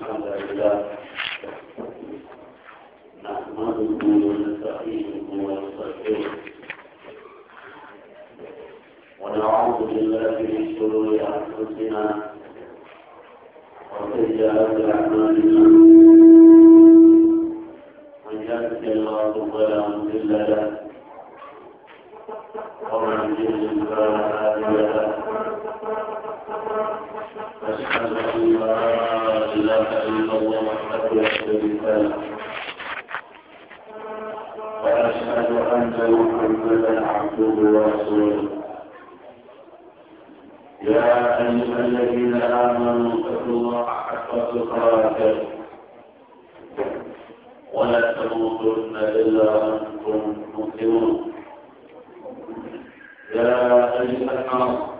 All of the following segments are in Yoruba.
الحمد لله نحمده ونستعينه ونستغفره ونعوذ بالله من شرور انفسنا وسيئات اعمالنا من يهده الله فلا مضل له ومن يضلل فلا هادي له أشهد أن لا لا إله إلا الله وحده لا وأشهد أن محمدا عبده ورسوله يا أيها الذين آمنوا اتقوا الله حق تقاته ولا تموتن إلا وأنتم مسلمون يا أيها الناس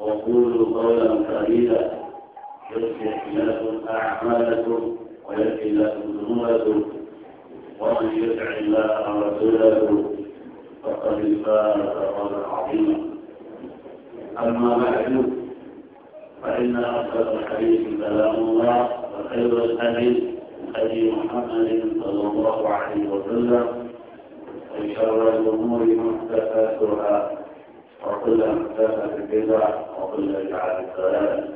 وقولوا قولا سديدا يصلح لكم أعمالكم ويكفي لكم ذنوبكم ومن يطع الله ورسوله فقد فاز فوزا عظيما أما بعد فإن أفضل الحديث كلام الله وخير الحديث هدي محمد صلى الله عليه وسلم وشر الأمور محدثاتها وكل محدثة بدعة وكل رجعة ضلالة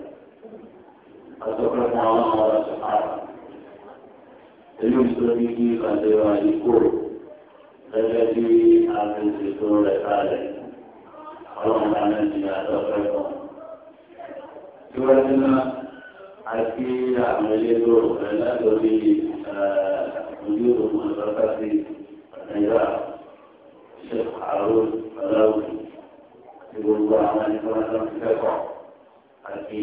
أتوكلكم على الله سبحانه أيوة، المسلمين قد يكون الذي عمل سطور الحالة اللهم عملنا أتوكلكم سورتنا عسكرية آه، عملية لا تريد وجود المدرسة في النجاح الشيخ عروض فلاوي gbogbo àwọn ẹnìkọ́nàtọ́ ti kẹ́kọ̀ọ́ àti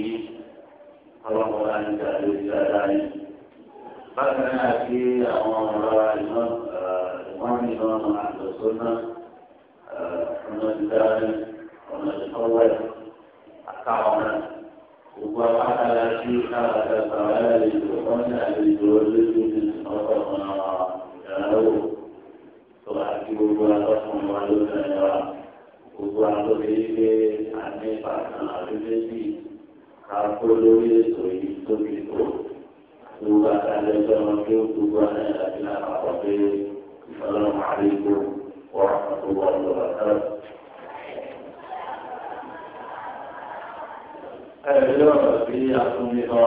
ọlọ́pàá láti ṣe àlejò dáadáa yìí. bákan náà àti àwọn ọ̀rọ̀ ìwọ́n ní ọ̀nà àtọ̀sọ́nà ọ̀nà ìdáre ọ̀nà ìkọ́wẹ́ àtàwọn gbogbo àwọn akálà sí káàkiri àwọn àlejò wọn ní àlejò olójú ní ọkọ̀ ọ̀nà ìdáwó tó àti gbogbo akọ́kùnrin wa ló ń rẹ̀ wá. gbogbo àlọ́lẹ̀ ilé àmì ìbàdàn àdúgbèsì kápó lórí ètò yìí tóbi tó gbogbo àtàlẹ́ sọ̀rọ̀ kí ó gbogbo àlẹ́ àti àpapọ̀ pé ìfọlọ́mọ àríkò wọ́n àtúwọ̀ lọ́wọ́ náà. ẹ̀rí ọ̀rọ̀ bí a tún ní lọ.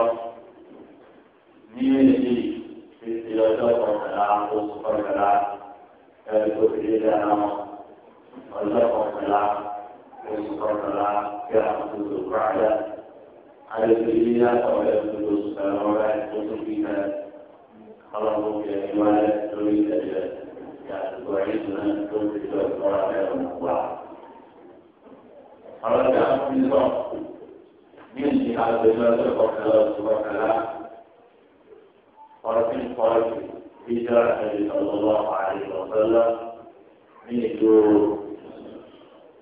على سبيلنا فولا الفلوس فولا الفلوس فيها خلقوا في أموال تريد أجل وعيدنا تريد الصلاة والمطلع فرجع في الوقت من جهة الجلالة وكلا وكلا فرق فرق هجرة صلى الله عليه وسلم من دور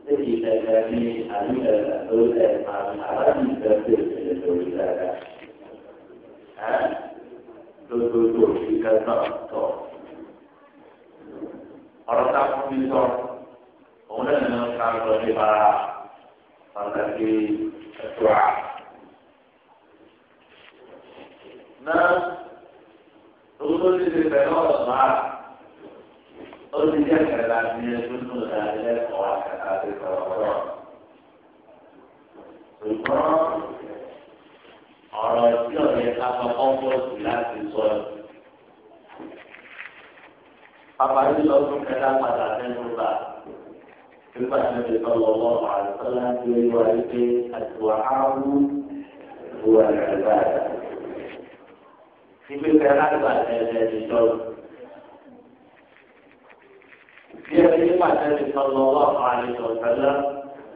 الذي تجاني أمير الأسود المعنى على nítorí dáadáa ẹ́ lójoojúmọ́ òfin kẹta tọ̀ ọ̀rọ̀ tá a fún mi sọ òun náà ní ká lọ nípa pàtàkì ẹ̀tọ́ à. náà owó tó ti ṣe pẹ̀lú ọ̀rọ̀ náà ó ti jẹ́ kẹta ní ẹgbẹ́ tó ń darí lẹ́kọ̀ọ́ àkàtà àti ìfọ̀rọ̀wọ́rọ̀. ṣùgbọ́n ọ̀rọ̀ tí ọ̀rẹ́ ká sọ kọ́ńpọ̀sì láti sọ ẹ̀. Apàdé lọ fún kẹta padà nínú bá. Nígbà tí wọ́n ti sọ lọ́wọ́ àìsọ́lá tí ó yọ ayé pé àtùwà áwú ìwà ìgbà rẹ̀. Ibi kẹta láti bá ti sọ. Bí ẹni nígbà tí wọ́n ti sọ lọ́wọ́ àìsọ̀tẹ́lá,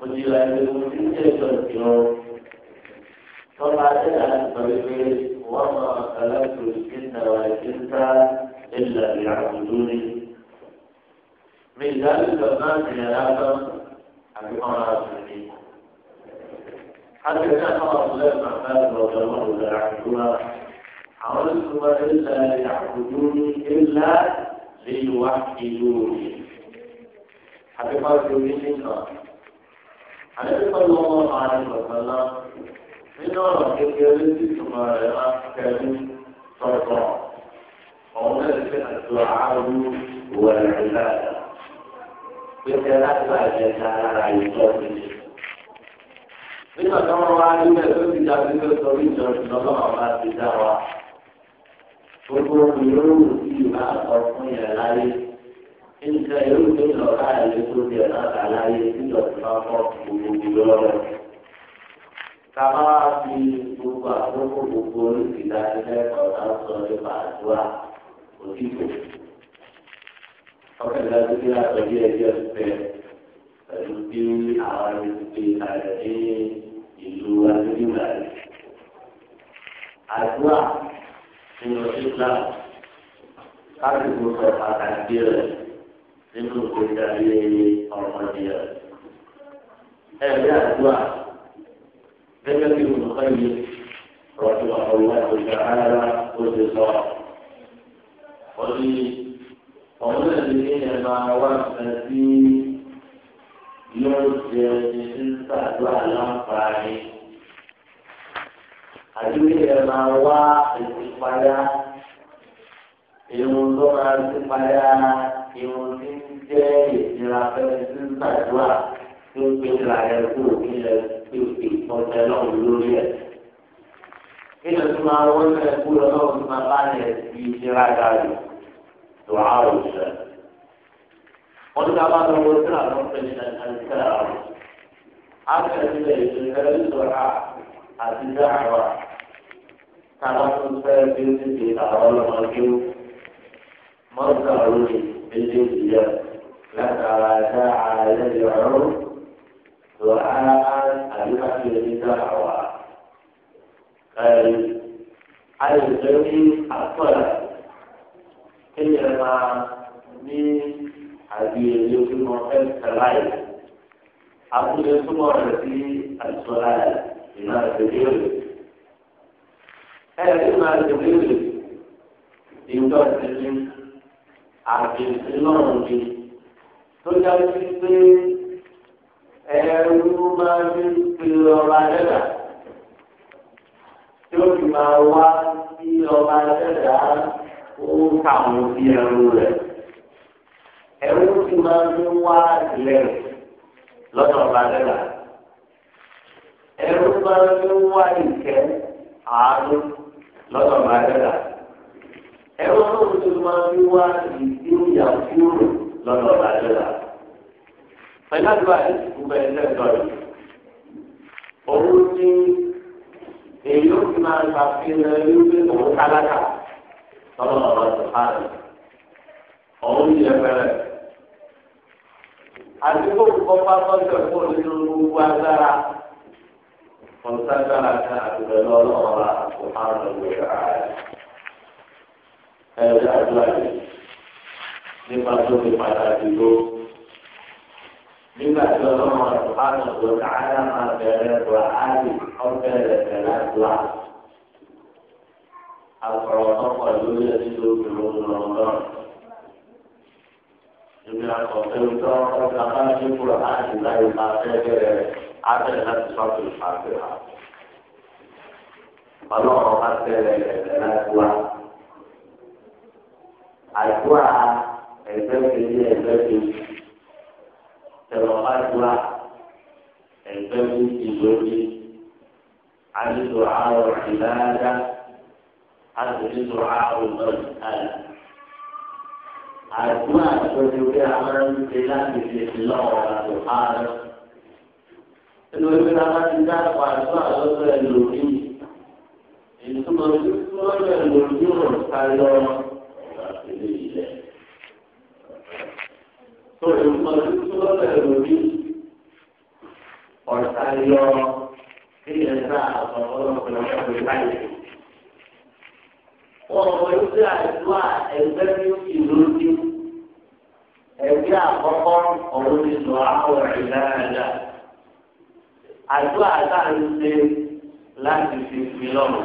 ó ti lọ ẹni tó ti ń jẹ́ ìjọ ìjọ. فما إذا فبالبيت وما خلقت الجن والإنس إلا ليعبدوني من ذلك ما في هذا المراسلين حتى كان رسول الله محمد رضي الله تعالى عنهما عرفتم إلا ليعبدوني إلا ليوحدوني حتى قال في النبي صلى الله عليه وسلم nínú ọ̀rọ̀ kékeré tí ìtumọ̀ rẹ̀ máa ń kẹ́lú sọ̀tọ̀ ọ̀hún náà ṣe àtò àárú ìwà ìrìnà pété láti bàjẹ́ sára ìjọ ti. nígbà tí wọ́n wá tó ti ìjọ ti dá wa. gbogbo fún láyé nígbà yóò gbé tó láyé fọ́ gbogbo kama fi gbogbo àkókò gbogbo olùdílánilẹ́kọ̀ọ́ náà sọ nípa àdúrà òdìbò. ọ̀kadà tó kí látọ̀ bí ẹjọ́ ìfẹ́ pẹ̀lú bí àwọn ìdílé ìlànà ní ìlú adúlùmọ̀ rẹ̀. àdúrà nínú islam káàkiri sọ pàtàkì rẹ̀ nínú ìgbésí ayé ọmọdé rẹ̀. ẹ̀rí àdúrà gẹ́gẹ́ bí olùkọ́ni rọ̀tù àwọn ọ̀gá ara oṣù sọ. ó ní ọ̀hún náà ní kéèyàn máa wá nǹkan tí yóò jẹ ẹni tí ń sàdúrà láǹfààní. àti kéèyàn máa wá ìsìnpadà irun tó ti padà irun tí ń jẹ́ ìsinra fẹ́ẹ́ tí ń sàdúrà tó ń gbé ìlànà ẹ̀kú òkè ẹ̀kú kí o ti kọjá lọ́wọ́ lórí ẹ̀. Kíni o ti máa wọ́n náà kú lọ náà ti máa bá ní ẹ̀sìn ìṣẹ́ra gàdù tó a ò sẹ́. Wọ́n ti dábàá lọ wọ́n sílà lọ́wọ́ pẹ̀lú àìsíkà rẹ̀. A bẹ̀rẹ̀ sílẹ̀ ìṣẹ̀lẹ̀ ìṣọ̀ra àti dáhàwà. Tàbá tó fẹ́ bí ó ti ṣe àwọn ọlọ́mọdé Mọ́tò àrùn ìdílé ìyá látara dáhà lẹ́yìn ọ̀rọ̀. دعاء الوحي للدعوة أي على الجميع الصلاة إنما من هذه اليوم الصلاة أقول لكم التي الصلاة إلى الجميع أي إلى الجميع يقدر أن أعطي الله tó dájú pé ẹ̀rú máa ń fi ọba dẹ́dà tí ó fi máa wá sí ọba dẹ́dà ó kàwọn sí ẹrú rẹ̀. ẹ̀rú ti máa ń wá ilẹ̀ lọ́dọ̀ ọba dẹ́dà. ẹ̀rú máa ń wá ìkẹ́ àánú lọ́dọ̀ ọba dẹ́dà. ẹ̀rú ti máa ń wá ìdí ìyàwó lọ́dọ̀ ọba dẹ́dà. pẹ̀lú àdúrà yìí ti kú bẹ́ẹ̀ lẹ́tọ̀ rẹ̀. Owó tí èyí ó fi máa gba fi lẹ wípé òun kálákà lọ́wọ́ ọ̀rọ̀ ti pa rẹ̀. Òun yẹ fẹ́rẹ̀. Àdúgbò kọ́ pásọ́jọ́ kó nínú gbogbo agbára. Kọ̀ǹtágbára ní àdúgbò lọ́wọ́ ọ̀rọ̀ àti àrùn ìwé ààrẹ. Ẹ̀rọ àdúrà yìí nípa tó fi padà dúró nígbà tí ọlọ́mọ ìfọ̀hánà tó káàdà máa bẹ̀rẹ̀ buhari ọ̀bẹ̀rẹ̀ bẹ̀rẹ̀ gbà. àkọ̀rọ̀ ọkọ̀ lórí ẹni tó dúró lọ́dọ̀. ìgbà àkọ́kọ́ tó ọ̀gá bá ní buhari láì máa bẹ̀rẹ̀ abẹ́rẹ́ láti sọ́kù ìfàgbé wa. ọlọ́mọ bá bẹ̀rẹ̀ bẹ̀rẹ̀ láti wá. àdúrà ẹgbẹ́ kejì ẹgbẹ́ kejì. تبقاتها البذل في الوجه عن دعاء العبادة عن دعاء المسألة àdúrà tó ti wí àwọn ẹnìtẹ láti fi lọ́wọ́ àdúrà rẹ̀. Nínú ìwé náà ti dá àpò àdúrà lọ́sọ̀ ẹlòmíì. Ìtumọ̀ ìtumọ̀ ẹlòmíì ò ká lọ. tó lè mọ tó lọ́sẹ̀ lórí ọ̀sà yọ ilẹ̀ náà àwọn ọlọ́pàá lọ́sẹ̀ báyìí. Ọ̀pọ̀ ìṣe àdúrà ẹgbẹ́ ní ìlójú ẹgbẹ́ àkọ́kọ́ ọ̀run ní sọ àwọn ìdáradá. Àdúrà tá à ń ṣe láti fi fi lọ́nà.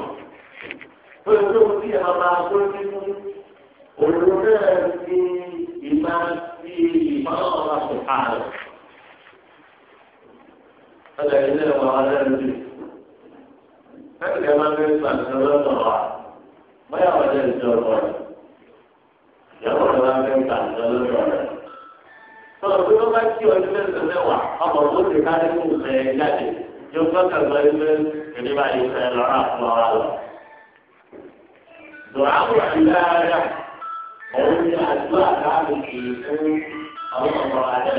Tó ìṣòro tí ìyá máa òun náà ti ìmáa. ìmọ̀ràn ọ̀la tó ká rẹ̀. ọ̀dà dùn àwọn ìlú ara òun ni àdúrà àwọn ọ̀rọ̀ àdá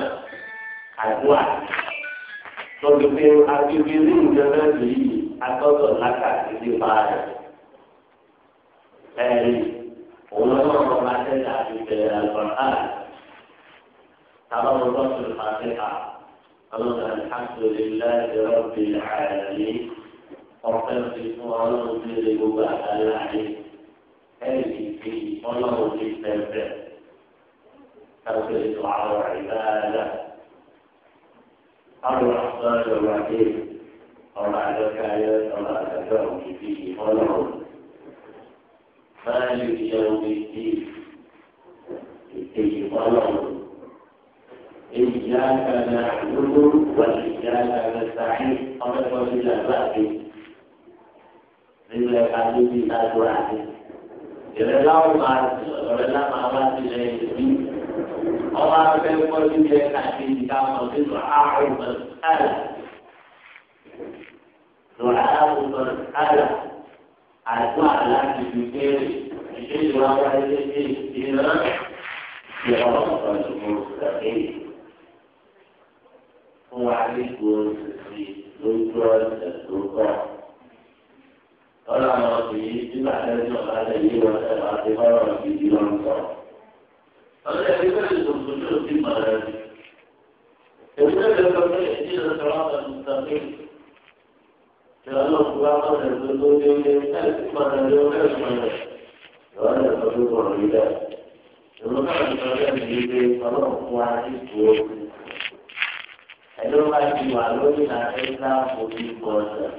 àdúrà lọ́dún pé agbègbè ní ìjọba yìí atọ́tọ̀ lákàtí nípa rẹ̀. Ẹ̀rí òun náà wọ́n máa tẹ̀lé àgbègbè àgbàlá. Táwọn ọmọ tó máa tẹ̀ ká àwọn alhamdulilayi rabbi alayi ọ̀fẹ́ fi fún ọlọ́run bí ilé gbogbo àgbáyé. Ẹ̀rí ìfi ọlọ́run ní pẹ́ẹ́pẹ́ẹ́. تقبل دعاء وعبادة الرحمن الرحيم وما لك يا صلاة اليوم فيه خلق مالك يوم الدين فيه خلق إياك نعبد وإياك نستعين قبل وإلى بأسك إلا حبيبي لا واحد إذا لا أعلم أن لا معلومات إليه ọba abẹ́fẹ́ ń kọ́ níbi ẹ̀ káàkiri ìdíkà wọn sí lọ àrùn mọ̀tálà lọ àrùn mọ̀tálà àjọ àlá ìlú kéré ìṣe ìwà wáyé ní ìṣẹ́nà ìwọ̀n ọ̀dùnmọ̀ sàké. Fún wa ní gbòòrò sí lójú ọ̀sẹ̀ tó kọ̀. Ọlọ́run ọ̀sìn yìí nígbà tẹ́lẹ̀ ọ̀la lè yí wọn sẹ́wọ̀n àti bọ́ọ̀rọ̀ gidi lọ́nà sọ̀rọ̀. فلا يبالغ الوجود في مغازي يبالغ يهدي الصراط المستقيم لأنه سبحانه الوجود يبالغ في مغازي وغير مغازي وأنا أقول الرجال لما كان الرجال يجي فلا أقوى عليه ẹni wọn bá ti wà lórí ìlànà ẹgbẹ́ àpòjù ìkọ̀ọ̀sẹ̀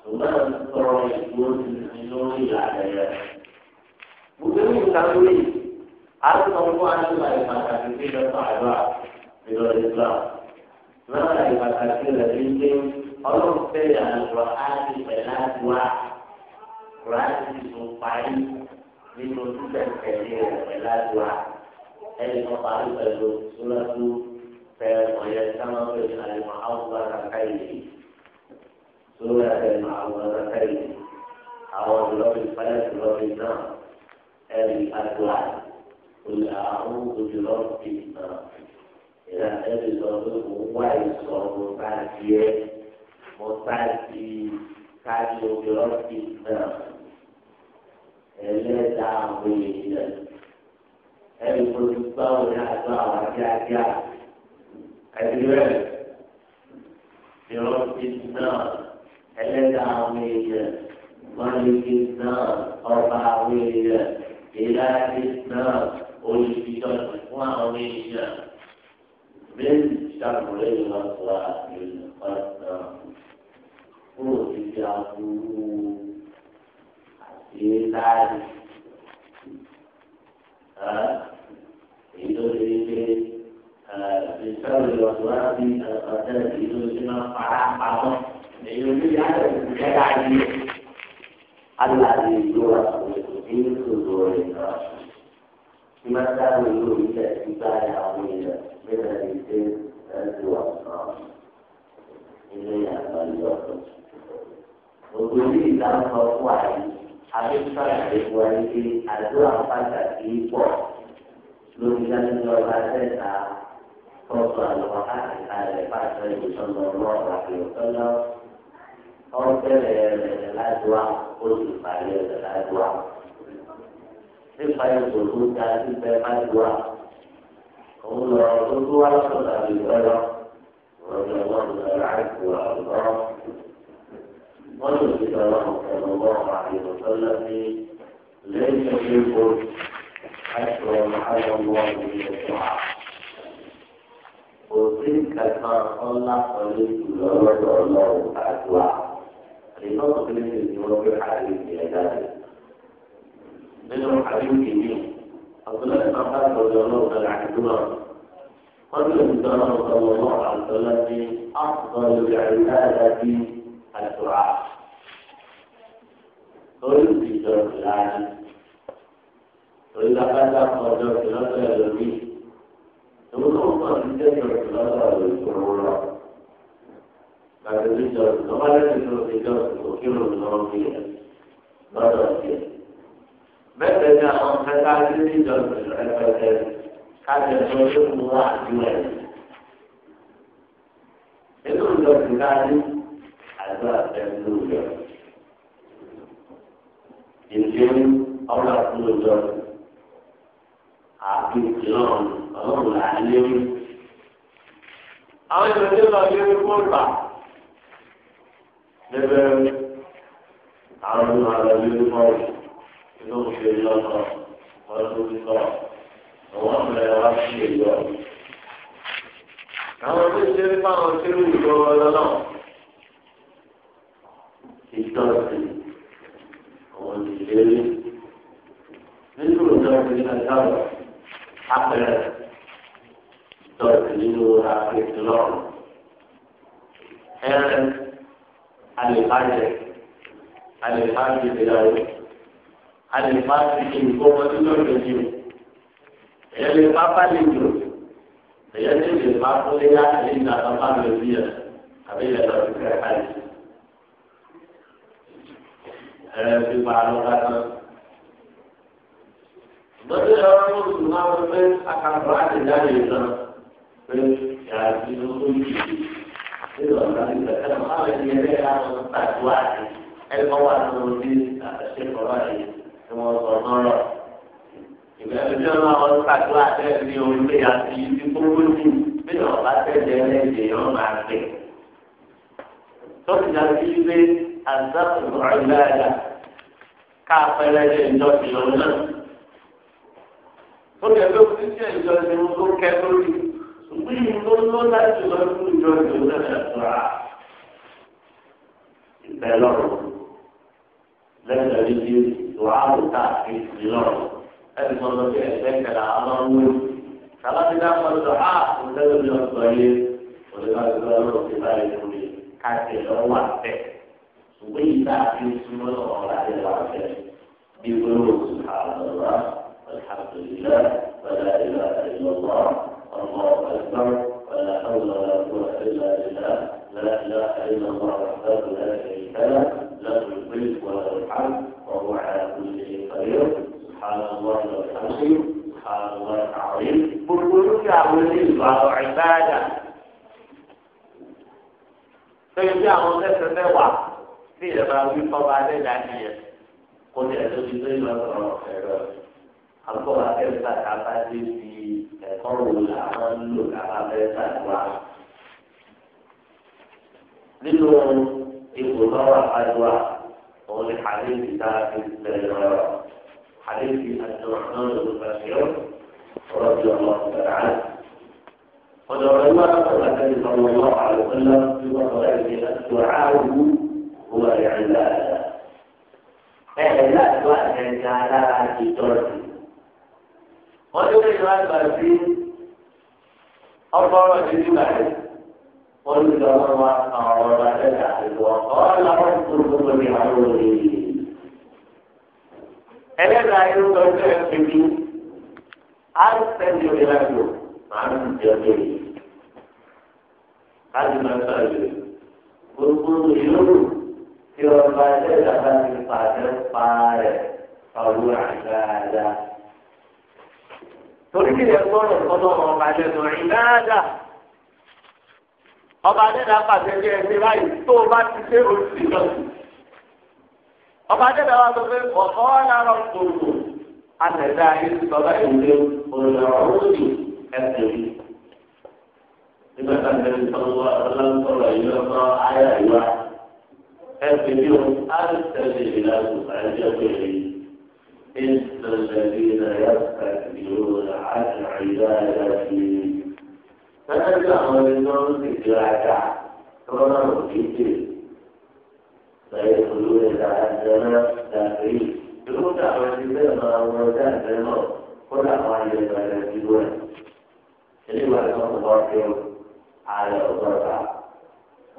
ṣùgbọ́n sọ̀rọ̀ ìgbóhùn lórí ìlànà rẹ̀. gbogbo ìgbà lórí àtúntò àdúrà ìpàtàkì tí lọ́tọ̀ àdúrà ìlọ ìgbà lọ́tọ̀ ìpàtàkì rẹ̀ ti ń dé ọlọ́run fẹ́rẹ̀ àlọ́ àti ìpẹ̀láàdúrà ráàdì tó parí nínú títẹ̀tẹ̀lé rẹ̀ pẹ̀láàdúrà ẹni tó parí pẹ̀lú súnlọ́tù fẹ́rẹ̀ ọ̀yẹ́ sáwọn fẹ́rẹ̀ àlùmọ́ àwùjọ àkàkàyè súnlọ́tù àlùmọ́ àwùjọ àkàkàyè àwọn ìlọ́pìn fẹ́rẹ̀ ìlọ́pìn قل أعوذ برب الناس إلى أن يصدق ويصدق بعديه مصدي كاجو برب الناس إلى تعويل المتطور هذا وجاجا أجمل برب الناس إلى تعويل ملك الناس أربع إلى الناس olùdíjọ́sìn fún àwọn ènìyàn bẹ́ẹ̀ni ìṣàkùnrin ìlú ọ̀la ìlú ọ̀la fún òdìdí aburú àti láàrin èyí tó lè ṣe ìṣàkùnrin ọ̀la bí ọ̀tẹ̀ èyí tó ṣe máa fara pamọ́ èyí tó lè yára ìṣẹ́ká yìí. Allah di luar untuk itu dua فيما تعمل إلى اتباع عظيمة من الإنسان أنت إليها فليوصل وكل إسلام فوقعي حبيب صنع إخوانه أدوى فتاكي فوق لكن لم يرى فوق الوحاء على فاتح صلى الله عليه وسلم أو كذا لا دعاء قلت فعليه لا دعاء nípa ipò tó ga síbẹ̀ máa ń wà. òun lọ tó tó wá sọ̀tà ìgbọ́lọ́ rọ̀jò wọn lọ láìpò àwùjọ. wọ́n lè fi lọ́wọ́ ọ̀pọ̀lọpọ̀ wọn àyẹ̀wò sọ́lá sí lẹ́yìn ìgbò àìsàn àwọn ọmọ ìlú ẹ̀kọ́ à. òsì kẹta ọlá pẹ̀lú ìlọ́lọ́dọ̀ ọlọ́run àdúrà. èyí náà tó lè ṣe ìdíwọ́ pé àyè ìjẹ́ dáadáa. nínú àbí kìíní àbúlé bàbá àtọ̀jọ́ náà bẹ̀rẹ̀ àdúrà wọ́n lè ń dáná ọ̀dọ́ náà àtọ́lá ní àkùnrin lórí àrídáàdá bí àdúrà lórí ìjọ ìlànà lórí lápáta ọjọ́ ìlọ́sọ̀ ẹ̀lòmí ìwọ́n náà wọ́n ti jẹ́ ìjọ ìlọ́sọ̀ ẹ̀lòmí lọ. Gbàgbé ìjọ ìlọ́sọ̀ ẹ̀lòmí lọ sí ìjọ ìlọ́sọ̀ ẹ̀lòmí lọ́dọ̀ ọ̀sẹ̀. bẹ́ẹ̀ ni àwọn kẹta ní ìjọsìn rẹpẹtẹ kájọ tó lé mu wá àdúrà yìí. inú ìjọsìn náà ní àdúrà pẹ̀lú ìjọ. ìdí ọ̀la fún ìjọ àti ìlọrun ọlọ́run là á léwu. àwọn ìjọsìn lọ léwu fún ìgbà. lébẹ́ àwọn ìjọsìn lọ léwu fún ìgbà yóò ṣe lọ́kọ̀ ọdún lọ àwọn ọ̀rẹ́ wa ṣe lọ. àwọn tó ṣe ní fáwọn tó ń lò lọ́nà ìtọ́sí àwọn ìlérí nínú ìtọ́sí náà dábọ̀ apẹ̀rẹ̀ ìtọ́sí nínú àpèjì lọ́rùn ẹ̀rẹ̀ alẹ́ bá jẹ alẹ́ bá jẹ ìdáyọ̀. a lè má ti kí nǹkan wọn tó lọ́dọ̀ ní o èyẹ lè má bá lè jò èyẹ lè lè má kó lé yá èyí ní àtọ́ má lè rí ẹ̀ àbí yẹ lọ sí kẹ́ ká yìí. ẹ̀rọ ti pa àlọ́ lásán. lọ́dọ̀ ẹ̀rọ tó sùn náà wọ́n fẹ́ akàkọ́ láti jáde ìtàn pé yàrá ti ló tó yìí nínú ọ̀gá ìgbà tẹ́lẹ̀ máa ń yẹ ẹ̀rọ tó tàdúrà ẹ̀ ẹ̀ kọ́ wà lórí àtẹ̀sẹ̀ kọ́ra yìí. tí wọ́n sọ sọ́rọ̀. ìgbẹ́ni tí wọ́n máa ń ṣàdúrà tẹ́lẹ̀ ní àti ibi gbogbo jù bí ọ̀bá tẹ̀lé ẹlẹ́dẹ̀ yọ̀ máa gbẹ̀. lọ́sìn àti ilé àzàkùnrin ọ̀gbẹ́rẹ́ ká pẹ́rẹ́ lé ìjọ ìlọ́wọ́ náà. ó kẹ́ pé kò sí ìjọ ìlọ́wọ́ tó kẹ́ lórí ṣùgbọ́n ìlú ló láti lọ fún ìjọ ìlọ́wọ́ náà ṣàdúrà. ìbẹ̀ lọ́rùn lẹ́sẹ̀ دعاء تعقيد لله هذه مرة في أشياء على أمر فلا تدخل دعاء وتدخل من الطريق ولذلك لا يرى في ذلك كاتب لو وحده ويدا في سمر ولا يرى بقلوب سبحان الله والحمد لله ولا إله إلا الله الله أكبر ولا حول ولا قوة إلا بالله لا إله إلا الله وحده لا شريك له له الملك وله الحمد وهو على كل شيء قدير سبحان الله وبحمده سبحان الله العظيم بالقلوب عبودين وعبادة فيجي àwọn ẹsẹ̀ mẹ́wàá tí ìjọba wí fọba adéjà nìyẹn kó ní ẹjọ́ ti gbé ìlú ọ̀rọ̀ ẹ̀rọ àgbọ̀wá kẹta kàbá dé bi ẹ̀kọ́ wò làwọn ń lò kàbá bẹ́ẹ̀ sàdúrà nínú ipò lọ́wọ́ àdúrà òun ni àdéhùn tá a fi tẹ̀lé lọ́wọ́ àdéhùn àdúrà náà ló bá ṣe ọ́ ọ̀rọ̀ ọmọ ọ̀gá. ọ̀dọ̀ ọ̀rọ̀ ìwà àkọ́kọ́ àti ìsọ̀rọ̀ ọmọ àlùkọ́lá ti wọ́n sọ̀rọ̀ ẹ̀mí àdúrà áwù wọ́n rí àyíká rẹ̀. ẹ̀ẹ́dẹ̀ láàdúrà ẹ̀ẹ́dẹ̀ alára ìtọ́jú. wọ́n ti rí ìwà àgbà sí ọgbọ́rọ̀ ìdílé قل لهم أعرض لك وقال ربكم بحوله ẹlẹ́dàá yóò lọ sí ẹsẹ̀ mi á sẹ́ni ìrìnàjò màá ń jẹ lórí láti máa sọ̀rọ̀ gbogbo ìlú tí ọba ẹlẹ́dàá bá ti pàṣẹ pa rẹ̀ pàwọ́ àgbàdà. torí kí ẹ gbọ́dọ̀ kọ́ lọ́wọ́ ọba ẹlẹ́dàá ìgbàdà ọba adẹ́dàá pàṣẹ bí ẹni báyìí tó o bá ti ṣe oṣù lọ. ọba adẹ́dàá wa sọ pé ọ̀kọ́ lára gbogbo àtẹ̀dá yìí lọ́ba ìwé olùrànlọ́wọ́ òsì ẹ̀sìn yìí. nígbà tá a tẹ̀lé sọ́wọ́ ọlọ́sọ̀rọ̀ yìí lọ́sọ ayé àyíwá ẹ̀sìn bí o á ti tẹ̀lé ìlànà àìjẹ́ pẹ̀lú إن الذين Adájọ́ àwọn ẹni náà ń sì gbéraga tó náà wò ní ìdè. Bẹ́ẹ̀ olú rẹ̀ dáadáa náà dàgbé yìí. Ìlú táwọn ẹni bẹ́ẹ̀ máa wọ ọjà ìfẹ́ náà kó làwọn ayẹyẹ ìbàdàn ti wọ̀ ẹ̀. Ilé ìwádìí wọn kò bá fi ọ ààrẹ ọ̀gbọ́ta.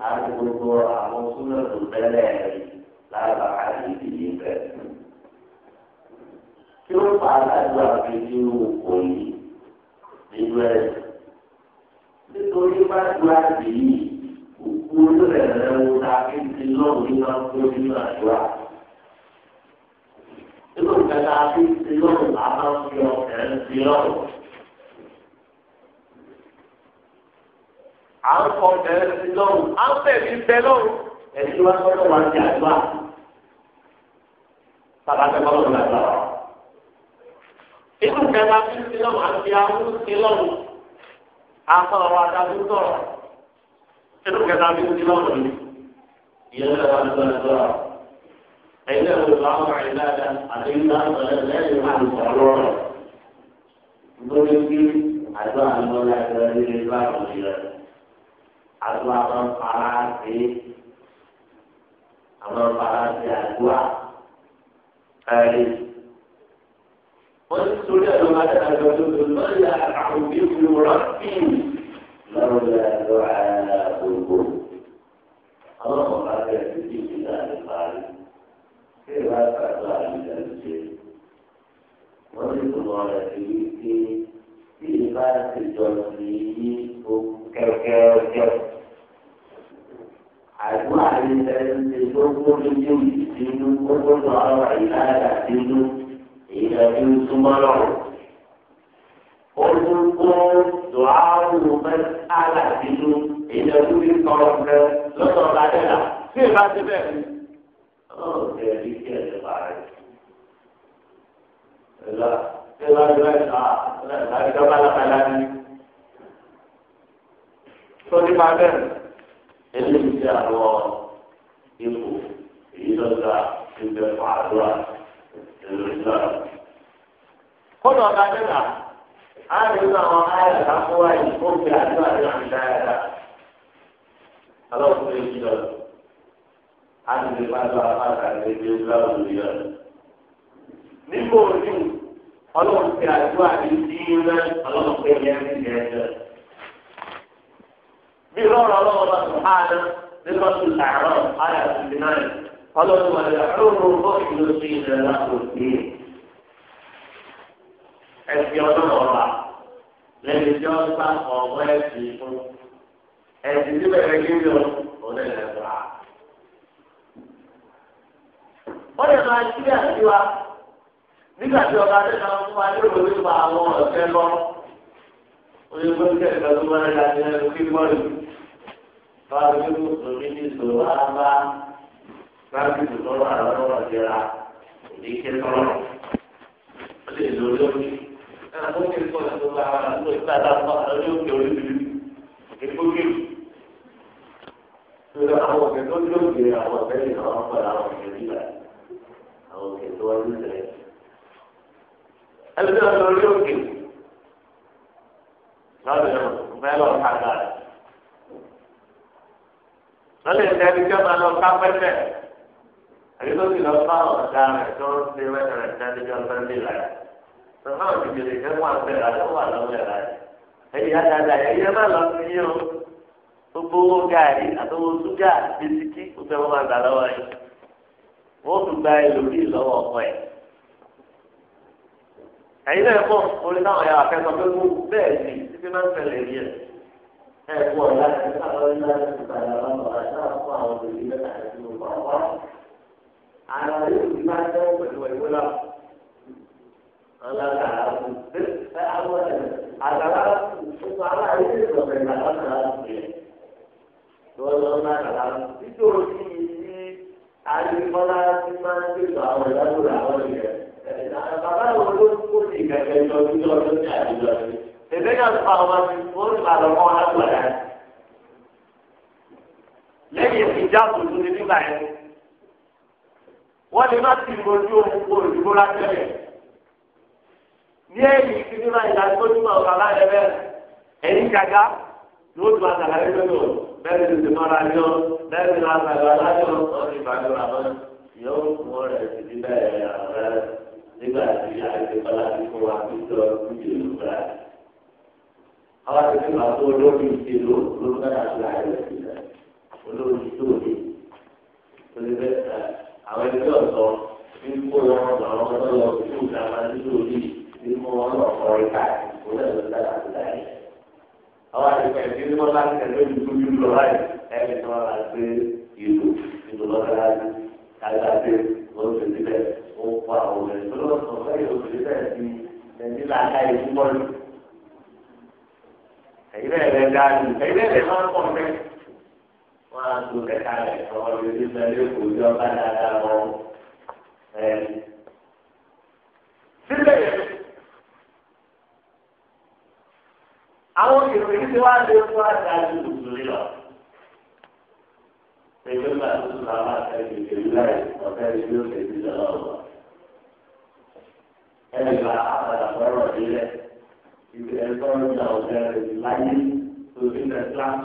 A ti gbogbo àwọn súnmọ̀ tó bẹ́lẹ̀ rí lábàá àti ìdílé bẹ́ẹ̀. Kí ó fà á láti wà fi nítorí bá ju àbí òkú olórẹ̀rẹ̀ wo ta kí n ti lọ́wọ́ nípa ojú àdúrà. Nínú ìgbàlá kí n ti lọ́wọ́ bàbá fi ọ̀kẹ́ ń ti lọ́wọ́. À ń kọ bẹ̀rẹ̀ sí lọ́wọ́, à ń tẹ̀lé bẹ lọ́wọ́. Ẹ̀sìn wa gbọ́dọ̀ wá di àdúrà. Bàbá fẹ́ gbọ́dọ̀ gbàgbà. Nínú ìgbàlá kí n ti lọ́wọ́ àti àwọn ń ti lọ́wọ́ asọ̀rọ̀ adágún sọ̀rọ̀ ẹnu kẹta bí ti lọ́wọ́ ni ìyẹn lọ́wọ́ adágún sọ̀rọ̀ ẹ̀yin lè wò lọ́wọ́ àwọn àyè dáadáa àti ìlú àgbọ̀lẹ̀ lẹ́yìn máa ń sọ̀rọ̀ lọ́rọ̀ nítorí kí àjọ àlọ́ láìpẹ́ nílé báwọn ìrẹ̀ àjọ àwọn para ṣe àwọn para ṣe àdúrà ẹ̀rí. ونسل لهم على الوجود ما يقع بهم ربي لولا دعاؤكم اللهم لا يهدي الى الخالق كيف فعل الى الجن ونسل على سيدي في بارك الجنسي كوكوكو àdúrà ní ẹni tó kó lójú ìdínú kó tó lọ àwọn ìlànà ìdínú ìdájú súnmọ́ lọ́wọ́. ó tún kó dùhárù mẹ́tàlá sínú ìdájú bí kọ́rọ̀ fẹ́ lọ́sọ̀ ládẹ́là sí ìbá ti bẹ́ẹ̀ ni. ó bẹ̀rẹ̀ bí kí ẹ̀ lè bàrẹ̀. ẹ̀la ẹ̀la ẹ̀la ẹ̀la ẹ̀la ìjọba alákàlà ni. tó ní máa bẹ̀rẹ̀ eléyìí ti àwọn ipò èyí lọ́sà àdúrà. kọ́nà ọ̀gá dẹ́gbà á lè ní àwọn ayọ̀ àkọ́wá yìí ó fi àdúrà ní àmì dáadáa. alọ́kùnrin yìí lọ á lè lè bá lọ apáta lè lè lọ́wọ́ lè yọ. nígbà òní ọlọ́run fi àdúrà ní ìdíyìn náà ọlọ́run pé yẹn ti yẹn jẹ. bí lọ́rọ̀ ọlọ́run bá nígbà tó làárọ̀ náà. قالوا na الرحل قيل له الدين si ọdún ọba lẹni tí wọn sá ọgbọ ẹsẹ fún ẹsẹ tí bẹ̀rẹ̀ kíndìn ọdún ẹlẹgbà. wọn lè máa ṣí àti wa nígbà tí ọba tẹ náà fún wa lórí àwọn ọ̀sẹ̀ lọ oye kó tó kí bá a lè mú sọ̀rọ̀ a. sábìlì lọ́wọ́ àwọn ọ̀jẹ̀ra òní ké tọ́lọ̀ ó lè lo náà ó ké kọ́ ìlú bá wà lórí ìgbà àdàpọ̀ lórí òkè olúbi èkó kéwì. Sori àwọn òkè tó dúró gbé àwọn ọ̀bẹ yìí náà wọ́n pẹ̀lú àwọn òkè nígbà àwọn òkè tó wọ́n ní sẹ́yìn. Ẹbí náà lórí òkè lọ́dún náà fẹ́ lọ́ọ́ ká gbà. Lọ́lẹ̀ ìtẹ́ni tí wọ́n máa lọ ká pẹ́pẹ́ àbí tó ti lọ bá ọ̀gá rẹ̀ tó ń ṣe wẹ́tẹ̀ rẹ̀ jáde jọ sẹ́ńdé láyé sọ̀rọ̀ náà ti bèrè kẹ́ wà bẹ́ẹ̀ láyé wà lọ́wọ́ láyé ẹ̀yìn àdáda ẹ̀yẹ má lọ sí yín o gbogbo owó gàrí àtọwọ́ ṣúgà bisikí gbogbo ẹ̀wọ̀n máa gbà lọ́wọ́ yìí wọ́n tún gba ẹlòmíì lọ́wọ́ ọkọ ẹ̀ ẹ̀yin náà kọ́ orí táwọn ẹ̀yà akẹ́kọ̀ọ́ pé kú bẹ́ẹ̀ ni títí máa ń tẹ̀lé rí ẹ̀ ẹ̀kú ọ̀la ti sáwọn ẹ̀yà ti bàlá lọ́wọ́ على وجود ما توبة والولاء على العالم فأولا على العالم على عيد وبين الأخرى والله ما العالم بتوحيد على الفلاة ما تبع ولا ولا ولا Bàbá wo ló ń kó ní ìgbàgbẹ́ lọ sí ọdún ní àdúgbò rẹ̀? Bèbè náà ń pa ọmọ mi fún ìbàdàn kan lágbàdá. Lẹ́yìn ìjà tuntun ní nígbà yẹn wọ́n lè má ti ìbojú òkú òyìnbó látẹ̀lẹ̀. ní ẹ̀yìn ìsinmi máa ìlànà tó túmọ̀ ọ̀rọ̀ aláàrẹ bẹ́ẹ̀ ẹ̀yìn gàgá ni ó ti máa sàlàyé lọ́dọ̀ bẹ́ẹ̀ ni ti máa ra yọ bẹ́ẹ̀ ni máa sàlàyé aláyọ̀ ọ̀sìn ìbàdàn àmọ́ yóò fún ọ̀rẹ́ ti di bẹ́ẹ̀ ààrẹ nígbà tí àìsèkọ́lá ti fún wa pé tó ìdè ló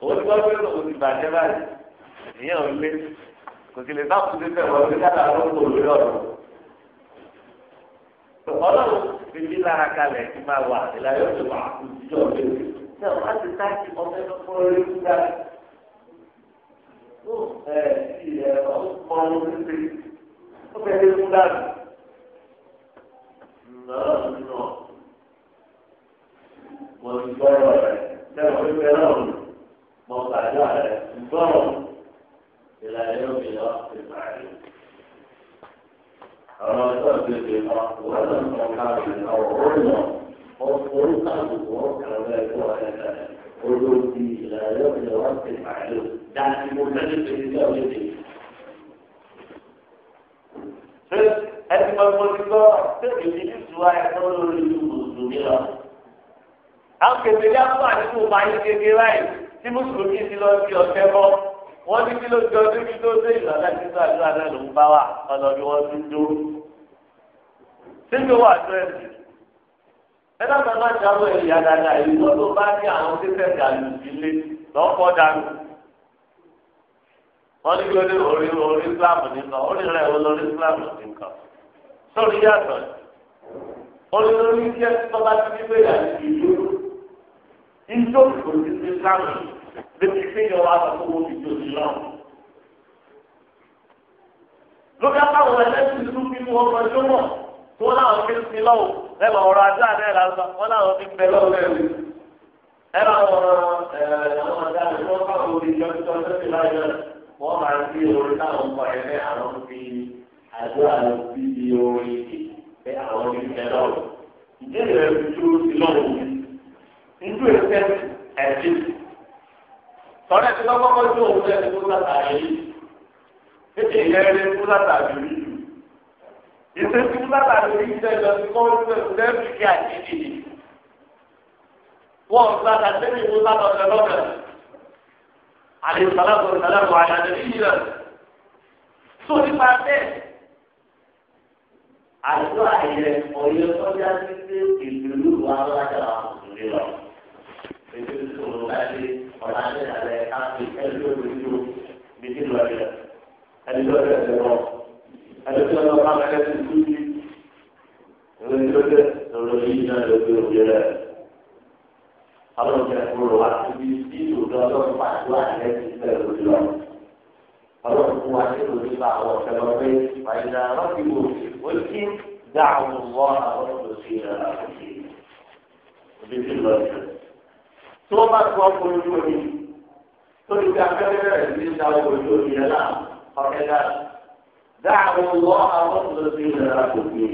òun ti gbọ́ pé kò ti bàjẹ́ báyìí ìyẹn ò lé kò sì lè bá kùsì fẹ́ wọ́n fi dára ló kò lórí ọ̀dọ̀. ọlọ́run fi bí lára kalẹ̀ ti máa wà ìlà yóò ti wà ìjọ òde náà wọ́n ti táàkì ọmọ ẹgbẹ́ fún orí gbígbà. ó ẹ ti ẹ ọmọ ọmọ títí ó fẹ́ lé fún dàbí. náà nínú wọ́n ti gbọ́ ọ̀rọ̀ rẹ̀. كانوا يكررون موقع جاهل انكرهم إلى يوم الوقت المعلوم أما تبدو بما ولم تكن أوعظنا وقلنا بقرآن ذلك قلوبي إلى يوم الوقت المعلوم دعني ملتزم بالتوحيد فأنت ما تقول لك تجد نفس واحد يقول لك àwọn kèfèrí àpò àdínkù máa yí kékeré báyìí tí mùsùlùmí ti lọ sí ọ̀tẹ́ bọ́ wọ́n ní kí ló jọ débi tó dé ìlànà títí àdúrà náà ló ń bá wà ọ̀nà bí wọ́n ti dó. sínú wà tó ẹ̀sìn ẹ dábàá má ti àwọn èèyàn dáadáa èyí tó tó bá ní àwọn títẹ̀ dàlù ilé lọ́pọ̀ dànù. wọ́n ní kí ó ní orí orí Islam nìkan orí rẹ̀ olórí Islam nìkan sórí yàtọ̀ orí orí jẹ́ tọ́ba ti ní níjó kò ti ti sáàmù lébi pé yọ wá sọ fún omi tó ti lọ. lókè àtàwọn ẹlẹ́sìn tuntun fi mú ọmọ ẹjọ́ mọ̀ tó láwọn fi ń sin lọ́wọ́ ẹ̀rọ ọ̀rọ̀ ajá náà là ń sọ wọ́n láwọn fi ń bẹ lọ́wọ́ ẹ̀rọ ẹ̀rọ àwọn ẹ̀rọ ajá rẹ̀ wọ́n bá wọn lè jọ tó ọjọ́ sí láyọ̀ wọ́n máa ń fi orin táwọn kọ ẹ̀fẹ́ àwọn fi àjọ àwọn fi orin bẹ́ẹ̀ àwọn fi ń bẹ lọ́wọ́ ìdí ìrẹ̀lẹ̀ tó ti lọ́wọ́ ndu ẹsẹ ẹsẹ tọ́lá ti lọ́kọ́ kọ́ ju òun ẹni tó látàrí yìí ètò ìyẹrẹ tó látàrí yìí ètò ìtò látàrí yìí ṣe lọ sí kọ́ ju ẹsẹ ẹsẹ àti ìdí wọ́n gbàgbà sẹ́ni ìwé sábà ọ̀sẹ̀ lọ́kẹ̀ àlè sàlámù sàlámù àyàdé yìí rẹ̀ tó nípa bẹ́ẹ̀ àjọ àyẹ̀ ọ̀yẹ́ sọ́jà ti dé ìlú àwọn alájà àwọn òṣèré مثل الصنوبات وتعدل على إيقاف الكلب والوجود مثل الوجود الوجود الوجود الوجود الوجود على الوجود الوجود الوجود الوجود Kalau kita perlu waktu di situ, kalau empat dua ada kita berdua. Kalau semua itu kita awal kalau baik, baiklah waktu itu. Mungkin da'wullah wa rasulina. Begitu lah. tí wọ́n bá tún ọkọ̀ ojú omi lórí bí abẹ́rẹ́ rẹ̀ ti ń da ọkọ̀ ojú omi yẹn náà ọ̀kẹ́ náà dáàbò wọ́ àwọn tó ti ń lọ́la kò gbé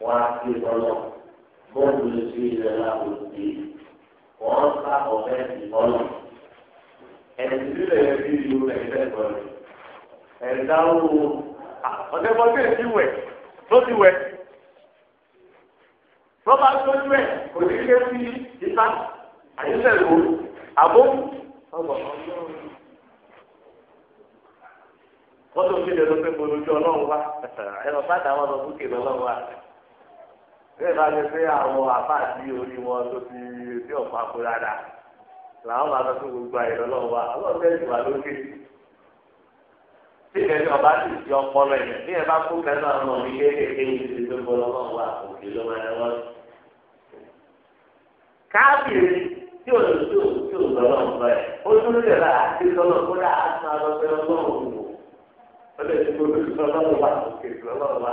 wọn á fi lọ́lọ́ bọ́ọ̀lù ló ti ń lọ́la kò gbé wọ́n ká ọ̀fẹ́ ìbọ́lọ̀ ẹ̀sìn sílẹ̀ yẹn bí ìlú rẹ̀ fẹ́ gbọ́dọ̀ ẹ̀dá owó ọ̀dẹ́gbọ́dẹ́ ti wẹ̀ ló ti wẹ̀ lọ́ba tó wẹ̀ kò ní ké sí ìta. àyẹ̀sẹ̀kù àbó ọgbọ̀n wọ́n tó fi lè lọ pé bolójú ọlọ́run wá ẹ̀rọ wọn lọ fúkè lọ́lọ́run wá bẹ́ẹ̀ bá pé àwọn àbáàdì orí wọn tó ti làwọn gbogbo wá ọlọ́run lókè tí ọba sì ti ọpọlọ yẹn bí ẹ bá ọmọ mi kéékèèké ti òkè tí o tí o tí o lọ lọ lọ yẹ o tún lè ra àti lọlọ kó dà á sàn lọ pé ọlọ́run wò ó lè ti gbogbo ìṣúná lọ́wọ́ wa òkè ìṣúná lọ́wọ́ wa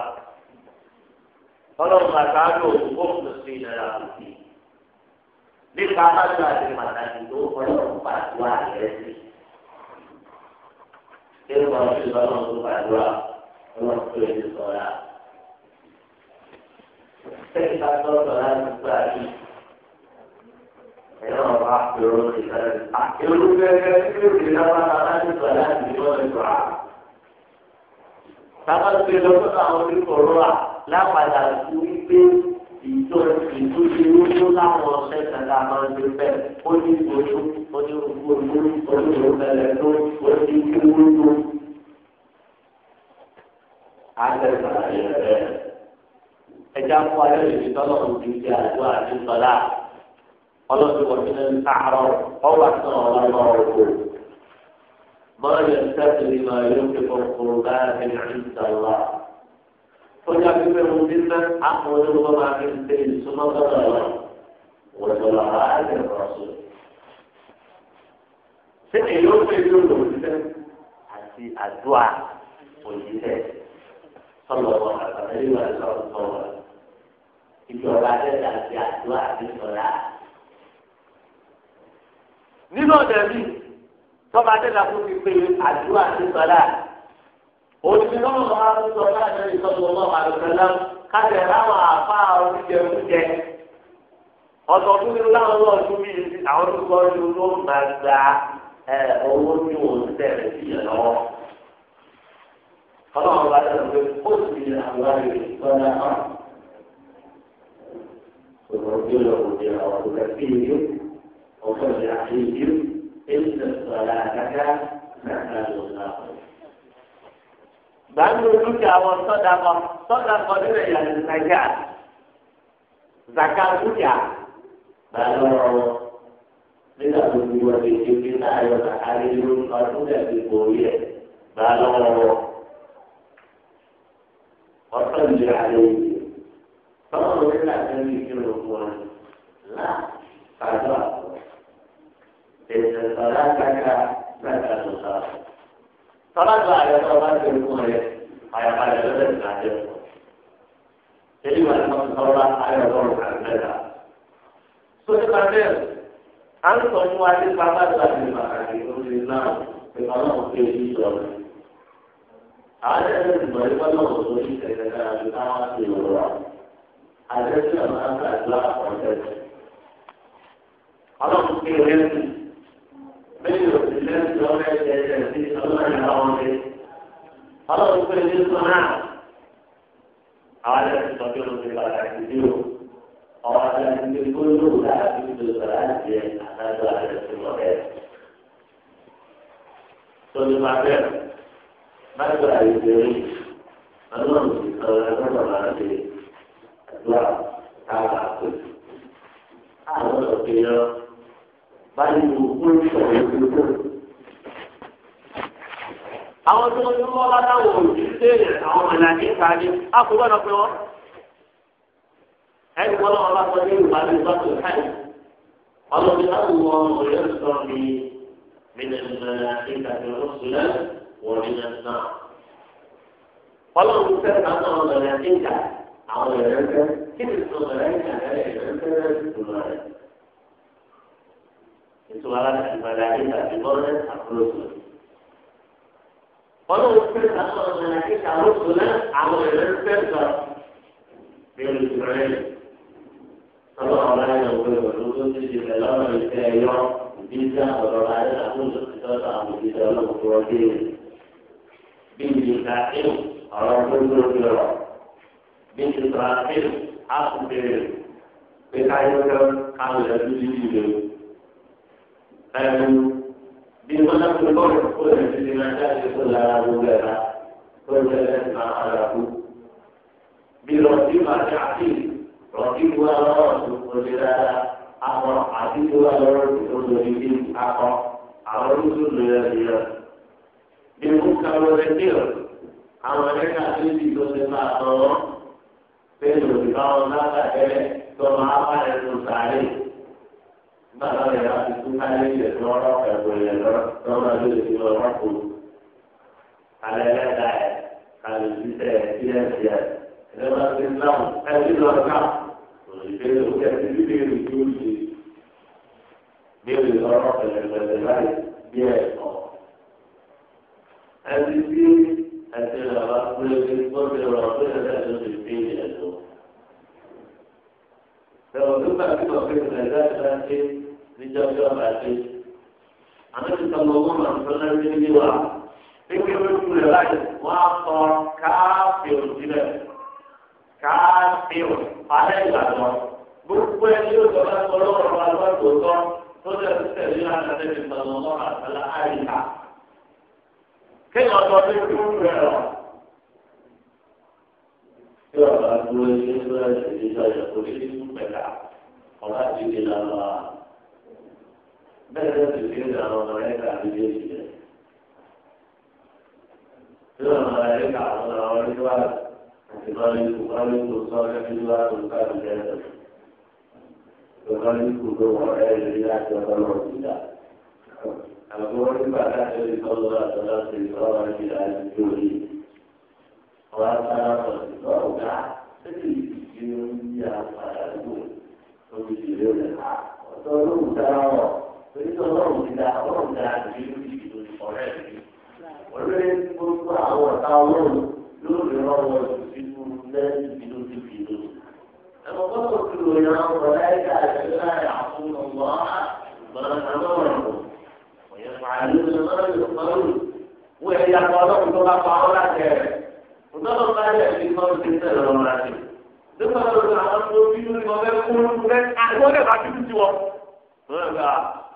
ọlọ́run bàtà á lò ó kó fún sí ìdára òkè nípa aláṣọ àti pàtàkì tó ọlọ́run pàtó àyẹ̀ sí nípa ọ̀ṣun ọlọ́run tó pàtó à ọlọ́run tó lè sọ̀rọ̀ à. Sẹ́yìn bá tọ́ sọ̀rọ̀ àti gbogbo àyè. إنما أحفروا الكتاب أحفروا كثير إنما أحفروا صلاة اليوم الدعاء Sábàtì lọ́kọ́ àwọn oníkòró wa lápadà sí wípé ìjọ ìtú irú tó láwọn ọ̀sẹ̀ tẹ̀lá máa ń lè bẹ̀. Ó ní ìgbòho, ó ní gbogbo ìlú, ó ní ìrọ̀bẹ̀lẹ̀ tó, ó ní ìkúrú tó. Àtẹ̀sà yẹn bẹ́ẹ̀. Ẹja fún alẹ́ ìdítọ́lọ́run ti di àdúrà ní sọ́lá. خلاص يبقى كده الاعرار هو احسن الله يبارك ما يستدري ما ينفق القربات عند الله فجاء بما مدلا حق ويرضى مع الانسان ثم قضى الله وصلى هذا الرسول سيدي يوسف يقول له مدلا الدعاء والجهاد صلى الله عليه وسلم قال إذا بعدت أن يدعى بالصلاة nínú ọ̀dẹ̀ mi tọ́ba dẹ́gbà tó fi pe àdúrà ní sọ́lá òtún lọ́wọ́ máa ń sọ láti ẹni ọmọ àlùfẹ́lá kájẹ láwọn àfa oúnjẹ oúnjẹ ọ̀sọ̀ fún mi láwọn náà tún bí àwọn tó kọ́ ju ló gba owó tí wọ́n tẹ̀lé sí lọ́wọ́. ọlọ́run bá pé ó sì àwọn náà. àwọn وقل عليهم إن صلاتك مثل الآخر gbàgbé olùkẹ́ àwọn sọ́dàkọ sọ́dàkọ nílẹ̀ yàrá nàìjíríà zaka dúkìá gbàgbé ọ̀rọ̀ nígbà tó ti wọ́n ti di bí náà yọ zaka nínú ọdún ẹ̀sìn orí ẹ̀ gbàgbé ọ̀rọ̀ ọ̀tọ̀ ìlú àlẹ́ yìí tọ́wọ́n nílẹ̀ àti ẹ̀mí ìṣirò fún ọ là kàdúrà. إن صلاتك سكن صلاتك صلاة على صلاة المؤمن على على بدن على كلمة المصطلح على دور عبدها صدق الناس أنتم واجب فقط لا يمكن لله بقلم في هذا المريض الله إذا كان بتاعه في الله هذا الشيء ما أنت أطلع فقط أنا ممكن bẹ́ẹ̀ni òṣìṣẹ́ ti lọ bẹ́ẹ̀ tẹ ẹ̀ sí ọlọ́run ní àwọn ọmọdé. ọlọ́run pé ní sọ náà àwọn ẹ̀rọ ti sọ pé ó ti padà sí bí o ọwọ́ ẹ̀rọ ti ní kó lóòrùn láti fi lè sọ̀rọ̀ láti ẹ̀ àtàgbà ẹ̀rọ ti lọ bẹ́ẹ̀. tó ní máa bẹ́ẹ̀ báyọ̀ àyèké rí ọlọ́run ti sọ ẹ̀rọ náà máa ṣe àdúrà káàkiri. àwọn ọ̀sẹ̀ yọ báyìí ló àwọn tó ń lọ́wọ́ bá dáwọ̀ òṣìṣẹ́ àwọn mọ̀nàdí ìpàdé á kó gbọ́dọ̀ pé wọ́n. ẹni wọ́n lọ́wọ́ bá ní ìwà ní sọ mi ọlọ́run fẹ́ ká náà àwọn kí ni sọ̀rọ̀ ètò aláṣẹ màláíkà ti bọ́lẹ̀ àkúròsọ. ọlọ́run fẹ́ sàkóso màláíkà àkúròsọ náà àwọn ẹ̀rẹ́ fẹ́ sọ bí olùsọ̀rẹ́ sọ́dọ̀ ọ̀la ẹ̀yọ̀ wọlé wọlé tó ti di pẹ̀lú ọ̀nà ìfẹ́ ẹ̀yọ́ ìdíjà ọ̀rọ̀ ayé àkúròsọ ti sọ́dọ̀ àwọn ìdíjà ọlọ́run tó wọ́n dé bí ìdíjà ẹ̀yọ̀ ọ̀rọ̀ tó ń lò lọ́rọ̀ bí ìdíjà ẹ̀yọ̀ á kú bẹ̀rẹ̀ pé káyọ̀ káwọn ẹ̀rọ ẹ̀rù bí wọ́n náà fi bọ́ọ̀lù kó lè fi lè máa jáde kó lára gbogbo ẹ̀ra kó lè lè máa ara kú. bí rọ̀tí máa ti àti rọ̀tí wà lọ́wọ́ òṣèlú rárá akọ àti tó wà lọ́wọ́ òṣèlú ìdí akọ àwọn olùsọ̀rọ̀ yẹn ti yẹ. bí wọ́n ká lọ́wọ́ ẹgbẹ́ rẹ̀ àwọn ẹ̀ka tó ti tó ti máa tọ̀ wọ́n pé lòdì báwọn náà tàbí tó máa bá ẹ̀sùn sáré nígbà náà lè láti tún káyé ilẹ̀ tí wọ́n rọ́ọ̀kọ̀ ilẹ̀ lọ lọ́wọ́ máa lóye sí wọn wọ́n kò alẹ́ lẹ́dà ẹ̀ kàlẹ́ sísẹ́ ẹ̀ sí ẹ̀ sí ẹ̀ ẹ̀ máa ti ń dáhùn ẹ̀ sí lọ ká ìbéèrè ó kẹ́ sí bíbélì tó ṣe bíbélì lọ́rọ̀ pẹ̀lẹ́pẹ̀lẹ́ láì bí ẹ̀kọ́ ẹni tí ẹsẹ̀ rẹ̀ bá pé ó ti rọ̀ pé ẹsẹ̀ tó ti fi ilẹ̀ lọ. Ẹ̀rọ tó gbà tí wọ́n fi ìrẹ̀lẹ̀ láti níjọ́ tí ọba dé. àmì ìtàn lọ́wọ́ máa ń fẹ́ lẹ́sìn ní wa. pípé ojú rẹ̀ láì wọ́n á sọ káàfin sílẹ̀ káàfin alẹ́ ìgbàgbọ́. gbogbo ẹni yóò sọ láti ọlọ́run wa lọ́wọ́ tó tọ́ tó lè tẹ̀lé àtàlẹ́ ìtàn lọ́wọ́ àtàlẹ́ àyíká. kéèyàn sọ pé ojú rẹ̀ rọ̀ tí ọba dúró ilé lọ́wọ́ ìṣèjọba ìṣòro ìṣòro pẹ̀lá ọba ti di bẹ́ẹ̀ ló ti fi ń da àwọn ọmọ ẹ̀ka méjèèjì rẹ̀. Tí wọ́n mọ ẹ̀ka àwọn àwọn oníwà àti mọ́lẹ́kù mọ́lẹ́kù sọ ẹ̀kí wá tó ká ìjẹ́ rẹ̀. Mọ́lẹ́kù ló wọ̀ ẹ́ lórí láti ọ̀dọ́ torí ọlọ́run ti da ọlọ́run da àti lójijì lórí ọ̀rẹ́ mi. olórí gbogbo àwọn ọ̀tá ọlọ́run ló yan ọ̀rọ̀ láyé àti láyé àfún ọ̀gbọ́n àgbọ̀n tó bá pa ọ́ láti ẹ̀rẹ̀. òtọ́lọ́ bá yẹ kí wọ́n ti tẹ̀lé ọmọ láti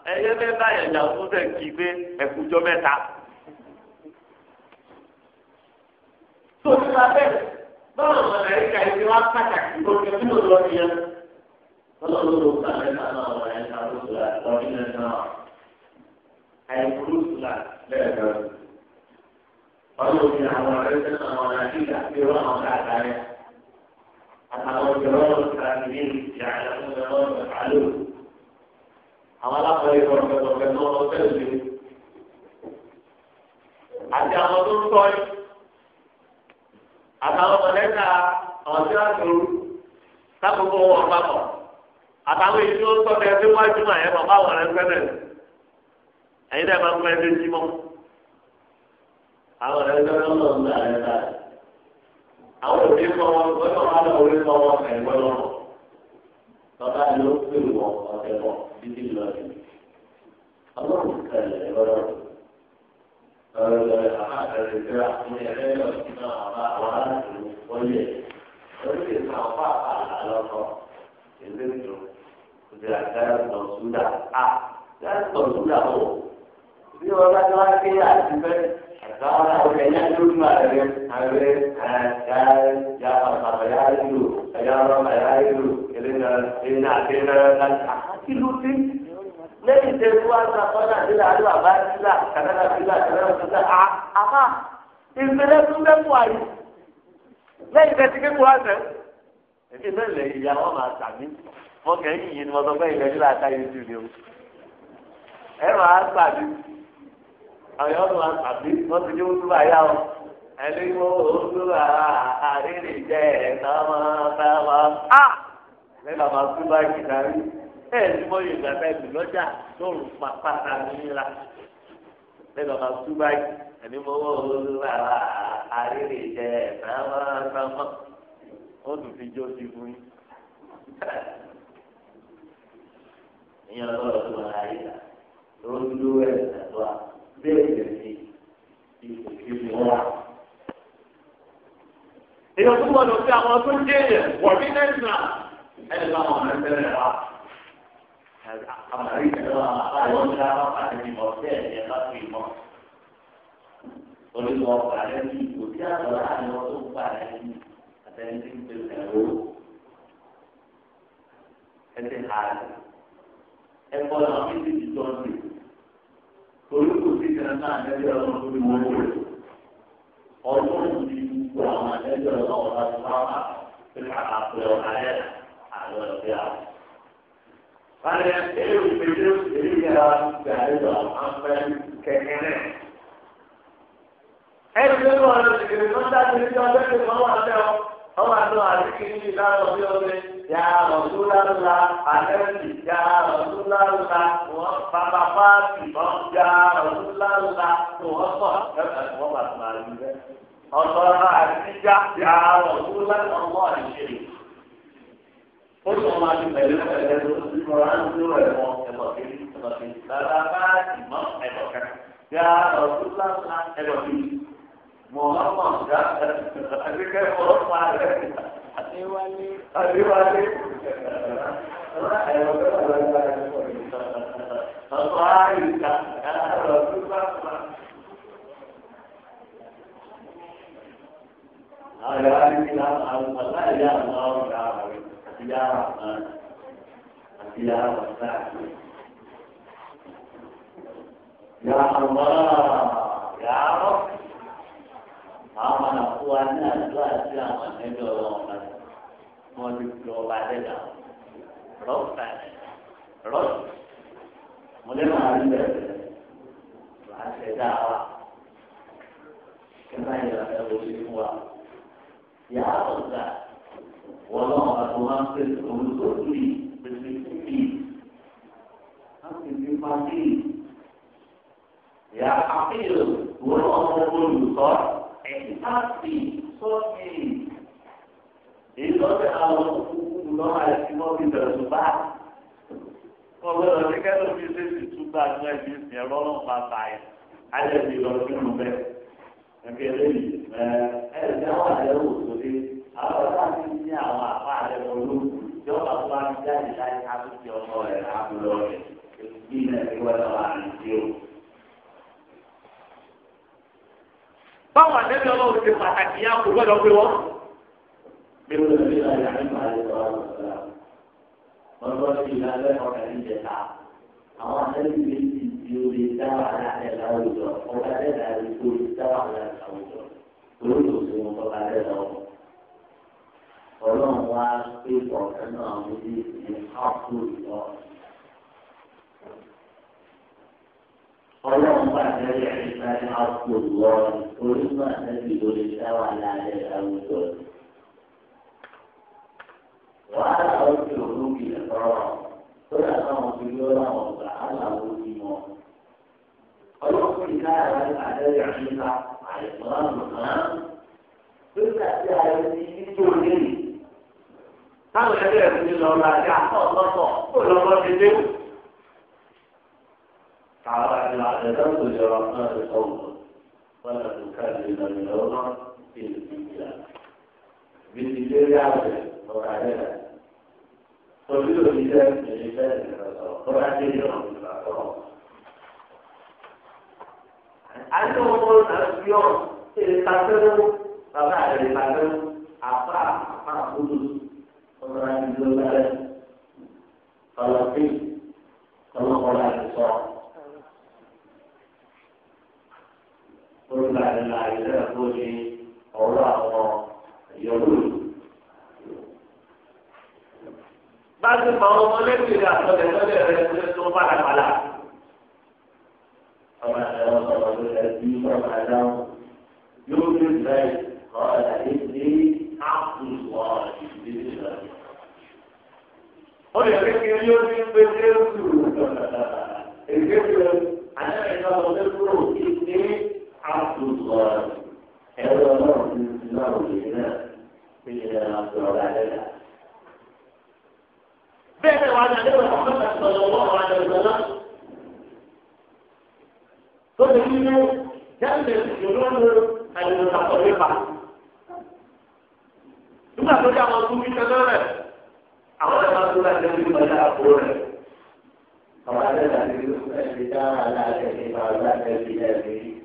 ẹyẹ bẹ báyọ̀ ìjà tó fẹ́ kí pé ẹ̀kújọ́ mẹ́ta. tó ti la bẹ́ẹ̀ báwọn ọmọ nàìjíríà yìí wá pàtàkì lókè nínú lọ́ọ̀dì yẹn. ọlọ́run ló gbà mẹ́ta náà wọ̀ ẹ̀ ká ló sùlà lọ́ọ̀dì yẹn náà. àìkúrú sùlà bẹ́ẹ̀ lọ. ọlọ́run ní àwọn ẹgbẹ́ náà wọn nàìjíríà fi rán àwọn káàkiri. àtàwọn ìjọba ọ̀sán ìdí ìjà àwọn ìjọba ọ̀sán àwọn alákọ̀ọ́lẹ̀ kọ̀ọ̀kẹ́ lọ́wọ́ tẹ̀lé àti àwọn tó ń tọ́ yìí àtàwọn mọ̀lẹ́ta àwọn tí wọ́n tó sábòbò wọn papọ̀ àtàwọn èyí tó ń tọ́ tẹ̀ fún wájú màá yẹn bàbá àwọn ẹgbẹ́ bẹ̀rẹ̀ ẹ̀yin dẹ̀ máa ń gbẹ́ ẹgbẹ́ jímọ́ àwọn ẹgbẹ́ bẹ̀rẹ̀ lọ́wọ́ ń gbà ẹ̀ bàbá ló pè wọ́n ọ̀tẹ̀ wọ́n títí lọ sí. ọlọ́run kẹlẹ̀ lọ́rọ̀ ọ̀rọ̀ ìgbéra fún ẹgbẹ́ náà sí náà àbá àwọn aláàbò wọlé oríṣi náà fà àlà lọ́kọ̀ ẹgbẹ́ ìjọ òṣèlú àgbáyé lọ sódà à láti lọ sódà ọ̀ bí wọn bá ti wá ké àti bẹ́ẹ̀. Kalau harganya cuma dengan harga saya apa saya itu, saya orang saya itu, jadi tidak tidak dan hati lutin. Nanti sesuatu apa nak tidak ada apa tidak, karena tidak karena tidak apa. Internet sudah kuat. Nanti ketika kuat, èmi náà lè yíya wọn máa sàmì wọn kàn yín yìí ni wọn sọ pé ìrẹsì láta yìí ti rí o ẹ máa sàmì àwọn yóò máa tàbí wọ́n ti dé wúdúrà yá o ẹlẹ́gbẹ́ wúdúrà àríri jẹ́ ẹ̀ta máa bá wa. lẹ́nu àwọn akúbá ìkìtàrí ẹ̀ ní mọ́ yorùbá bẹ́ẹ̀ bí lọ́jà lóru pàpàtà nira lẹ́nu àwọn akúbá ẹni mọ́ wúdúrà àríri jẹ́ ẹ̀ta máa bá wa. ó dùn fi jó sí fún yín. ìyẹn lọ́wọ́ tó wà láyé ta lórí lówó ẹ̀ ṣàtọ́ àpò bẹ́ẹ̀ lè fi ipò kiri wá. Èèyàn tó gbọdọ̀ fi àwọn tó ń jẹ́yẹ̀ wọ̀ ní Nàìjíríà ẹni bá wọn rẹ̀ tẹ́lẹ̀ wá. Àmàlí ìjọba àwọn ọ̀gá ọ̀gá ti mọ̀ bẹ́ẹ̀ ni ẹ bá fi mọ̀. Olùkọ́ ọ̀gá rẹ̀ ní ìbò tí àgbà láàrin wọn tó gbà rẹ̀ àtẹ̀yìn tí ń pè ẹ̀rọ. Ẹ ti hà ẹ̀ kọ́ ọ̀nà ti di tó torí kò sí ìkànnì àdájọ́ ọlọ́run tó ní wọ́n wò ọlọ́run ní gbogbo àwọn àdájọ́ ọlọ́run láti pàápàá pé kàkà pé ọ̀la ẹ̀ àlọ́ ẹ̀fẹ́ àwọn. Wálé èyí ò pété èyí yẹra gbà ẹ̀dọ̀ àpẹ kẹ̀kẹ́rẹ́. Ẹ̀yìn ń wọ̀ lọ sí dá sí ní ọjọ́ ìgbà wọn àbẹ́ ọ, ọ wà lọ ìdáná bí ọdún ya rọ̀dúnláńlá àlẹ́lì ya rọ̀dúnláńlá wọ́n bàbá fáàtì wọ́n ya rọ̀dúnláńlá wọ́n pọ̀ kẹfà tí wọ́n bá tó máa rí rẹ. ọ̀sọ̀rọ̀ àtijọ́ ya rọ̀dúnláńlá ó sọ ma ti pẹ̀lú pẹ̀lú lórí mọ́ra ń dúró ẹ̀wọ̀n ẹ̀bọ̀ kiri ẹ̀bọ̀ kiri bàbá fáàtì mọ́ ẹ̀bọ̀ kan ya rọ̀dúnláńlá ẹ̀bọ̀ kiri mọ̀ ọ́ Adéwálé. Adéwálé. Ẹ̀rọ tó wà lọ́wọ́ ẹ̀rọ ọ̀pọ̀ àyíká ẹ̀rọ tó bá pa. Àyà àyíká aláìyá àwọn ọ̀gá rẹ̀ àti yára kan àti yára ọ̀gá rẹ̀. Yàrá yàrá àwọn ọmọ àpò wa ní àdúrà sí àwọn ẹgbẹ́ ọlọ́run náà wọ́n ti fi ọba dẹ́gà rọ́ọ̀tà rọ́ọ̀tà mo lè máa rí bẹ́ẹ̀ máa ṣẹ̀dá wa kí n bá yẹra ẹ wo sí fún wa yà á ọ̀gá wọ́n lọ́wọ́ àti wọ́n á pè é òun tó tù yìí pèsè tù yìí á sì fi pa sí yà á pè é wọ́n lọ́wọ́ olùsọ́ọ̀. ẹ̀yìn bá sì sọ́ọ̀tì èyí lọ́sẹ̀ àwọn òkúkú lọ́wọ́ àti wọ́n bẹ̀rẹ̀ tó bá wọ́n gbọ́dọ̀ ní kẹ́lò fi ṣe sì tún bá ní ẹ̀mí ìsìn ẹ̀rọ ọlọ́run bá yẹn alẹ́ mi lọ sí ìlú bẹ́ẹ̀ ẹ̀mí eléyìí ẹ̀ ẹ̀ ẹ̀ àlẹ́ wò sóde àwọn ti ní àwọn àpá àlẹ́ jáde láyé ká tó ti rẹ̀ báwo àtẹ́bí ọlọ́run ti pàtàkì yá kò gbọ́dọ̀ pé wọ́n. ewu ló fi láyé àyíká rẹ̀ lọ́wọ́ lọ́wọ́ wọn lọ sí ìlànà ọ̀kà ìjẹta àwọn àtẹ́bí méjì tí ó lè dá wàhálà ẹ̀ láwùjọ ọ̀gá dẹ́gbà rẹ̀ tó lè dá olóòtú wọn ọlọ́run wá pé ọ̀kan náà méjì ní ọlọ́run bá àtẹ́rẹ́ ẹ̀rí sáré àpò lọ onímọ̀ àtẹ́bí lórí sáwà láàrin àwùjọ. wàhálà ojú olóògbé ẹ̀kọ́rọ̀ tó dàgbà wọn fi lọ́ àwọn wàhálà ojú wọn. ọlọ́run ti ká àtẹ́rẹ́ ẹ̀rí sá àìsàn àmọ̀tán tó dàgbà ayé ní nítorí. táwọn ẹgbẹ́ ẹ̀kú ti lọ ra ẹ̀ka ọ̀tọ̀ọ̀tọ̀ kó lọ́wọ́ ti dé. على العددات لرحمن قوم ولا تكلم اليوم في الإنجيل بالإنجيل يعود وعلينا فبدو الإنسان من الإنسان الرسول وعليه يوم Ada umur nasional, tidak tahu, karena ada tahu apa apa khusus orang Indonesia, Palestina, kalau orang Islam. orúkọ àdínlá ìlera tó ní ọwọ́ àwọn yòówù. bá a ti mọ àwọn ọmọlẹ́bí rẹ̀ àtọ́lẹ̀tọ́lẹ̀ rẹ̀ ló tó pàlàpàlà. ọmọ ẹ̀rọ sọ̀rọ̀ ló rẹ̀ bí ọmọ ẹ̀rọ yóò rí rẹ̀ kọ́ ọ̀dà ní sí áàpùsù ọ̀rọ̀ ìdílé rẹ̀. ó lè rí kí yóò ní pété rú. èdè rẹ̀ àná ẹ̀ka ọ̀dẹ́ kúrò. Abdullah àwọn ọ̀gá àti ọ̀dọ̀ wọn àwọn àjọ ìgbà náà. Tó ti ní ní jáde ìṣòro àyẹ̀wò àpọ̀ nípa. Nígbà tó dé àwọn túbí kan náà rẹ̀, àwọn ẹ̀ máa tó láti ẹni ìgbà náà kúrò rẹ̀. Àwọn àjọ ìgbà náà ti rí ẹni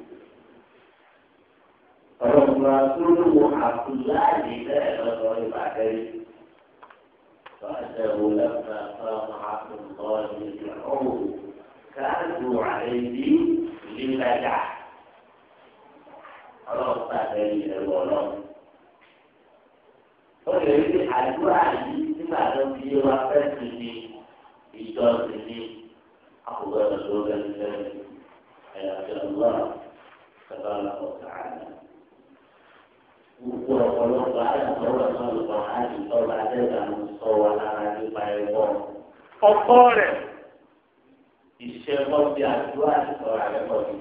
فالرسول عبد الله بن مسعود عليه فأنه لما قام عبد الله بن عمر كأنه عليه للنجاح ọlọ́run tá a fẹ́ yí ẹ̀rọ ọlọ́run. ó lè rí àdúrà yìí nígbà tó ń fi wá fẹ́ sí ni ìjọ sí ni àkùkọ ẹ̀rọ tó ń bẹ̀rẹ̀ lẹ́yìn ẹ̀yà ìjọba sábà lọ́kọ̀ọ́ sáà náà. gbogbo ọ̀pọ̀lọpọ̀ àyàtọ̀wọ̀ lọ́lọ́pọ̀ àyàtọ̀wọ̀ àdẹ́gbàmù sọ wà lára nípa ẹ̀kọ́. ọkọ rẹ ìṣẹ́kọ́ bí àdúrà ìṣọ́ra rẹ̀ pọ̀ jù.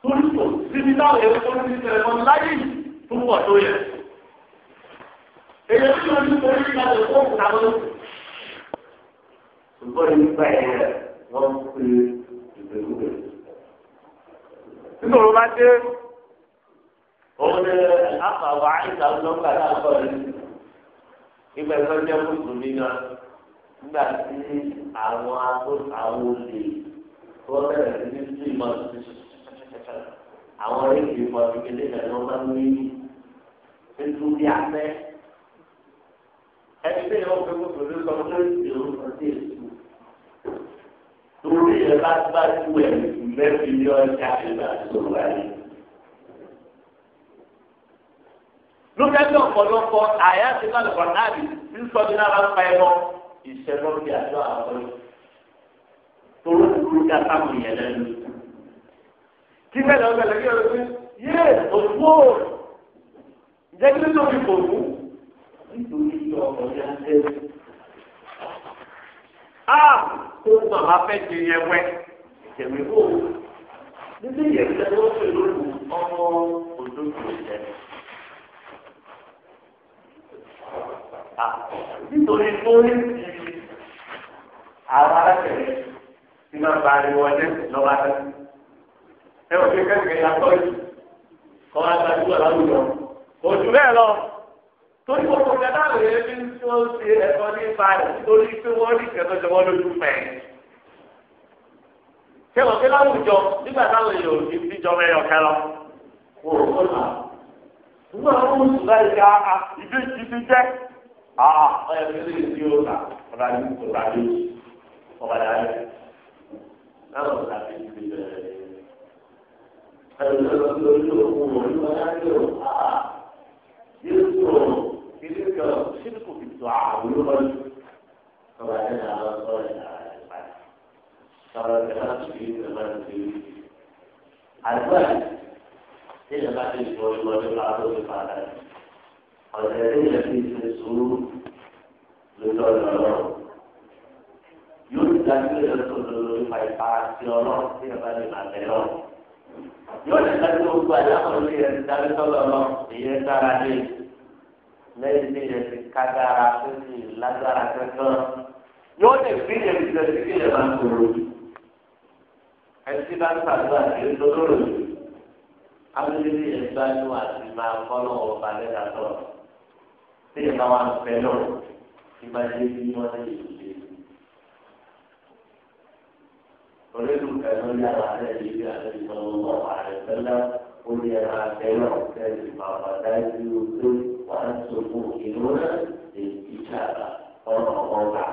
torí síbi táwọn èèyàn tó ń bí tẹ̀lẹ́mọ́ láyé tó tó yẹ. èèyàn tó ń bí torí ìgbàlẹ̀ tó ń ta lọ. ṣùgbọ́n nípa ẹ̀yẹ wọ́n ń pe ìgbèlúgbè. nítorí wọ́n bá dé òun ni àpà wà àyíká lọ́gbà tá a kọ́ ẹ̀ nígbà tó jẹ́ mùsùlùmí náà nígbà tí àwọn àwọn olè tó bẹ̀rẹ̀ sí ní sí ìmọ̀ àwọn rédíò ìmọ̀ ìkéde náà ni wọ́n máa ń ní ètò bí afẹ́ ẹni tí yóò fi mùsùlùmí sọ pé ìrù ọtí èso torí ẹ̀ bá gbájú ẹ̀ mẹ́fì ní ọjà ìgbà tó wáyé. lórí ẹgbẹ́ ọ̀pọ̀lọpọ̀ àyà ti bá lọ́kọ̀ náàbì ń sọ ní náà lápá ẹ̀rọ ìṣẹ̀lọ́ bí àjọ àwọn torí kúrú ká sáwọn yẹn lẹ́nu. kí bẹ́ẹ̀ lọ́wọ́ bẹ̀rẹ̀ yóò rí yé òkú ò jẹ́ kí ló fi kò mú nítorí ọ̀rọ̀ yá lẹ́nu. a kó màmá fẹ́ di yẹn wẹ́ ìjẹ̀wé kó níbi ìyẹ̀wé lọ́wọ́ pẹ̀lú ọmọ òdòdó ìjẹ̀wé. Ah, nítorí tó ń ti àwọn alákẹ̀lẹ́ tí máa bá ní wọlé lọ́wọ́ adé. ẹ ò fi kẹ́kẹ́ ya tọ́ yìí kọ́ wá gba ìwé láwùjọ. òjò bẹ́ẹ̀ lọ torí gbogbo kẹta rèé bí wọ́n ṣe ẹ̀kọ́ nípa rẹ̀ torí pé wọ́n rí ìkẹ́tọ́ jọ wọ́n lójú fẹ̀. ṣé wọ́n fi láwùjọ nígbà táwọn èèyàn ò fi síjọba ẹ̀yọ̀ kẹ lọ. wò ó kọ́ nà. nígbà tó ń sùn àà ọyọ ìjọba ti ah, sọ ìwọlé pàtó ìpàdánù ọ̀sẹ̀ tí yẹn fi ṣe sùúrù lójú ọ̀nà ọlọ́run yóò ti dájú ẹ̀rọ tó lórí nípa ìpara sí ọlọ́run tí ẹ bá lè máa bẹ̀ lọ. yóò ti dájú gbogbo àyàkọ̀ lórí ẹ̀ ti dájú sọ́lọ́ lọ ìyẹn dára lé lẹ́yìn tí yẹn ti kágára tó ti lágbára kankan yóò lè fi yẹn ti dájú kí yẹn máa sọ̀rọ̀ ẹtí bá ń sàdúrà kí ló lóró yìí. abúlé yẹn gbájú àti máa kọ́ lọ́wọ́ balẹ̀ tí ìgbà wa ń fẹ́ lọ ìgbà tí ebi wọn lè ṣe. Orísun pẹ̀lú yàrá rẹ̀ yìí àti ìgbàlódé ààrẹ sẹ́lá ó ní ẹ̀rọ àtẹ́lọ̀ tẹ̀lé bàbá dájú pé wà á sọ̀kò ìrora lè fi ṣàbà ọ̀nà ọ̀gá.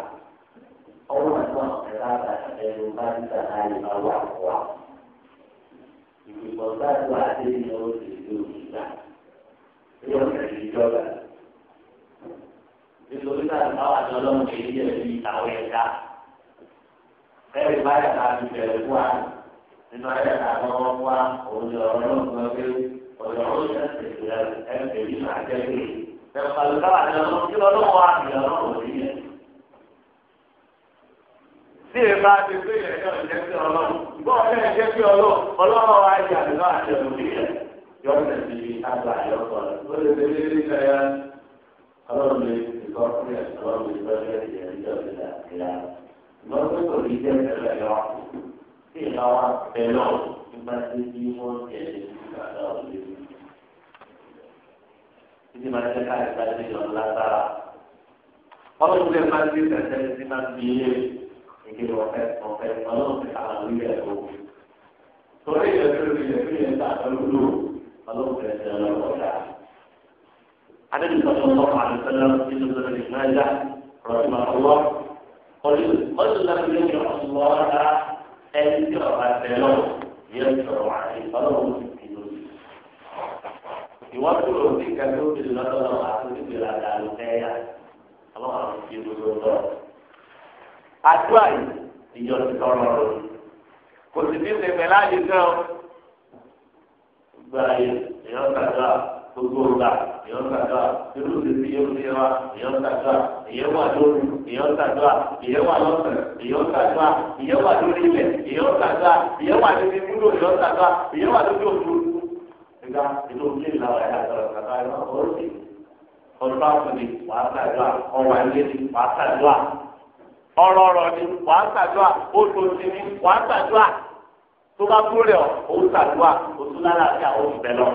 Ọwọ́ àgbà ẹ̀ka àgbàdo ẹ̀rọ bá ń tà láyé bá wà wà. Ìgbìmọ̀ gbàgbọ́ àti ìyẹn ó nítorí láti bá wà ní ọlọ́run kì í yẹ ẹ̀dá ẹ̀rí báyà náà ti bẹ̀rẹ̀ fún wa nínú ayé àtàwọn ọmọ wa òun ni ọ̀rọ̀ pé ọ̀dọ̀ ó ṣe ń tètè ẹ̀ ń tètè máa jẹ́ pé ẹ̀fọ́ káwà ní ọlọ́run kí ọlọ́run wà ọlọ́run òní yẹn. tí èyí bá ti gbé ìrẹ̀jọ́ ìjẹ́ sí ọlọ́run ìgbọ́n ọ̀dẹ́ ìjẹ́ sí ọlọ́run ọlọ́run wa yà بفضل أسباب البشر الذين في الأحياء مرة تريد أن تلاقي في نوع بلوغ مما تجيبون يعني على أولئك Ini masih kaya tadi dalam latar. Kalau sudah mati, saya jadi mati. Ini proses, proses. Kalau kita alami ya, Sore ya, sudah tidak, tidak dulu. Kalau sudah dalam latar. النبي صلى الله عليه وسلم في سنة ماجه رحمه الله قل قل لم يدع الله أنكر بلو يذكر عليه فله يوصل في كتب النظر وعقل بلا دالتايا الله أعلم في نزول أدوان يجوز تورو كنت تسمع لا يجوز باي يوصل gbogbo ọgbà èèyàn gbàdúrà irú ìrísí yóò fi wa èèyàn gbàdúrà èèyàn wà lóru èèyàn gbàdúrà èèyàn wà lọ́sẹ̀ èèyàn gbàdúrà èèyàn wà lórí ilẹ̀ èèyàn gbàdúrà èèyàn wà lórí ibùdó èèyàn gbàdúrà èèyàn wà lórí òdu. ìgbà ìlú òkè làwọn ẹ̀yà sọ̀rọ̀ kàkà ẹ̀ máa bọ́ sí. ọ̀rọ̀ àkùnrin wàá gbàdúrà ọ̀rọ̀ àìlè wàá gbàdúrà ọ̀rọ̀ ọ̀rọ̀ ni wàá gbàdúrà ó ti ní wàá gbàdúrà tó bá kúrò rẹ̀ ó gbàdúrà ó tún lálàáfíà ó ń lọ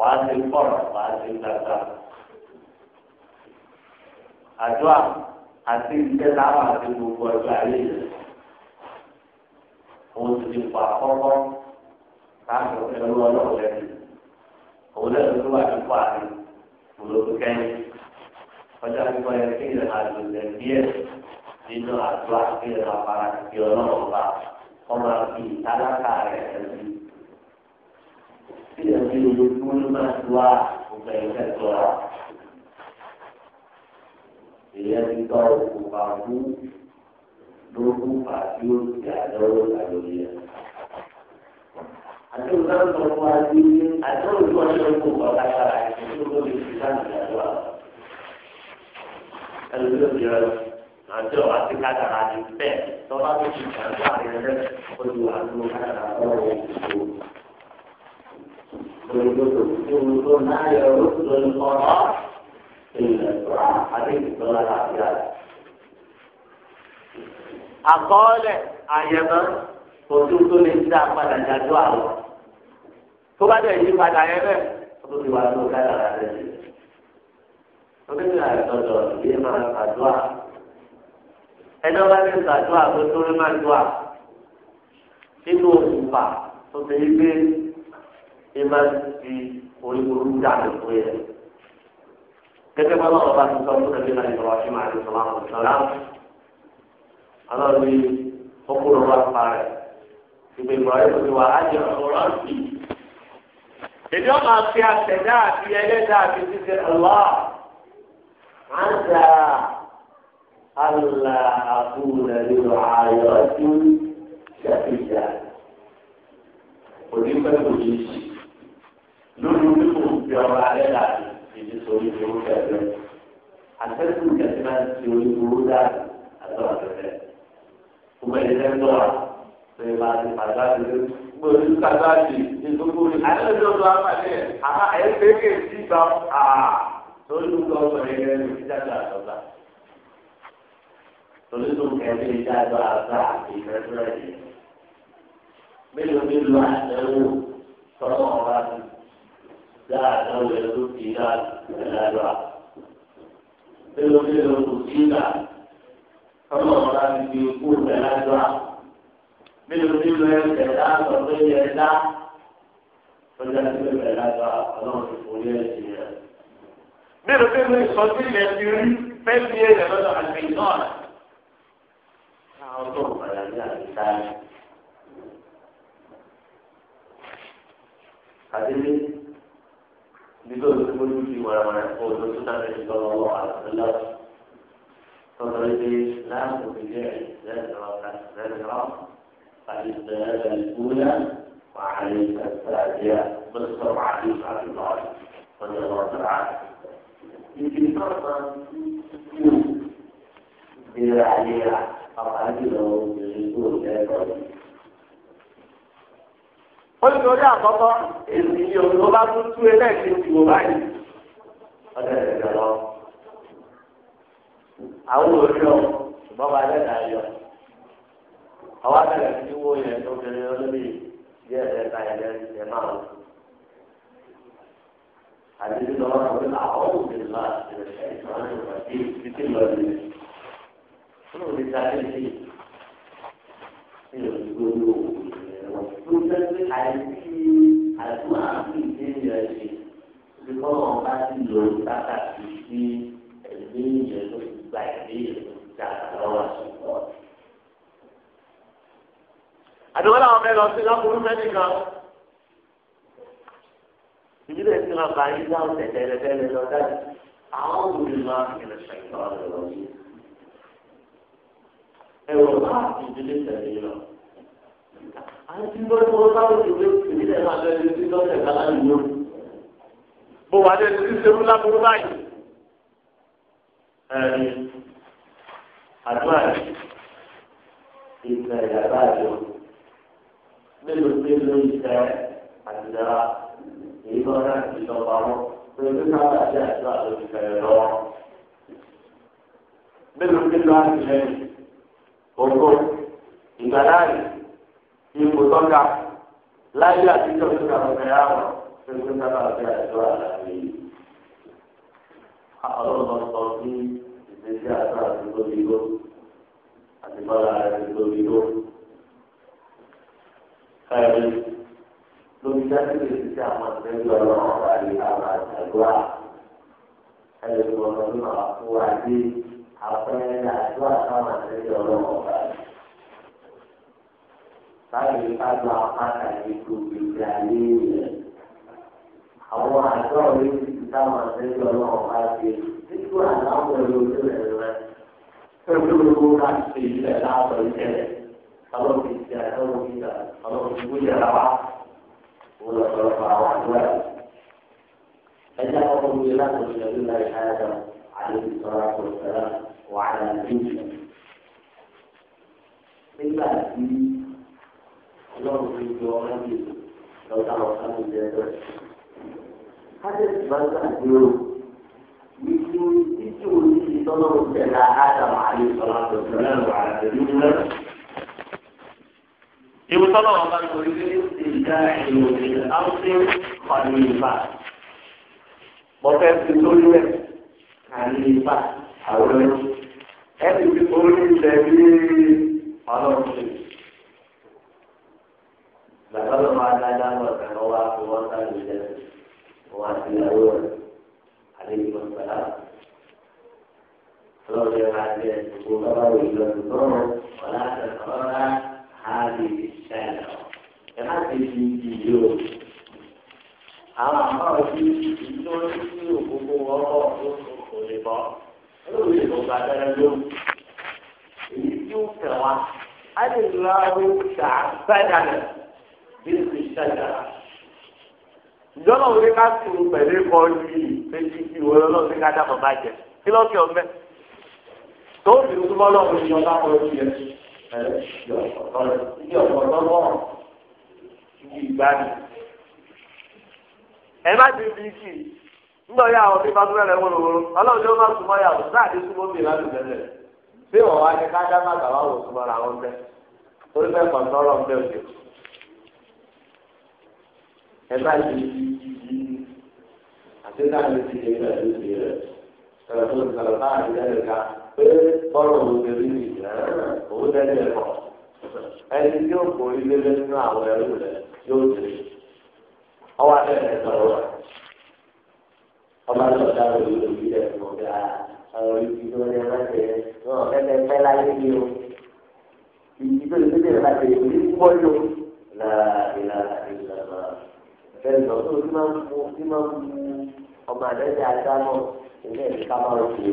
wàá ti kọ̀rọ̀ wàá ti gbàgbà. àdúrà àti ìṣẹ́ láwọn àti gbogbo ọjọ́ ayé rẹ̀ òun ti di pa kọ́kọ́ káàkiri ẹrú ọlọ́run lẹ́nu òun lẹ́nu tó wà nípa àrí òun kẹ́yìn ọjọ́ àgbọ̀ yẹn kí ìrìn àjò lẹ̀ díẹ̀ nínú àdúrà kí ìrìn àpárá kí ọlọ́run bá ọmọ àti ìtàlákà rẹ̀ ẹ̀sìn tí ìyá mi lò lórí ló máa tó a gbogbo ẹ̀yìn kẹtọ́ a. Èyí ti tọ́ òkú pàmò lóko pàtí ó ti àdọ́rọ̀ àlòyé ẹ̀. Àdéhùn náà sọ fún wa sí ilé tí wọ́n ṣe ń kó bàbá yàrá ìṣẹ́ tó lórí ìṣẹ́lẹ̀ ìyàdọ́ àwọn. Ẹlòmíràn ti rẹ̀ àti ọ̀rọ̀ àti kádàrà ni bẹ́ẹ̀ tọ́lá tó ti gbàgbọ́ àrẹ rẹ̀ ó ti wà nínú kádàrà lọ́wọ́ òkú. ويقول ما يرد القرار إلا الدعاء حديث صلى الله عليه وسلم àkọọ́lẹ̀ àyẹ̀mọ́ ojú tó lè dá padà jáde àwọn tó bá dẹ̀ yí padà yẹn bẹ́ẹ̀ tó ti wà ló dára rẹ̀ lẹ́yìn. oníṣẹ́ àìsọ̀dọ̀ yìí máa ṣàdúrà ẹjọ́ bá lè ṣàdúrà tó tó lè máa dùà nínú òkùnfà tó ti yí ẹ máa ń fi orí burú dàbí fún yẹn. gẹ́gẹ́ bá náà ọba tuntun ọdún ẹgbẹ́ náà ìjọba ṣe máa ń sọ láwọn ọ̀sọ̀lá. aláwọ̀ ni ọkùnrin wa pa rẹ̀ ìgbè ìbọ̀rẹ́ òní wa á jẹ́ ọ̀rọ̀ sí. èdè ọ̀nà àti àtẹ̀dá àti ẹlẹ́dà àti títẹ ọ̀lá. àǹtà àlà àbúrò nínú ayọ̀ ọdún ṣàfihàn. òní pẹ́ kò ní í ṣe. lórí wíwò fi ọba alẹ́ dàbí ìdí sórí ìfowó fẹ́ẹ́ àtẹ́kù kẹ̀kẹ́ máa ń ti orí ìfowó dàbí àtọ́wà fẹ́fẹ́ gbogbo ẹni tẹ́ ń lọ wa pé máa ti pàdé àti lé gbogbo orí kàdé àti ìdókòwò alẹ́ lọ́dọ̀ àpàdé àmà ẹ̀ fẹ́kẹ̀ sí ìgbà à lórí ìfowó ọ̀sán yẹn lẹ́nu ìjáde àtọ́gbà torí tó kẹ́lé ìjáde àtọ́ àti ìfẹ́fẹ́ rẹ̀ mélòó mélòó àtẹ́wò tọ́lọ́ ọ̀rá tuntun dáadáa wẹ̀ ló fi náà à. mélòó kò sí ìgbà tọ́lọ̀ ọ̀la ti fi kú ẹ̀dájọ́ à. Mélòó-mélòó ẹ̀sẹ̀ dá sọ pé yẹ dá. Tọ́jà ti fi ẹ̀dájọ́ à ọlọ́run ti fò yẹ ẹ̀sìn rẹ̀. Mélòó-mélòó ìsọjí ilẹ̀ ti rí fẹ́ẹ́ni ẹ̀rẹ̀ lọ́dọ̀ àgbẹ̀ náà. Àwọn tó padà ní àyíká yẹn. Adele nígbà tó kó lójú wàràwàrà kó o lójú náà lè gbọ́ ọwọ́ àlùfẹ́lá tọ́tọ́ lé dé láàbò ìdílé lẹ́sọ̀rọ̀ lẹ́sọ̀rọ̀ àlùfẹ́lá ìgbóná wà á lè kàtà àdéhà bẹ́sọ̀ wà á lè kàtà lọ́ọ̀rì tọ́jú ọ̀rọ̀ tọ́lá. Ibi náà máa ń kú léraléra àwọn àdìrò obìnrin tó lẹ́kọ̀ọ́ yìí. ó ní orí àkọ́kọ́ èsì yìí òun ló bá tún tú ẹlẹ́ẹ̀kejì wò báyìí ọ̀dẹ̀ ẹ̀dẹ̀ lọ. àwọn ọ ṣùgbọ́n bá dẹ́ta yọ ọwọ́ abẹ́rẹ́ sí wó yẹn ẹ̀ máa wò. àti nínú ọ̀rọ̀ lọ àti ló jẹ́ pé àìsí àìsùn àti ìdílé rẹ̀ ṣe ti kọ́ wọn bá ti lò ó sáta sí sí ẹ̀mí ìyẹn ló ti gba ìdí ìlú ìjà lọ́wọ́ àṣùkọ́. àdúgbò làwọn mẹ́rin sí lọ́kùnrin mẹ́rin kan ìdílé tí wọn bá yín dáhùn tẹ̀tẹ̀rẹ̀tẹ̀rẹ̀ lọ dájú àwọn obìnrin máa ń kẹlẹ̀ ṣàkíyàn lọ sí. ẹ̀rọ bá ìdílé tẹ̀lé lọ àti lọ́dún wọn sábà ti wé ìbílẹ̀ máa lọ ẹni tí lọ́sẹ̀ kálá ní lórí. bó wà ní ẹni tí serú lábúrú báyìí. ẹni àdúrà ìgbà ìyàrá àjọ mélòó mélòó ìfẹ́ àdìdára èyí lọ rẹ̀ ti lọ pamọ́ pẹ̀lú sábà àti àdúrà ló ti fẹ̀rẹ̀ lọ. mélòó mélòó àti lẹ́yìn ogún ìgbà láàyè ipò tọ́ka láyé àtijọ́ tó ká lọ́kẹ́ yá wọn tó tó ká lọ́kẹ́ àjọ àlàyé ọlọ́run sọ sí ìgbésí àtọ́ àti lóríló àti bọ́lá àti lóríló. Ẹ̀rí lórí dájú ti ṣe àwọn ìgbésí ọlọ́run ọ̀rọ̀ àyè àwọn àjàgbá. Ẹ̀rí lọ́dún náà fún àpẹẹrẹ àjọ àtàwọn ìgbésí ọlọ́run ọ̀rọ̀ àyè. láti ká lọ apáta ìlú ìgbà nílẹ̀. Àwọn àjọ mi ti ti táwọn àtẹ́jọ́ náà bá ṣe títú àláwọ̀ ẹ̀rọ ìlẹ̀ rẹ̀. Pẹ̀lú owó láti ṣe ilẹ̀ láàbọ̀ ìṣẹ̀lẹ̀. Àwọn òbí ti àjọ òbí gbà àwọn òbí gbóyè ara wa. Wọ́n lọ sọ̀rọ̀ fún àwọn àdúrà. Ẹja ọkọ̀ mi láti ṣẹlú láì ṣáájà àlejò sọ̀rọ̀ àpò ìṣẹ̀lá wàhálà nígbà tí ọlọ́run ti yọ ọ́ lọ́dún yìí lọ́dún àwọn sábà jẹ́ ẹgbẹ́. kájẹ́sì bá gbàgbé o wíjú títí òní ìtọ́lọ́run tẹ̀lá ádámù àlè ń pàdé ìfà. Mo fẹ́ fi lórí rẹ̀ kàní ìfà àwọn ẹni. Ẹni tí orí ilẹ̀ ọlọ́run ṣe bàbá ló máa dáadáa lọ sàkó wa kó wọn sá lè jẹ wọn àti ìyàwó rẹ àlejò lọ sàlá lọ́wọ́ yẹ máa jẹ gbogbo bàbá wò yìí lọ́dún tó rọ ọ̀la ọ̀la ha lè ṣe ẹ̀ ẹ má ti fi ìdí àwọn àbá òbí ìdúró sí òkúkú ọkọ̀ kò lè bọ́ lórí ìgbà abẹ́rẹ́ ló èyí tí ó tẹ̀ wá á lè lọ́ọ́ ṣàbẹ̀dàlẹ̀ bísí ṣájà. ìjọba wo ni ká sùn pẹ̀lú ikọ̀ yìí méjì kí wọ́n lọ́wọ́ sí ká dábọ̀ bá jẹ kí lọ́ọ́ fi ọ̀mẹ́. tó fi túbọ̀ lọ́wọ́ ní ọ̀la kan ti yẹ ẹ̀ ọ̀pọ̀ lọ́wọ́ ìgbàanì. ẹ má ti bí kì í ńlọ yà wọn bí fásitì rẹ wọlé wọlé ọlọ́run ló má súnmọ́ yà wọn sáà dé súnmọ́ mi láti bẹ̀rẹ̀ bí wọn wá ní ká dá má wò súnmọ́ làwọn bẹ́ẹ̀ ẹ bá ti àti káàdì ti lè rẹ̀ ló ti rẹ̀ sọ̀rọ̀ tó sọ̀rọ̀ bá àti lẹ́nu ká pé bọ́ọ̀lù òkèlè ní ìlànà òun lẹ́nu ẹ̀kọ́ ẹni tí ó kò ilé lẹ́nu àwọn ẹrú rẹ̀ yóò tẹ̀lé ọwọ́ àti sọ̀rọ̀ rẹ̀ ọba tó ọ̀dà rẹ̀ ló ti rẹ̀ fún ọ̀gá ọ̀rọ̀ ibi tó ní ẹ̀rọ ṣe wọn kẹ́kẹ́ pẹ́ láyé ni o ibi tó ní ẹ̀rọ ṣe ìwé pọ́jù náà ìlànà bẹ́ẹ̀ lọ tó ní máa ń mú ní máa ń mú ọmọ àdẹ́jẹ́ ajá náà ilé ẹ̀mí ká máa ń ṣe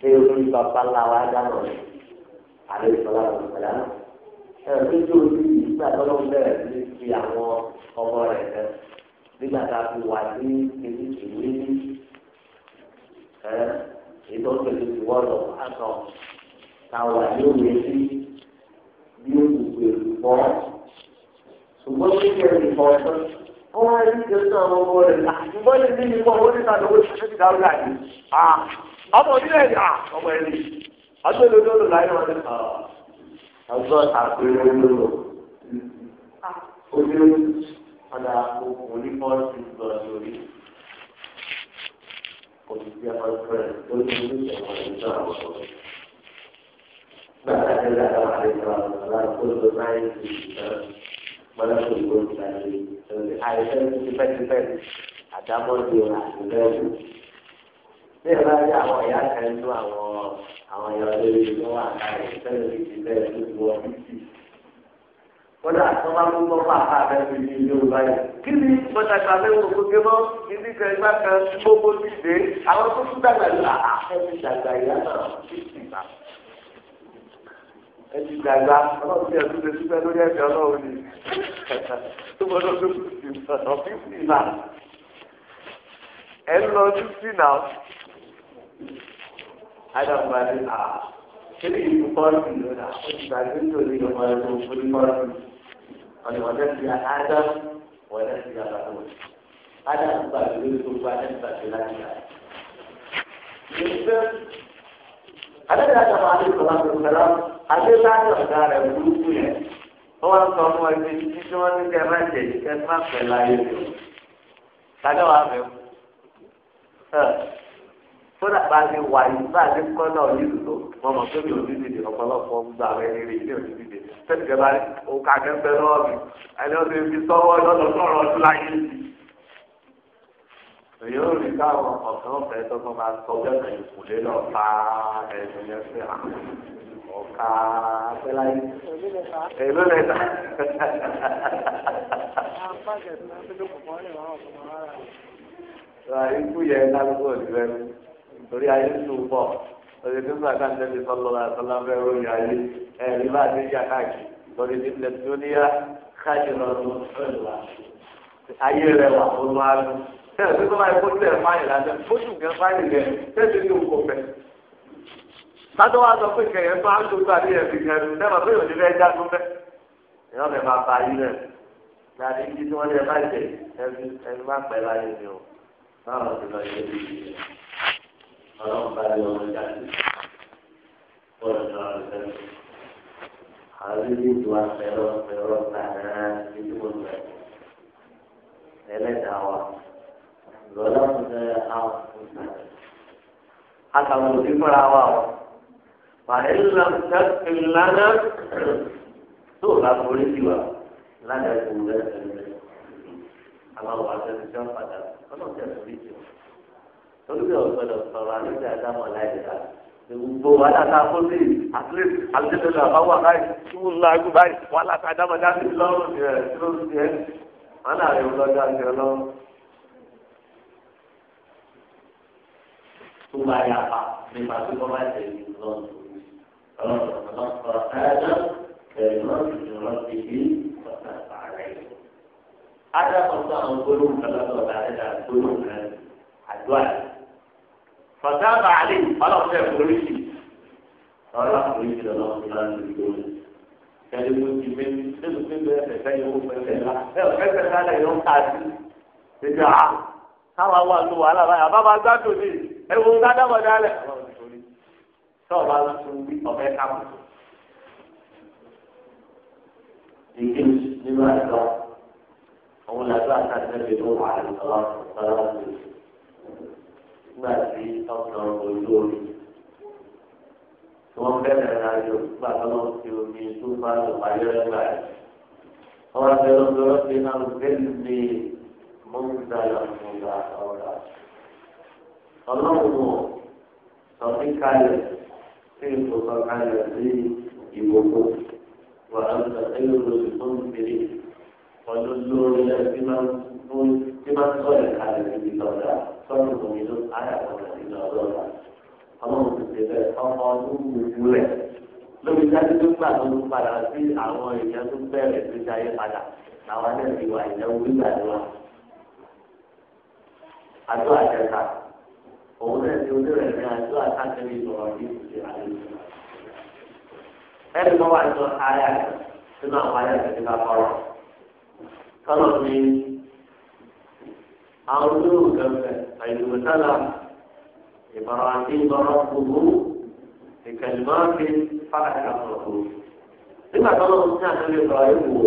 ṣé orí babaláwa ajá náà àlẹ́ ìfọlá ìfọlá ẹ̀rọ tó tó orí nígbà tó lọ́n bẹ̀rẹ̀ sí fi àwọn ọmọ rẹ̀ kẹ́ nígbà tá a fi wà ní ebi ìwé ní ètò ìwọ́lọ̀ àtọ̀ táwọn àyè òwe sí bí ó ti gbèrú bọ́ ṣùgbọ́n ó ṣe ẹ̀rí kan ọ̀sán. wọ́n wá rí ìjọsìn àwọn ọmọ rẹ̀ ṣùgbọ́n lè ní ìwọ owó níta lówó ṣe ti dáwọ́ láàyè. ọmọ onílẹ̀ yà ọmọ ẹ̀rí agbẹ́lẹ̀ olóró láyé wọn nípa ọ̀gbọ́n àgbẹ̀rẹ̀ olóró. ojú ọ̀dà òní kan ti gbọ́ lórí. Olùdíje máa ń lórí ìṣẹ̀wọ̀n ìjọba àwọn ọ̀dọ́. Bàtà ẹ̀dá àwọn àlejò àwọn ọ̀dọ́ láti kó lọ láyé ìṣẹ̀wọ̀n gbọ́dọ̀ ìwé ìgbàlè àìsàn tipẹ́tipẹ́ àdámọ́dé àtúntẹ́wò. bí ẹ bá rí àwọn ìyá kan nínú àwọn àwọn ìyá lórí ìlú wà láàrin sẹ́lẹ̀ ìdílé ìlú wọn títì. kódà tó bá mú bọ́pá àbẹ́bí ní ilé ọba yìí. kí ni pàtàkì àbẹ́wò gbogbo mọ́ ibi kan ìgbà kan gbogbo ti dé àwọn tó tún dàgbà lọ àfẹ́ mi dàgbà ìyá náà ẹtì dàgbà ọlọ́run ti ẹ̀sùn lè dúpẹ́ lórí ẹ̀sẹ̀ ọlọ́run ni tó gbọdọ̀ tó kù sí ọ̀nà fífi nà ẹ̀ ń lọ fífi nà ádàbà ni à kéde ìlú pọ́ọ̀lù lónà ó ti gbàgbé nítorí ọmọ ẹ̀rọ òfin pọ́ọ̀lù ọ̀nà ọ̀dẹ́ ti àádọ́ ọ̀dẹ́ ti àbàdàn ádàbà gbàgbé lórí gbogbo adẹ́ gbàgbé láti rà. Adébíyá Jàmbá Adé Sọlá Sọlá àgbéláyọ̀ ọ̀gá rẹ̀ burúkú yẹn wọ́n sọ fún ẹ pé títí tí wọ́n ní kẹ́ máa jẹ̀ kẹ́ má pẹ̀ láyé rẹ̀ kájọ́ wàá fẹ́ fúnà bá ti wà yìí bá ti kọ́ náà yìí lò wọ́n mọ̀ pé mi ò ní dìde ọ̀pọ̀lọpọ̀ gbogbo àwọn ẹni rẹ̀ ilé òní dìde tẹ́tí kẹ́ bá o kà lọ́wọ́ mi ẹni ó ti sọ́wọ́ lọ́dọ̀ sọ̀rọ̀ ọdún láyé sí. èyí ò rí káwọn ọ̀sán ọ̀fẹ́ tó kọ́ máa sọ wẹ́ẹ̀kẹ́ ìkùlé lọ́ọ̀ pa ẹ̀sìn yẹn fẹ́ràn ọ̀ka abẹ́láyé. èló lè ta. ikú yẹn kálukú òdìbẹ́ torí ayé ń tún bọ̀ òdì tó ń bá káńtẹ́ ti sọ́lọ́ la sọ́lá fẹ́ ròyìn ayé ẹ̀rí bá ti jà káàkiri lórí ti lè tó níyà káàkiri lọ́dún ọ̀la ayé rẹ̀ wà fún wa. tẹ́lẹ̀ tó bá yẹ kó tẹ̀ fáyìn lásán kó tún kẹ́ fáyìn lẹ̀ tẹ́lẹ̀ tó ní òkò fẹ́ kátó wá sọ pé kẹyẹ bá ń àti ẹbí kẹrù sẹ́wọ̀n pé òní fẹ́ já tó fẹ́ ìyá máa ba yín rẹ̀ láti ibi tí wọ́n lè má jẹ ẹbí ẹbí má pẹ́ láyé mi o báwọn ti lọ yẹ bí ọlọ́run bá yọ ọmọ jáde bọ́ọ̀lù náà lọ sẹ́nu àwọn ibi tó wà pẹ̀lú pẹ̀lú tààrà ibi tó lọ wa lọ́lọ́run náà àwọn fún tààrà. a kà ti fúnra wa o. فإن لم تغفر لنا سورة مريسيوة لنا يكون àwọn àti ẹnìjọ padà ọlọ́run tẹ̀ lórí jù torí ọ̀gbọ́dọ̀ sọ̀rọ̀ àlejò àdámọ̀ láìka gbogbo aláta fúnlẹ̀ àtúlẹ̀ àtúlẹ̀ àbáwọ̀ àkáyì tí wọ́n lọ àgùn báyìí wọ́n aláta àdámọ̀ dábì lọ́rùn rẹ̀ lórí rẹ̀ wọ́n náà rẹ̀ lọ́jọ́ àti ọlọ́run. tó bá yà pa nípa tó bá bá tẹ̀lé lọ́rùn. فتلقى آدم كلمات من ربه فتاب عليه هذا قصة القلوب ثلاثة بعد القلوب الدعاء فتاب عليه خلاص يا قريشي قال قريشي لله سبحانه وتعالى كلمة من سلسلة بيت سيئة فسيئة فسيئة هذا يوم تعزيز بدعة káwọn wà ló wàhálà báyà bàbá gbádùn ní ẹwù gbádùn ọ̀dà alẹ́ tọ́ọ̀ bá tún bí ọ̀fẹ́ káàbù. ìkíni nínú àìsàn àwọn làbẹ́ àtàkùnrin ló wà lọ́wọ́ ọ̀sán nígbà tí ọ̀sán ojú omi tí wọ́n bẹ̀rẹ̀ ìrìnàjò nígbà tó lọ sí omi tó bá lọ parí ẹgbà rẹ̀. ọ̀rọ̀ àbẹ̀rẹ̀ ọ̀dọ́rọ̀ ti náà bẹ́ẹ̀ ni mo ń da ìyàwó ọ̀rọ̀ ọlọ́run sọ̀rọ̀ kalẹ̀. كيف تقال لي يوقف وأنت خير المنكرين ونزول إلى بمن بمن صلح على في صلى صلوا من على إلى صلى Àwọn òṣìṣẹ́ ọmọ ọdún gbogbo rẹ̀ lórí dájú tó gbà tó ń padà sí àwọn èèyàn tó bẹ̀rẹ̀ tó ṣayé padà làwọn náà ti wà ìnáwó gbígbà lọ́wọ́. Àtọ́ àjẹsà òun náà ni onírẹ̀ ní àjọ àtàkùn ìsọ̀rọ̀ yìí kò ṣe àlejò. ẹni kan wà ní àyà nínú àwọn àyà ìṣẹ̀lẹ̀ bá kọ́rọ̀ kọ́rọ̀ ni àwọn olóògùn kẹfẹ́ àìlùmọ̀ sálà ìbára àti ìbára gbogbo ìkẹlùmọ́ fi fáàkì àkọ́kọ́. nígbà tó lọ́wọ́ sí àtàkùn ìsọ̀rọ̀ yìí wò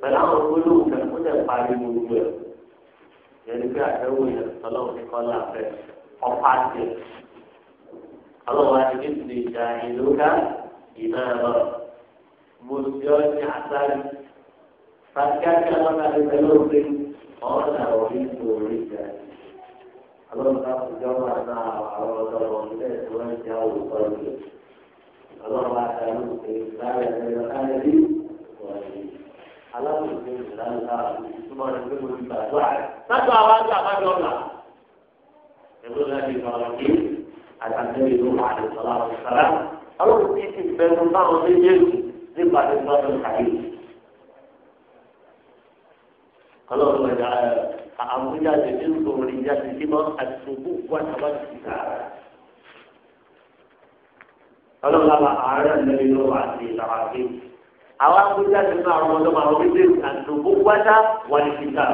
pẹ̀lú àwọn olóògùn kẹfẹ́ ó dẹ̀ parí gbogbo ẹ̀ yẹn ni pé àtẹ̀wò yẹn tọ́lọ́wọ́ ní kọ́lá fẹ́ẹ́ ọ̀pá tẹ̀. ọlọ́wọ́ adìgbé ti lè gba ìlú ká ìmọ̀ ẹ̀rọ. mo ti ọ́ ní àtàrí. fàtíkàtì alábàdé pẹ̀lú òfin ọ̀ọ́dà orí orí jẹ. ọlọ́run ká kó jọ́ wà náà àwọn ọ̀dọ́rọ̀ ilé ìtura ìjà òwúkọ rẹ̀. ọlọ́run bá ta ló pé lára ẹ̀ lọ́kàlẹ́ bí wọ̀nyí. aláwọ̀ ìgbésẹ̀ ìtumọ̀ rẹ̀ pé mo ti gbàdúrà rẹ̀. látọ̀ àwọn àjọ àbájọ ọ̀la pẹ̀lú láti ìfọwọ́sí àtàkùn ìlú àdìsọ́lá ọ̀sọ́lá. àwọn òbí ti bẹnu báwọn méjèèjì nípa àdìsọ́lá kàyé. ọlọ́run ọjà àmújáde ní ìgbòmìnì jáde sí mọ́ àtìsọ́bù wà sábà sí ká. ọlọ́run àbá ààrẹ lẹ́yìn ló wà sí ìlànà àti àwọn àmújáde náà àwọn ọlọ́run àwọn méjèèjì àtìsọ́bù wájà wà ní kíkà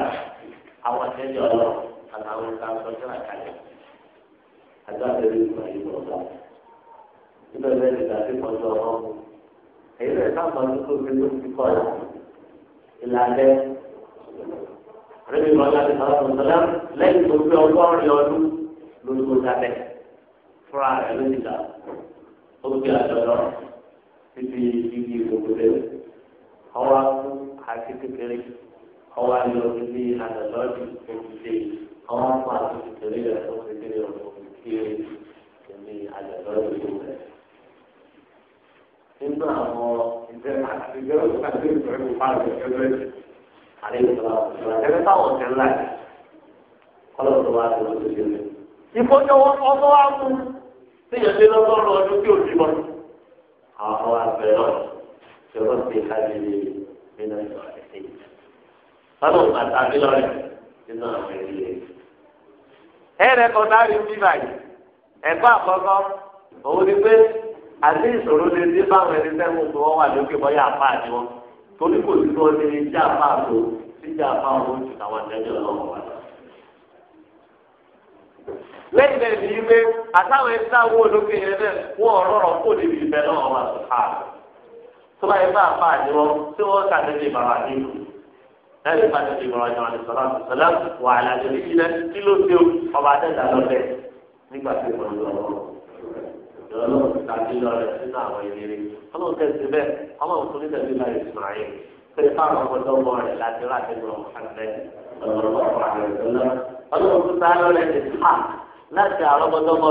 àwọn àtẹ́jọ́ ọlọ́run àtàwọn ìlànà ọjọ́ àkàlẹ̀ agbábẹ́ rí fún àyè ọ̀gá. Nígbà bẹ́ẹ̀ ni tàbí kan sọ ọ́ mú. Èyí rẹ̀ sábà ní kó fi ló fi kọ́ ẹ̀. Ìlàlẹ́. Àrẹ́bí kan láti sọ̀rọ̀ tó sọ́lá lẹ́yìn tó fi ọgọ́rin ọdún lórí kó sábẹ́. Fúra rẹ̀ ló ti dà. Ó fi àjọ lọ títí ibi gbogbo rẹ̀. Ọwọ́ akú àti kékeré. Ọwọ́ ayọ̀ ní àjọ̀lọ́ọ̀dì tó ti dé. Ọwọ́ akú àti kékeré rẹ̀ tó ti ọ̀dọ́ kí Nínú àwọn ìjẹ́ àti ìjẹ́ òṣìṣẹ́ àti ìjọba ìpa rẹ̀ ẹgbẹ́ àdéhùn ọ̀la ẹgbẹ́ táwọn ọ̀tẹ̀ ńlá yìí kọ́lọ̀ ọmọ wa mú síyàn lé lọ́gọ́rùn-ún ọdún tí ò ti mọ̀. Àwọn ọmọ wa bẹ̀rẹ̀ náà ṣe wọ́n ti ká lè nínú ìjọba ìṣẹ́yìn. Báwo ni bàtà mi lọ́rẹ̀ nínú àwọn ìrìlẹ̀ yìí? ẹ̀rẹ̀ kan láàrin bí báyìí ẹ̀kọ́ àkọ́kọ́ òun ni pé àti ìṣòro lè dé báwọn ẹni sẹ́wọ̀n tó wọ́n wà lókè bọ́yá apá àti wọn torí kò sí tó ní ìjà apá àtò ìjà apá òun jù táwọn wà lẹ́yìn náà ní àtàwọn ẹni sáwọ́ olókè yẹn náà wọ́n kó náà wà sùn káà tó bá apá àti wọn tí wọ́n kà láti bá tẹ̀lé ìmọ̀ràn ìjọba ní sọ̀rọ̀ àti sọ̀rọ̀ wà á làjọ ní sílẹ̀ kí ló dé o ọba àtẹ̀dá lọ́dẹ nígbà tí mo lọ lọ́wọ́ tàbí lọ rẹ̀ sínú àwọn ìrírí ọlọ́run tẹ̀sí bẹ́ẹ̀ ọlọ́run tó ní tẹ̀lé láyé Ismail pé fáwọn ọmọdé ọmọ rẹ̀ láti rà nínú ọmọ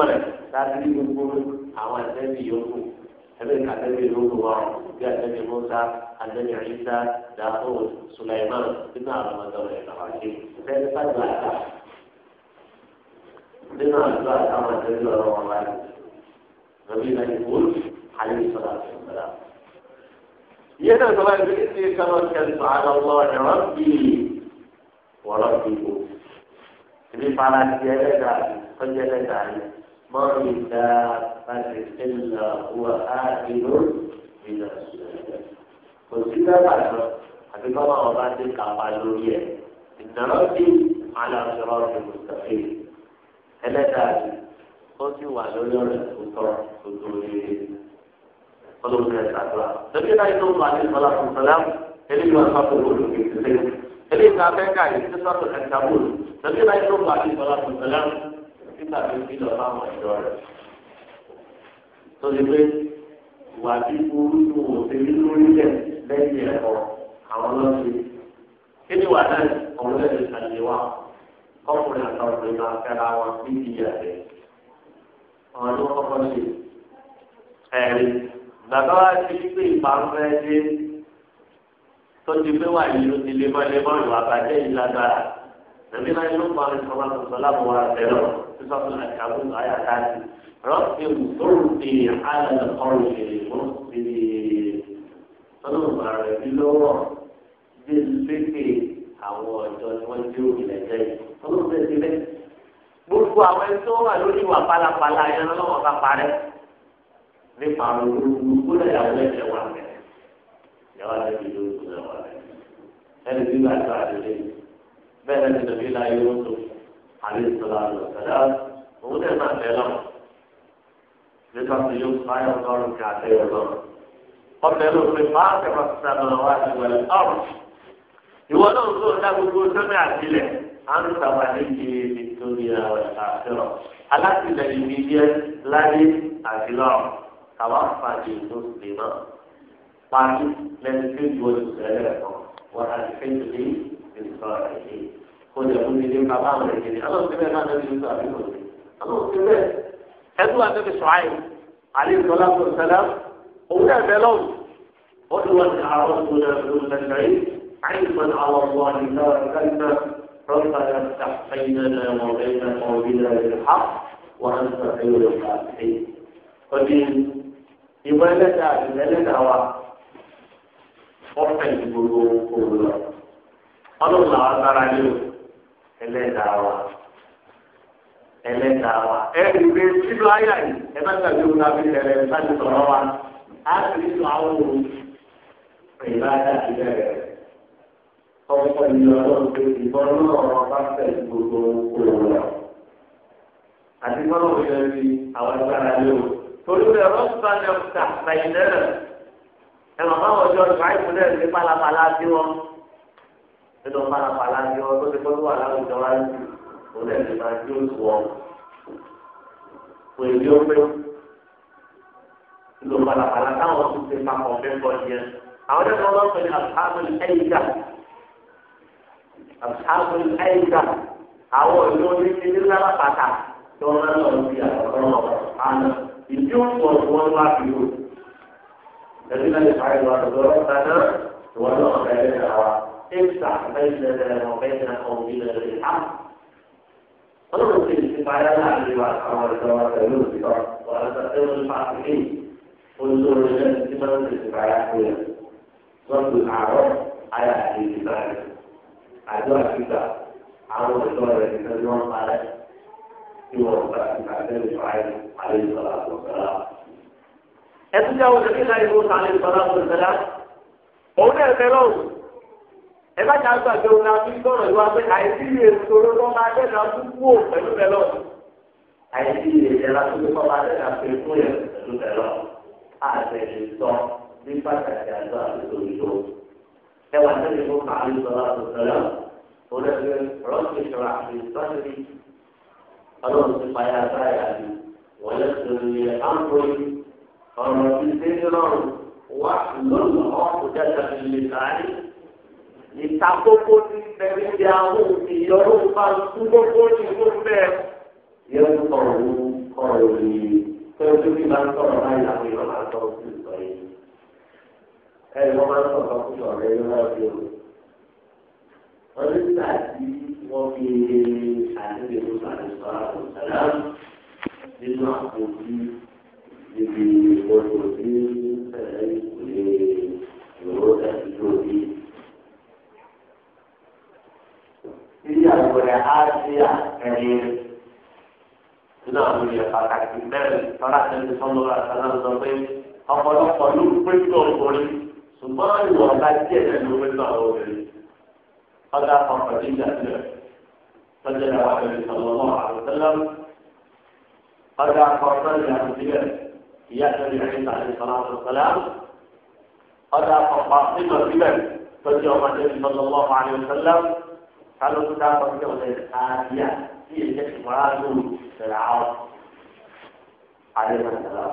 rẹ̀ láti rí gbogbo كذلك النبي نوح النبي موسى النبي عيسى داوود سليمان بما علم دولة إبراهيم فإن قد بما أتباع كما تدل رمضان نبينا يقول عليه الصلاة والسلام ينا طبعا بإذنه توكلت على الله ربي وربكم. Ini para dia ada, penjaga dari من دابة إلا هو آكل من السنة وكذا بعد حبيب الله وبعد الكعبالوية إن ربي على صراط مستقيم هل ذلك قلت وعلى الأسطر تدوري قلوا من الأسطر لكن أيضا عليه الصلاة والسلام إلي ما خطر في السنة إلي ما بكى يتصل الأنكبوت لكن أيضا عليه الصلاة والسلام nígbà tó fi lọ fáwọn ẹ̀dọ́ rẹ̀. tó lè pé ìwà tí burú tó wò sí lórí rẹ̀ lẹ́yìn ẹ̀kọ́ àwọn lọ́sẹ̀. kí ni wà náà ọ̀rọ̀ ẹ̀ lè ṣàlẹ̀ wa ọkùnrin àtàwọn ọ̀rẹ́ máa fẹ́ra wọn ní ìyá rẹ̀. àwọn ló kọ́kọ́ ṣe ẹ̀rí bàbá wa ti pé ìparun rẹ̀ dé tó ti pé wà yìí ló ti lé mọ́ àbájẹ́ ìlágbára. Nàbí náà ń bá sísọ́tún àti àbúrò àyà káàdì rọ́ọ̀tì òrùbí àlẹ́ ọ̀rùn ìrìnbọ̀sibí tọ́lọ́mùbà rẹ̀ bí lọ́wọ́ bí lékè àwọn ọ̀dọ́ ni wọ́n dé òmìnira jẹ́ yìí tọ́lọ́mùbà ti rẹ̀ gbogbo àwọn ẹni tó wà lórí ìwà pálapàla yẹn lọ́wọ́ bá parẹ́ nípa àwọn olóògùn kúlẹ̀ ìyàwó ẹ̀jẹ̀ wà mẹ́ ìyàwó ẹ̀jẹ̀ ló ń wà mẹ́ ẹni tí wàá tó àdéhùn bẹ́ẹ̀ ni tòbí la yóò tó عليه الصلاة والسلام òun náà máa bẹ̀ lọ nípa tó yóò fáyà ọlọ́run kí àtẹ yọ lọ. ọbẹ̀ ló fi máa tẹ̀wọ́ sábà wá ìwẹ̀lẹ̀ ọ̀rùn. ìwọ náà ń lòdà gbogbo sọ́mi àtìlẹ̀ à ń sábà níbi nítorí àṣírọ̀. alátìlẹ̀ ìbí jẹ́ láyé àtìlọ́ tàwa fàájì tó sì mọ́. pàdé lẹ́nu tó ju oṣù tẹ́lẹ̀ kan wọ́n á ti fẹ́ kọjá fún mi ní bàbá àwọn ẹ̀jẹ̀ ni alóòtú bẹ́ẹ̀ náà lórí ìlú àbí òde alóòtú bẹ́ẹ̀ ẹ̀dùn àtẹ́bí sọ̀háì alẹ́ ìtọ́lá tó sẹ́lá òun náà bẹ́ẹ̀ lọ́wọ́ ó ti wọ́n ti àwọn ọ̀dọ́ náà lórí lẹ́sẹ̀ yìí àyè ìfọ̀n àwọn ọ̀dọ́ àdìgbà kẹ́kẹ́ ربنا افتح بيننا وبين قومنا بالحق وانت خير الفاتحين. قديم يبقى لك لك وقت القلوب كلها. قالوا الله ẹlẹ́dàá wa ẹlẹ́dàá wa ẹ̀rí pé sínú ayà yìí ẹ bá tàbí òun náà fi tẹ̀lé ẹ bá ti sọ̀rọ̀ wa á sì sọ àwọn òun ìlà àti bẹ̀rẹ̀ ọ̀pọ̀ ìlú ọlọ́run pé ìbọn náà ọ̀rọ̀ bá fẹ̀ gbogbo òun lọ. àti bọ́lá òun yẹn fi àwọn agbára lé o torí pé ọ̀rọ̀ bá lẹ́kùtà bàyìí náà ẹ̀rọ báwọn ọjọ́ ìgbà ìfúnlẹ̀ ní pálapàla sí wọn nínú pàlàpàlà ni ọ tó ti kọ́ tó wà láwùjọ wa ní òun ẹ̀ lè máa jó sùn ọ. kò èyí ó pé nínú pàlàpàlà táwọn tó ti papọ̀ mẹ́kọ̀ yẹn àwọn ẹ̀kọ́ wọn pẹ̀lú àbúhámùn ẹ̀yíjà àbúhámùn ẹ̀yíjà àwọn ìlú oníṣẹ́ ní lábàtà tí wọ́n máa ń lọ sí àwọn ọ̀rọ̀ àná ìdí òkú ọ̀gbọ́n wọn wá fi hù. ẹ̀rí náà lè parí lọ àdúgbò ọ̀rọ̀ افتح بيننا وبين قومنا بالحق ونظر في استقبالنا عن بعض عمل سواء يوسف وأساطير الفاسقين انظر إلى الاتمام في استقبالاتنا صد الأعراف على أهل الإيمان أعداء الكتاب عمل الدولة التي تنظر على يوم بعدين شعيب عليه الصلاة والسلام أتجاوز إلى يوسف عليه الصلاة والسلام هنا الكلام ẹ bá jà gbàgbé wọn náà fi gbọ́rọ̀ ìwà pé àìsí lè sọ̀rọ̀ lọ́wọ́ máa dẹ́nà tún kú ò pẹ̀lú bẹ́lọ̀ àìsí lè yẹra tó fi kọ́ máa dẹ́nà pé fún yẹn pẹ̀lú bẹ́lọ̀ àtẹ̀lé sọ ní pàtàkì àjọ àtúntò ìṣó ẹ wà tẹ́lẹ̀ fún kàálù sọ̀rọ̀ àtúntò olùdarí rọ́ọ̀kì ìṣọ̀rọ̀ àti ìtọ́sí ọlọ́run ti payá sáyà ni wọ́n lè sọ̀rọ̀ yẹn áńkórì ọ̀rọ̀ ti dé lọ́rùn lọ́nà ọ̀kùnjẹ́ tàbí ìtakókó ti bẹ̀rẹ̀ bí àwọn ìyọrọ bá ń kú gbogbo ní kó bẹ́ẹ̀. yóò sọ òun kọ òye pé ojú bí máa ń sọ̀rọ̀ báyìí àwọn èèyàn máa ń sọ ojú ìsọ yìí. ẹ wọ́n máa ń sọ̀rọ̀ fún ọ̀rẹ́ yóò máa fi òun. wọ́n ní sàdí wọ́n fi àdébẹ̀ tó sàdé sọ àwọn sàdá nínú àpòjù níbi ìwọ́n tó ti ń tẹ̀lé ìwé ìwọ́n ìyàwó rẹ̀ á sí àtẹ̀yẹ nínú àwọn ìyẹn pàtàkì bẹ́ẹ̀ tọ́lá tẹ́lẹ̀ sọ́nù àtàlà ń sọ pé ọ̀pọ̀lọpọ̀ ló ń pè tó ọkùnrin ṣùgbọ́n ìwọ̀n ọba díẹ̀ náà ló pè tó àwọn obìnrin ọjà ọkọ̀ nígbà sílẹ̀ tọ́jú ẹ̀rọ àbẹ̀rẹ̀ sọ̀rọ̀ náà àrùtẹ́lẹ̀ ọjà ọkọ̀ sọ́ọ̀lì àrùtẹ́lẹ̀ ìyá tẹ̀lé ẹ̀rín tàbí sọ̀rọ̀ àrùtẹ́lẹ̀ ọjà ọkọ̀ pàṣẹ قالوا كتاب قصيدة وزي الآية في الجهة مراد في العرب عليه السلام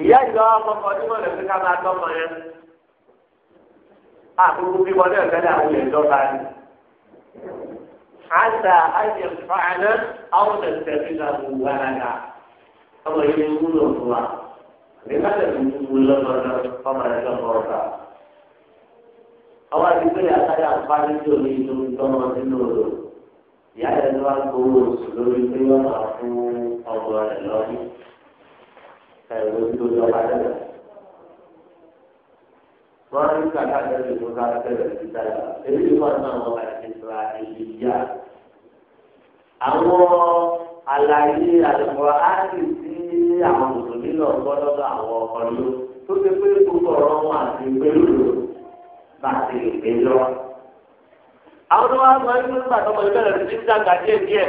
يا إله الله قد ما لك كما أقول لك أقول لك حتى أن يدفعنا أو نتخذه ولنا أما يقول الله لماذا يقول الله فما يقول الله àwọn àdìgbò yà sáyà àǹfààní tó ní inú tọ́mọ nínú rò ìyá rẹ̀ ló wá gbowó oṣù lórí pé wọ́n máa fún ọmọ rẹ̀ lọ́yìn ẹ̀rọ tó lọ́ba dẹ́rẹ̀. wọ́n á kàkà tẹ́lẹ̀ tó ká tẹ́lẹ̀ sí dáadáa èyí ni wọ́n náà wọ́n àti ìtura èyí yá. àwọn àlàyé àlùkò áàtì sí àwọn mùsùlùmí náà gbọ́dọ̀ àwọn ọkọ̀ ló tó ṣe pé gbogbo ọ̀rọ̀ wọn àti ìgbélú lò. bá a ti lè gbé lọ. àwọn tó wá sọ yín nígbà tó mọ ìbẹ̀rẹ̀ sí ní dàgbà díẹ̀ díẹ̀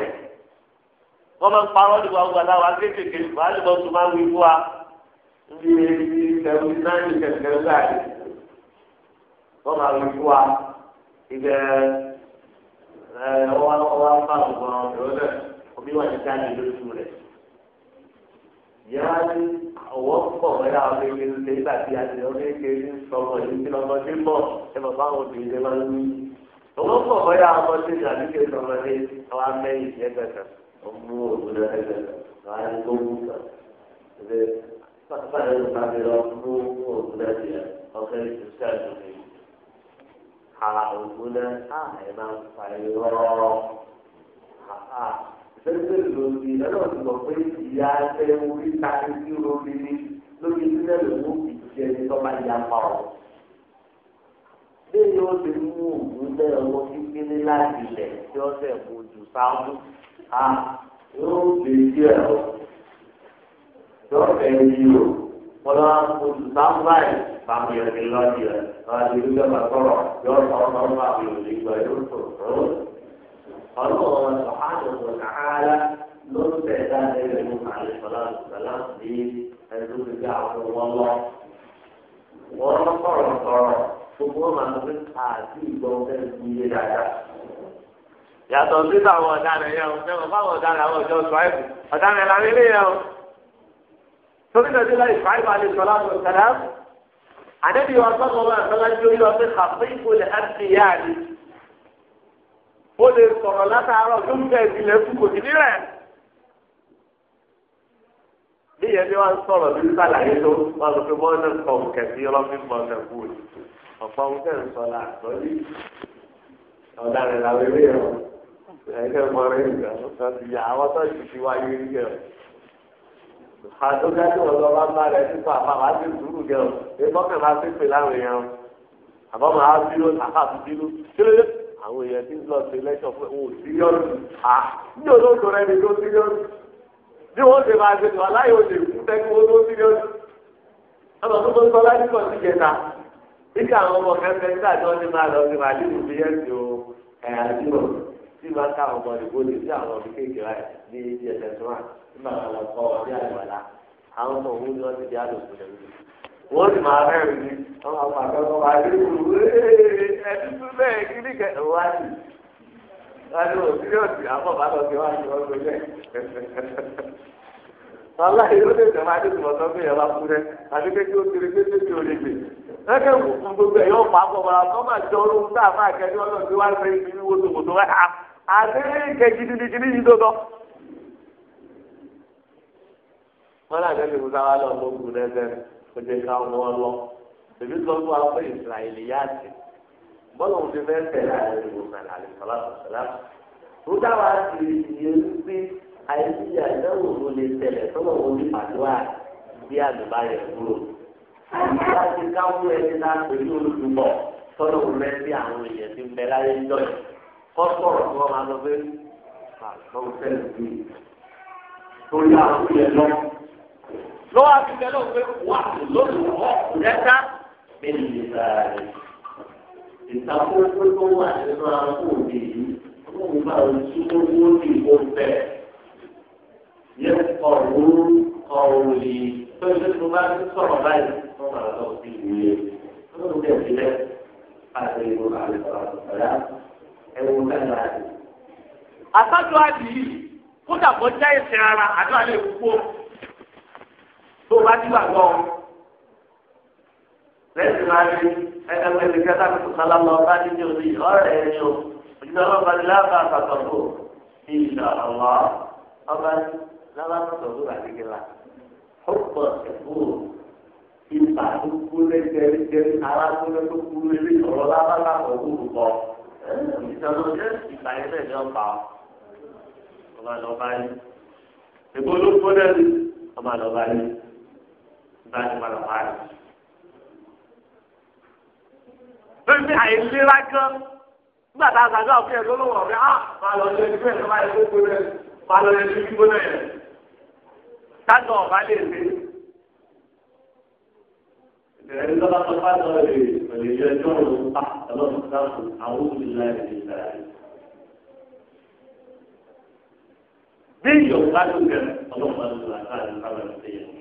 wọ́n máa ń parọ́ ní wa gbàdá wa kéékèèké wàá lè bọ́ tó máa wí fún wa ní ìtẹ̀wé náà ní kẹ̀kẹ́ báyìí wọ́n máa wí fún wa ibẹ̀ ẹ̀ ọwọ́ ọwọ́ omi wà ní káàdì ìyá ní ọwọ́ pọ̀ wẹ́rẹ́ àwọn ẹgbẹ́ ṣe nígbà tí a ti ọdún ẹgbẹ́ ní sọmọ yìí tí lọ́mọ tí ń bọ̀ ẹ bàbá àwọn obìnrin máa ń wí. ọwọ́ pọ̀ wẹ́rẹ́ àwọn ọmọ tí ìgbà nígbà sọmọ ní ọwọ́ amẹ́yìn ìyẹn gbẹ̀gbẹ̀ ọmú òògùn ẹgbẹ̀gbẹ̀ wàá ní tó wù kàn. ṣe pàṣípàṣẹ ló bá mi lọ mú òògùn ẹgbẹ̀ ọkẹ́ ìṣiṣẹ́ àtúnṣe. àà òògùn náà lẹ́sẹ̀ lòdì lọ́nà tí mo pé ìyá ẹ orí ta ibi omi ni lórí sílẹ̀ lòun kì í ṣe ẹni tó bá pa ọ́. Bẹ́ẹ̀ni ó ti mú òògùn bẹ́ẹ̀ ọmọ kékeré láti ilẹ̀ tí ó fẹ́ kó ju sáwọn. A yóò lè jí ẹ̀ Yóò fẹ́ yí o. Wọ́n kó ju sáwọn báyìí. Bàbá yẹn ti lọ́ọ̀dì rẹ̀. Bàbá yẹn ti lọ́ọ̀dì rẹ̀. Yọ̀ọ́ sọ̀rọ̀ sọ̀rọ̀ bàbá yẹn ò lè gbọ́ yóò sọ̀rọ̀ subhanahu wa ta'ala ló ń tẹ̀ dáadé rẹ̀ ní àlè sọlá sọlá sí ẹ̀dùn gbígbé àwọn wọn lọ. wọ́n sọ̀rọ̀ sọ̀rọ̀ gbogbo máa ń pín àti ìgbọ́n fẹ́ẹ́ fi yé dáadáa. yàtọ̀ sí táwọn ọ̀daràn yẹn o fẹ́ràn fáwọn ọ̀daràn àwọn ọ̀jọ́ sọ ẹ̀kú ọ̀daràn làwọn ilé yẹn o. torí lọ́dún láì fàáyì wà lè sọlá sọlá àdébíyọ̀ ọ̀sán kan máa sọlá ó lè sọ̀rọ̀ látàárọ̀ tó ń bẹ̀ ìdílé fún kò sí nílẹ̀. bí yẹn bí wọ́n sọ̀rọ̀ bí sàlàyé tó wọ́n sọ pé wọ́n náà kọ̀ kẹ̀sí ọlọ́mí bọ̀ọ̀sẹ̀ kú òní. ọ̀pọ̀ ohun tẹ̀ ń sọ la àtọ́ yìí ọ̀daràn làwọn eré ọ̀ ẹ̀kẹ́ mọ́rẹ́ ìgbà tó ti yà àwọn tó ti fi wáyé rí ẹ̀ àdókájú ọ̀dọ́ bá bá rẹ̀ nípa àbáwá sí sùúrù jẹun èèmọ́kàn máa fi àwọn èèyàn tí ń lọ sí lẹ́sọ̀ pé òun ò à ní olóòtú rẹ ni tó síríọ́sì bí wọ́n ṣe máa ṣe tó aláyọ̀ ò kú tẹ́kí wọ́n tó síríọ́sì. ọmọ tó tó sọ láti kọ̀ sí kẹta nígbà àwọn ọmọ kẹfẹ nígbà tí wọ́n ti máa lọ sí máa lé ìwé yẹn tó ẹ̀yà tí wọ́n ti máa ká àwọn ọmọ ìbò lè sí àwọn ọmọ kékeré ní ibi ẹ̀sẹ̀ wọ́n sì máa rẹ́rìn ní wọ́n máa pàṣẹ wọn máa ẹni tó bẹ́ẹ̀ kí ní kẹ̀kẹ́ wá wá sí Ọlá yìí ló máa ìyàwó akúrẹ́ àti kékeré lè gbè. wò fún gbogbo tá a máa kẹ́ni ọlọ́run tí wàá fẹ́ ibi kọjá ká wọn lọ tèmi sọ fún wa pé ìsirayìlì yá ti bọ́lá òun ti fẹ́ tẹ̀lé àlejò ìwòsàn àlejòsọ̀lá sọ̀sọ̀lá tó dáwà sí iye wípé àìsí àìdáwò ló lè tẹ̀lé tọ́lọ̀ wọn ní àdúrà bí àdúrà yẹn kúrò láti káwọn ẹni náà pẹ̀lú olùdùbọ̀ tọ́lọ̀ wọn lẹ́ sí àwọn èèyàn ti mẹ́ láyé ń dọ̀yìn kọ́sọ̀rọ̀ tí wọ́n máa lọ fẹ́ àtọ́wọ́sẹ́ lórí àwọn èèyàn náà lọ́wọ́ àbíkẹ́ lọ́wọ́ pé wà lóṣù wọ́ rẹ́ta bẹ́ẹ̀ ni sáré. ìtàkùnkùn tó wà nínú àwọn òbí yìí wọ́n bá ń súnmọ́ wọ́n ní ìbò bẹ́ẹ̀. yẹ ọ̀rọ̀ ọ̀rọ̀ yìí tó ṣe tó bá ń sọ̀rọ̀ báyìí wọ́n máa lọ sí ìwé wọ́n bẹ̀ sílẹ̀ àti ìlú àlùfáà àlùfáà ẹ̀wọ̀n lẹ́nu àti. àtọ́jú àdìyí kódà bọ́ jẹ́ ìsìn ara àdó àlè púpọ̀ tó o bá ti gbàgbọ́ lẹ́sìn máa ní ẹgbẹ́ ìlú kẹta kò sálá lọ bá ní ní òní ọ̀rẹ́ ẹni o òjijì ọlọ́ba ní lábà àtàtọ̀gbò ní ìlà ọ̀lọ́ ọba ní lábà àtàtọ̀gbò àdìgẹ́lá ó pọ̀ ẹ̀kú ìgbà tó kú lẹ́gẹ̀rẹ́gẹ̀rẹ́ alágbóná tó kú lé ọ̀rọ̀ lábà àtàtọ̀gbò kọ òjijì ọlọ́ba ìgbà yẹn bẹ́ẹ̀ ni ọ̀pá ọba lọ́ba yìí ìgbóló kó dẹ́rù ọba lọ́ba yìí ìgbàlè padà parí. lórí bí àìlera nígbà tá a sàdúrà fún ẹ lọ́wọ́ ọ̀rẹ́ ah, á máa lọ sí ẹgbẹ́ ẹ̀ máa lọ sí ẹgbẹ́ máa lọ sí ẹgbẹ́ náà yẹn. tájọ ọ̀bá lè ṣe. ìbẹ̀rẹ̀ lọ́ba tó bá sọ èrè pẹ̀lú ìjọ ẹjọ́ òun pa ọlọ́run sáfù àwọn òṣìṣẹ́ ìṣẹ̀lẹ̀ bí yorùbá ló bẹ̀rẹ̀ ọlọ́run bá ló bẹ̀rẹ̀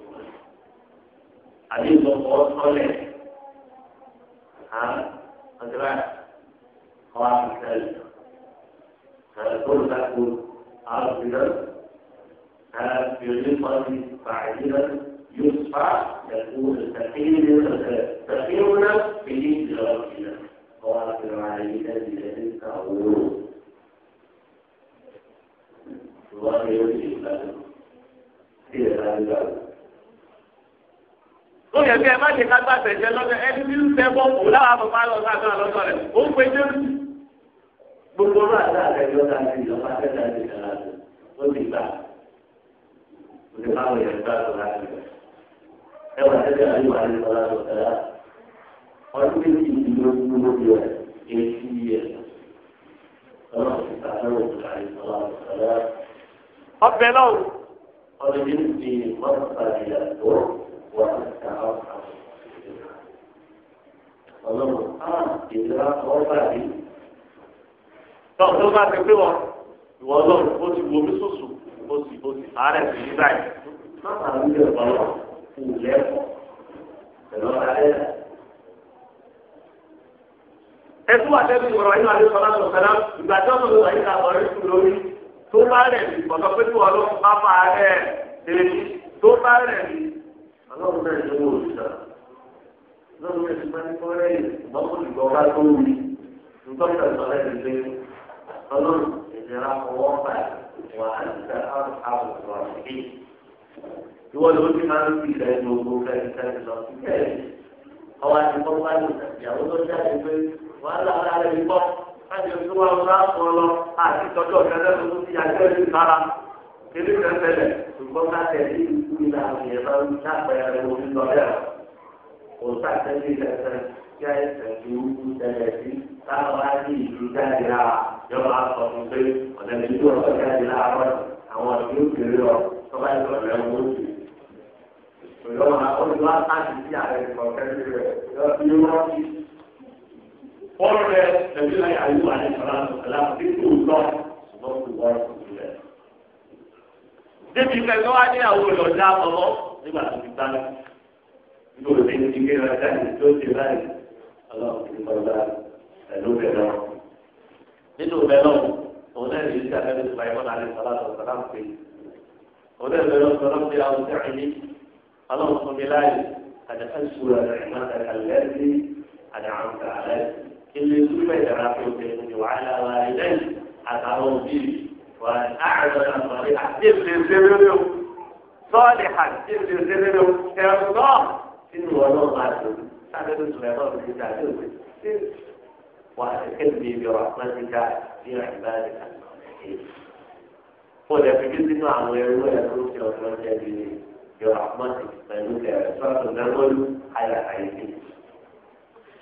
àbí gbogbo ọ̀tọ́lẹ̀ ọ̀dọ́rà ọ̀wá ìsẹ̀lẹ̀ ọ̀dọ́rà ìsẹ̀lẹ̀ àbùdá àbùdá pàdé pàdé يصفى يكون تقيمنا به جوابنا وافر علينا بذلك أمور الله يرجي لكم في هذا ó yẹ kí ẹ má ṣe ká gbà lọ́dọ̀ ẹni tí ń tẹ́ bọ́ kù láwọn àbọ̀ máa sáà lọ́dọ̀ rẹ̀ ó ń pe gbogbo náà dá àgbẹ̀ lọ́dọ̀ ìjọba àti ti gbà ó ti láti rẹ̀. ní tó ọdún gbogbo ọlọ́run á bá ti pé wọn ìwọ ọlọ́run ó ti wo mí sùsù ó sì ó sì àárẹ̀ sí ní báyìí. má bàa ń bẹ̀rù ọ̀rọ̀ kù lẹ́kọ̀ọ́ pẹ̀lú ọ̀rẹ́ rẹ̀. ẹtú àtẹ́bí ìwọ̀rọ̀ yín àti sọ́lá tó sẹ́lá ìgbà tí wọ́n lọ yín àwọn ọ̀rẹ́ sùn lórí tó bá rẹ̀ ní ọ̀sọ̀ pé kí wọ́n lọ́ bá máa rẹ̀ tẹ̀lé tó bá rẹ̀ ní ọlọ́run náà ní owó òṣìṣẹ́ lọ́run náà ti máa ń kọ́ lẹ́yìn ìgbọ́kùn ìgbọ́ bá tó wù mí ntọ́jà sọ̀rọ̀ ẹ̀ lé ọlọ́run ìdíra ọwọ́ pa wà á ti sẹ́ àbùkù ọ̀sìn ìwọ ló ti máa ń fi ilẹ̀ ní ogun kẹ́kẹ́ lọ sí kẹ́ẹ̀ ọwọ́ àti kọ́kọ́ àti ìyàwó tó jáde pé wàhálà ara rẹ̀ ń bọ̀ láti ojú wa ń bá wọn lọ àti ìtọ́jú ọ̀gá lẹ́nu tó ṣùgbọ́n látẹ̀lé ìlú ìlànà ìyẹ̀bá ń lápẹ̀rẹ̀ omi lọ́dẹ̀ kò sàtẹ́lé lẹ́sẹ̀ kí àìsàn ti wú tẹ̀lẹ̀ sí táwọn á ní ìlú jáde rà yọ̀ọ́ àtọ̀ fún pé ọ̀nà ìlú ọ̀sán jáde rà wọ́n àwọn ìlú kéré ọ̀ tọ́ba ìtọ̀lẹ̀ wọ́n ti. ìjọba olùdó àtàkì sí ààrẹ ìkọ̀kẹ́rì rẹ̀ ti. fọ́ọ̀rọ̀ rẹ̀ ẹ̀mí débi pẹ̀lú wá ní àwọn olùdá ọmọ nígbà tó ti bá lọ. Nígbà tó ti ti gbé ra jáde tó ti báyìí, ọlọ́run ti gbọ́ bá ẹ̀lú bẹ̀ lọ. Nínú bẹ̀ lọ, òun náà lè ṣe àbẹ̀lẹ̀ tó báyìí mọ́nà àlẹ́ sọ́lá tó sọ́lá Òun náà bẹ̀ lọ sọ́lá ń àwọn tẹ̀ ẹ̀mí. Ọlọ́run fún mi láàyè, àti ẹ̀ṣùrọ̀ àti ìmọ̀ àti والأعلى صالحا إبن سبيله صالحا إبن سبيله يا الله إنه ولو قاتل هذا من سليمان بن تعليم وأكلني برحمتك في عبادك الصالحين ولا في جزء مع غيره ولا تروح وترجع برحمتك فإنك أسرت الأول على حياتك.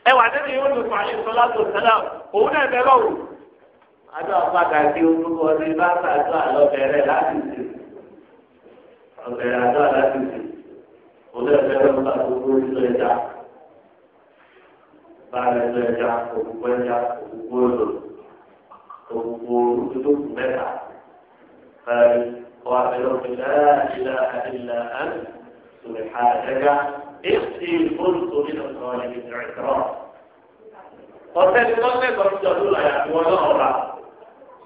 أيوة النبي يونس عليه الصلاة والسلام وهنا ده adó apáka tí olúwo ọdún bá sàdó àlọbẹrẹ láti sè ọbẹrẹ àdó àláti sè olóòbẹrẹ ń bá gbogbo ìlú ẹja báyìí ìlú ẹja òkùnkùn ẹja òkùnkùn òlò òkùnkùn olùdókòwò mẹ́ta báyìí ọwọ́ abẹ́rẹ́ òkùnkùn náà ìlà ìlà ẹn sùnì ha ẹja èsì olùtò nínú ọ̀rọ̀ ìgbìyànjú ọ̀sẹ̀ tí wọ́n fẹ́ kọ́ sí ọdún làyà tí wọ́n náà rà.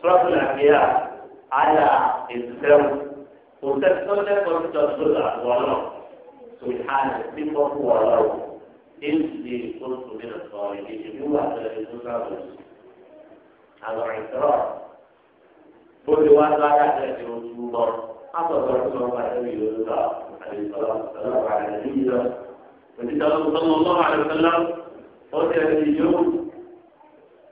سورة الأنبياء على السر وتكتب وتكتب ولو سبحانه سبحانه ولو إني كنت من الصالحين هو هذا اعتراف كل واحد على يدعو الله حتى رسول الله عليه الصلاة والسلام على نبينا النبي صلى الله عليه وسلم قلت يا اليوم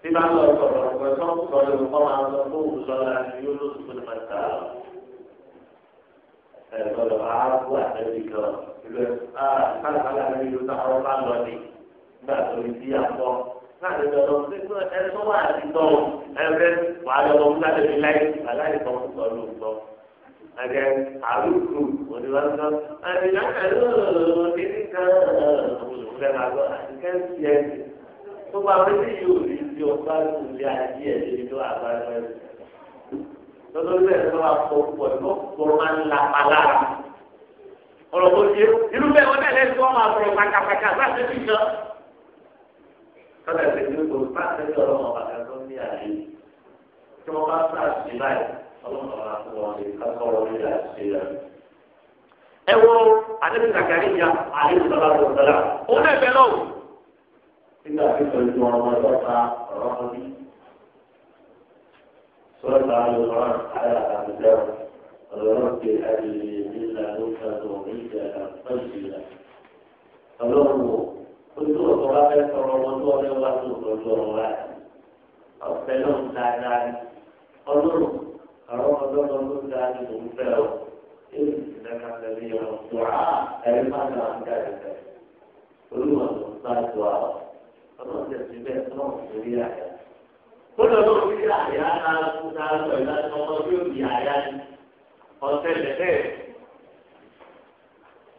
tí bá lọ sọ̀rọ̀ ọ̀gbẹ́ tó sọ lórí máa lọ fún òṣùlọ́lá ni yóò ló sùn ní mẹ́ta. ẹ̀rọ àábú àtẹ́bí kan ìlú kálukálá ní ìlú táwọn bá lọ ní nígbà tó ní bí àpọ̀ láti lọ lọ sí pé ẹni wà ní tọ́ ẹgbẹ́ wà lọ lọ fún láti láì aláì kan fún sọ lóun lọ. Ẹgẹ àlùkù òdìwájú kan òdìwájú tó bá wọn ní yóò rí bí ọba ìlú ayé ẹ̀ lórí tó àgbà ẹ̀ lọ́dọ̀ bẹ́ẹ̀ tó wà pọ̀ pọ̀ tó pọ̀ máa ń la pàlà ọ̀rọ̀ bó ṣe irú bẹ́ẹ̀ wọn náà lẹ́sìn wọn máa sọ̀rọ̀ pàkàpàkà láti fi jọ. sọ́dọ̀ ìgbésẹ̀ tó bá tẹ̀lé ọ̀rọ̀ wọn bàtà tó ní àyè tí wọ́n bá sá sí báyìí ọlọ́run ọ̀rọ̀ àti wọn lè ká sọ̀rọ̀ nílé àṣìṣe rẹ̀. ẹ wo àdébí Zakariya àdébí sọlá lọ́sọ̀lá òun náà bẹ̀rẹ̀ nígbà tí kò ju ọmọ lọ́ta ọ̀rọ̀ kan bí. sọ́ọ̀tà lọ́wọ́ àyà àbùdá ọ̀rọ̀ pé àyè nílà ló ta tó ní ìjà àpájì rẹ̀. ọlọ́run o ojú ọ̀tọ̀ wa fẹ́ sọ̀rọ̀ ọmọ tó ọlẹ́ wa tó tọ́jú ọ̀rọ̀ wa ọ̀fẹ́ náà ń dáadáa ni ọlọ́run àwọn ọmọdé ọmọ tó ń dáadáa ni òun fẹ́ o. إذ لك الذي الدعاء أي ما كان كذلك. قلوا أن تصدقوا ọlọ́run tẹ̀sí bẹ́ẹ̀ ọlọ́run tó rí àyà. ó lọ lọ́wọ́ wí àyà náà kú náà lọ ìlànà ọmọ bí òbí àyà ni ọ̀sẹ̀ lẹ́tẹ̀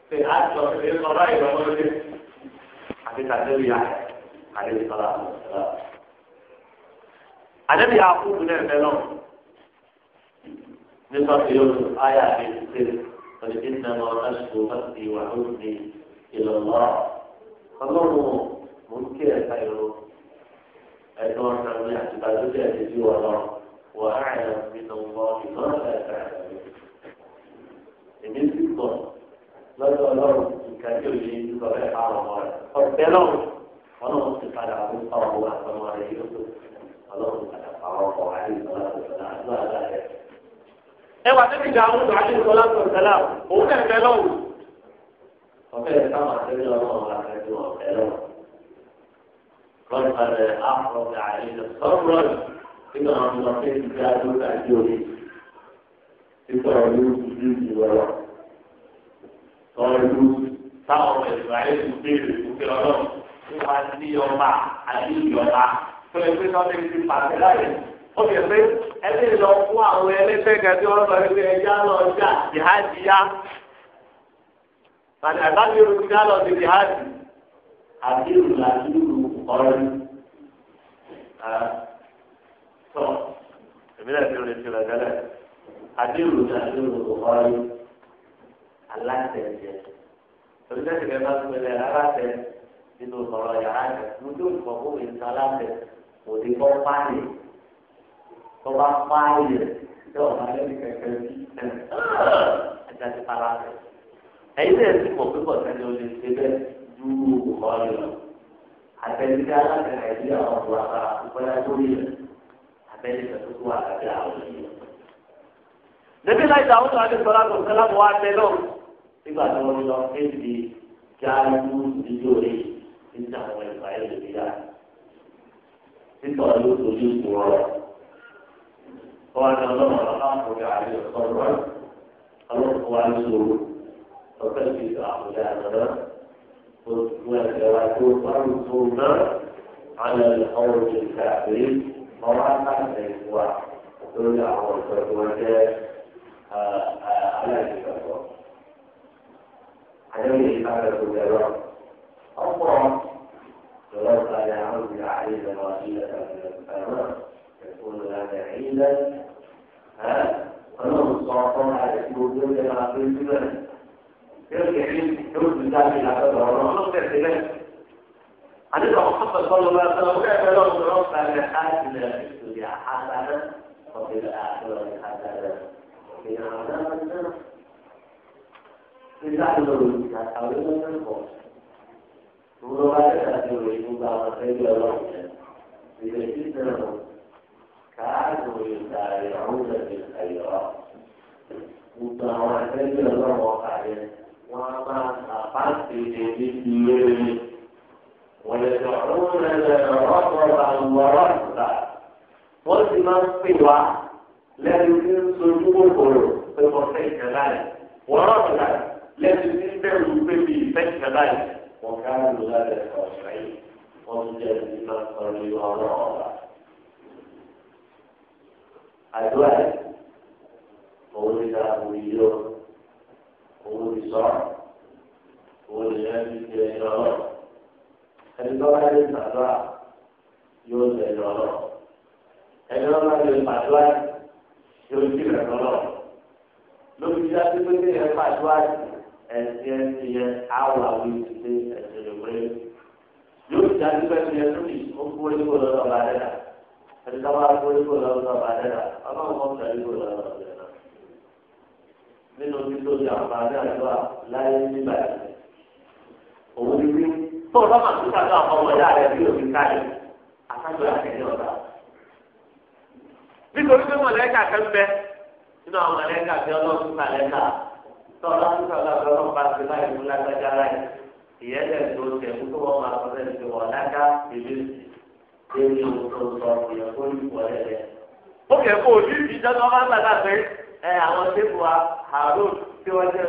ṣe àjọ ṣe ọlá ìrọ̀lọ́dẹ àti tàbí àyà àti ìfọlá àdébí àkúrú náà fẹ́ náà nípa tí yóò tún àyà àti ìṣẹ̀lẹ̀ ọ̀dẹ̀ ìnáwó aṣọ àti ìwà òní ìlọ́lọ́ ọlọ́run. mo ń kí ẹ̀ka ìró ẹ̀dọ́ ọ̀sán mi àti ìbàdókè ẹ̀dí sí wọn wọ ààyè nínú wọn ìtọ́nà ẹ̀ka ìró èmi sì pọ̀ lọ́dọ̀ ọlọ́run nǹkan tí ò yé nípa bẹ́ẹ̀ bá wọn rẹ̀ ọ̀bẹ lọ́run ọlọ́run ti padà fún ọ̀hún àtọmọ rẹ̀ yóò tó ọlọ́run padà fà wọ́n kọ̀ wá ní ìtọ́lá ẹwà tẹ́lẹ̀ وقد أحرق علينا صبرا إن أمرتين كانوا تأجرين تقالوا سجود وراء قالوا táwọn ìgbàlẹ̀ tó béèrè òkè ọlọ́run tó wá sí ọba àti ìyọba tó lè pé sọ́dọ̀ ti pàṣẹ láyé. ó fi pé ẹbí lọ fún àwọn ẹlẹ́fẹ́ kẹtí wọn lọ sí ẹja lọ sí àjìhájì yá. àti àbájọ ìròyìn ká lọ sí jìhájì. àbí ìròyìn àti kọ́rí. tọ́ ìbílẹ̀ tí o lè ti rẹ̀ tẹ́lẹ̀ àdéhùn ní àdéhùn kò kọ́rí alátẹ̀jẹ̀ torí tẹ́sí kẹ́ bá pẹlẹ alátẹ̀ nínú ọ̀rọ̀ yàrá rẹ̀ lójú ìfọ̀ fún mi ní alátẹ̀ òde kọ́ páàlì kọ́ bá páàlì rẹ̀ yóò máa lẹ́nu kẹ̀kẹ́ bí ẹ̀jẹ̀ ti para rẹ̀ ẹ̀yin lè ti mọ̀ pé bọ̀tẹ́ni o lè ṣe bẹ́ẹ̀ ju ọ̀rọ̀ lọ àtẹnudá láti nàìjíríà ọ̀pọ̀ àbá ìpínlẹ̀ gómìnà abẹ́lẹ̀ tó wà lábẹ́ àwọn ènìyàn. Níbi láì dáhùn tó adé sọ́lá tó kẹ́lá mọ́ wá bẹ́ náà nígbà tó ń lọ kéde jáàlú níjó rè níta àwọn ìgbà yẹn lè yá. Títọ́ ló dojú ìpò ọ̀rọ̀. Wọ́n á ní ọlọ́run aláàfọ̀dà àti ọ̀sọ́rọ̀ ọlọ́run wa ní sòrò ọ̀fẹ́ ìgbà àbúdá àná náà. وتنصرنا على القوم الكافرين مراقبة الإخوة كل أعوان فرقوة على الإخوة عليه إخوة الجواب الله جواب قال أعوذ عيدا وعيدا من الأمام يكون لنا عيدا ها ونصر الله على الإخوة الجواب yóò kẹ́lí yóò tún dábì látọ̀dọ̀ ọ̀rọ̀ ló tẹ̀sí bẹ́ẹ̀. àdìsọ ọ̀pọ̀ sọ̀rọ̀ bá sọ̀rọ̀ bẹ́ẹ̀ bẹ́ẹ̀ lọ́wọ́ sọ̀rọ̀ kalẹ̀ àtìlẹ̀ ìtòlẹ̀ àtàlẹ̀ ọ̀bẹ̀lẹ̀ àtọ̀rẹ̀ àtàlẹ̀ ìyàrá náà. nígbà tó lọ lòdì àtàwé lọ́sẹ̀ pọ̀ gbogbo wa lè dàbí òye gbogbo àwọn ẹgbẹ́ ọlọ́run yẹn ìrètí náà káàdùn ìgbà ìrànwọ́ wọ́n bá àpáàtì èmi ti léèrè wọ́n lè sọ òun lẹ́lẹ̀ ọ̀pọ̀ àwòrán ìgbà wọ́n sì máa ń pè wá lẹ́nu tí ń sojú kòkòrò pé wọ́n fẹ́ ìjọba rẹ̀ wọ́n rọ̀ ìgbà lẹ́nu tí ń bẹ̀rù pé bí ìfẹ́ ìjọba rẹ̀ wọ́n ká ló lálẹ́ ọ̀sẹ̀ yìí wọ́n ń jẹ́ ẹni máa sọ ní ọ̀rọ̀ ọ̀la. àdúrà òun ni àwọn ìyọ́ owó ti owó lè ti ẹyọ lọ ẹni tó bá yẹ sàdúrà yóò lè yọ ẹni tó bá yẹ pàdúrà yóò ti rẹ lórí ìjà tó gbé yẹ pàdúrà ẹsẹ ẹsẹ yẹ awà wí ti ẹsẹ yẹ yóò ti àti bẹ́ẹ̀ yẹ lórí ó kúrò kó lọ ẹni tó bá kúrò kó lọ lọ ọlọ́run kọ́ ń tẹ̀lé kó lọ lọ nínú nítorí àǹfààní àdúrà láyé nígbà yìí. Òun ni wí tó o bá máa tún kàdá àwọn rẹ̀ bí òfin káyọ̀ àtàjọ àtẹ̀lé ọ̀dà. Nítorí pé mọ̀lẹ́kà fẹ́ bẹ nínú àwọn mọ̀lẹ́kà bí ọlọ́run mọ̀lẹ́kà tó o bá tún kàdá bá ti láyé fún lágbájá láyé. Ìyẹn tó tẹ̀ fún tó wọ́n máa sọ̀rọ̀ ẹ̀ wọ̀ lágá ìlú ẹ àwọn sẹ́kù wa Harun tí wọ́n jẹ́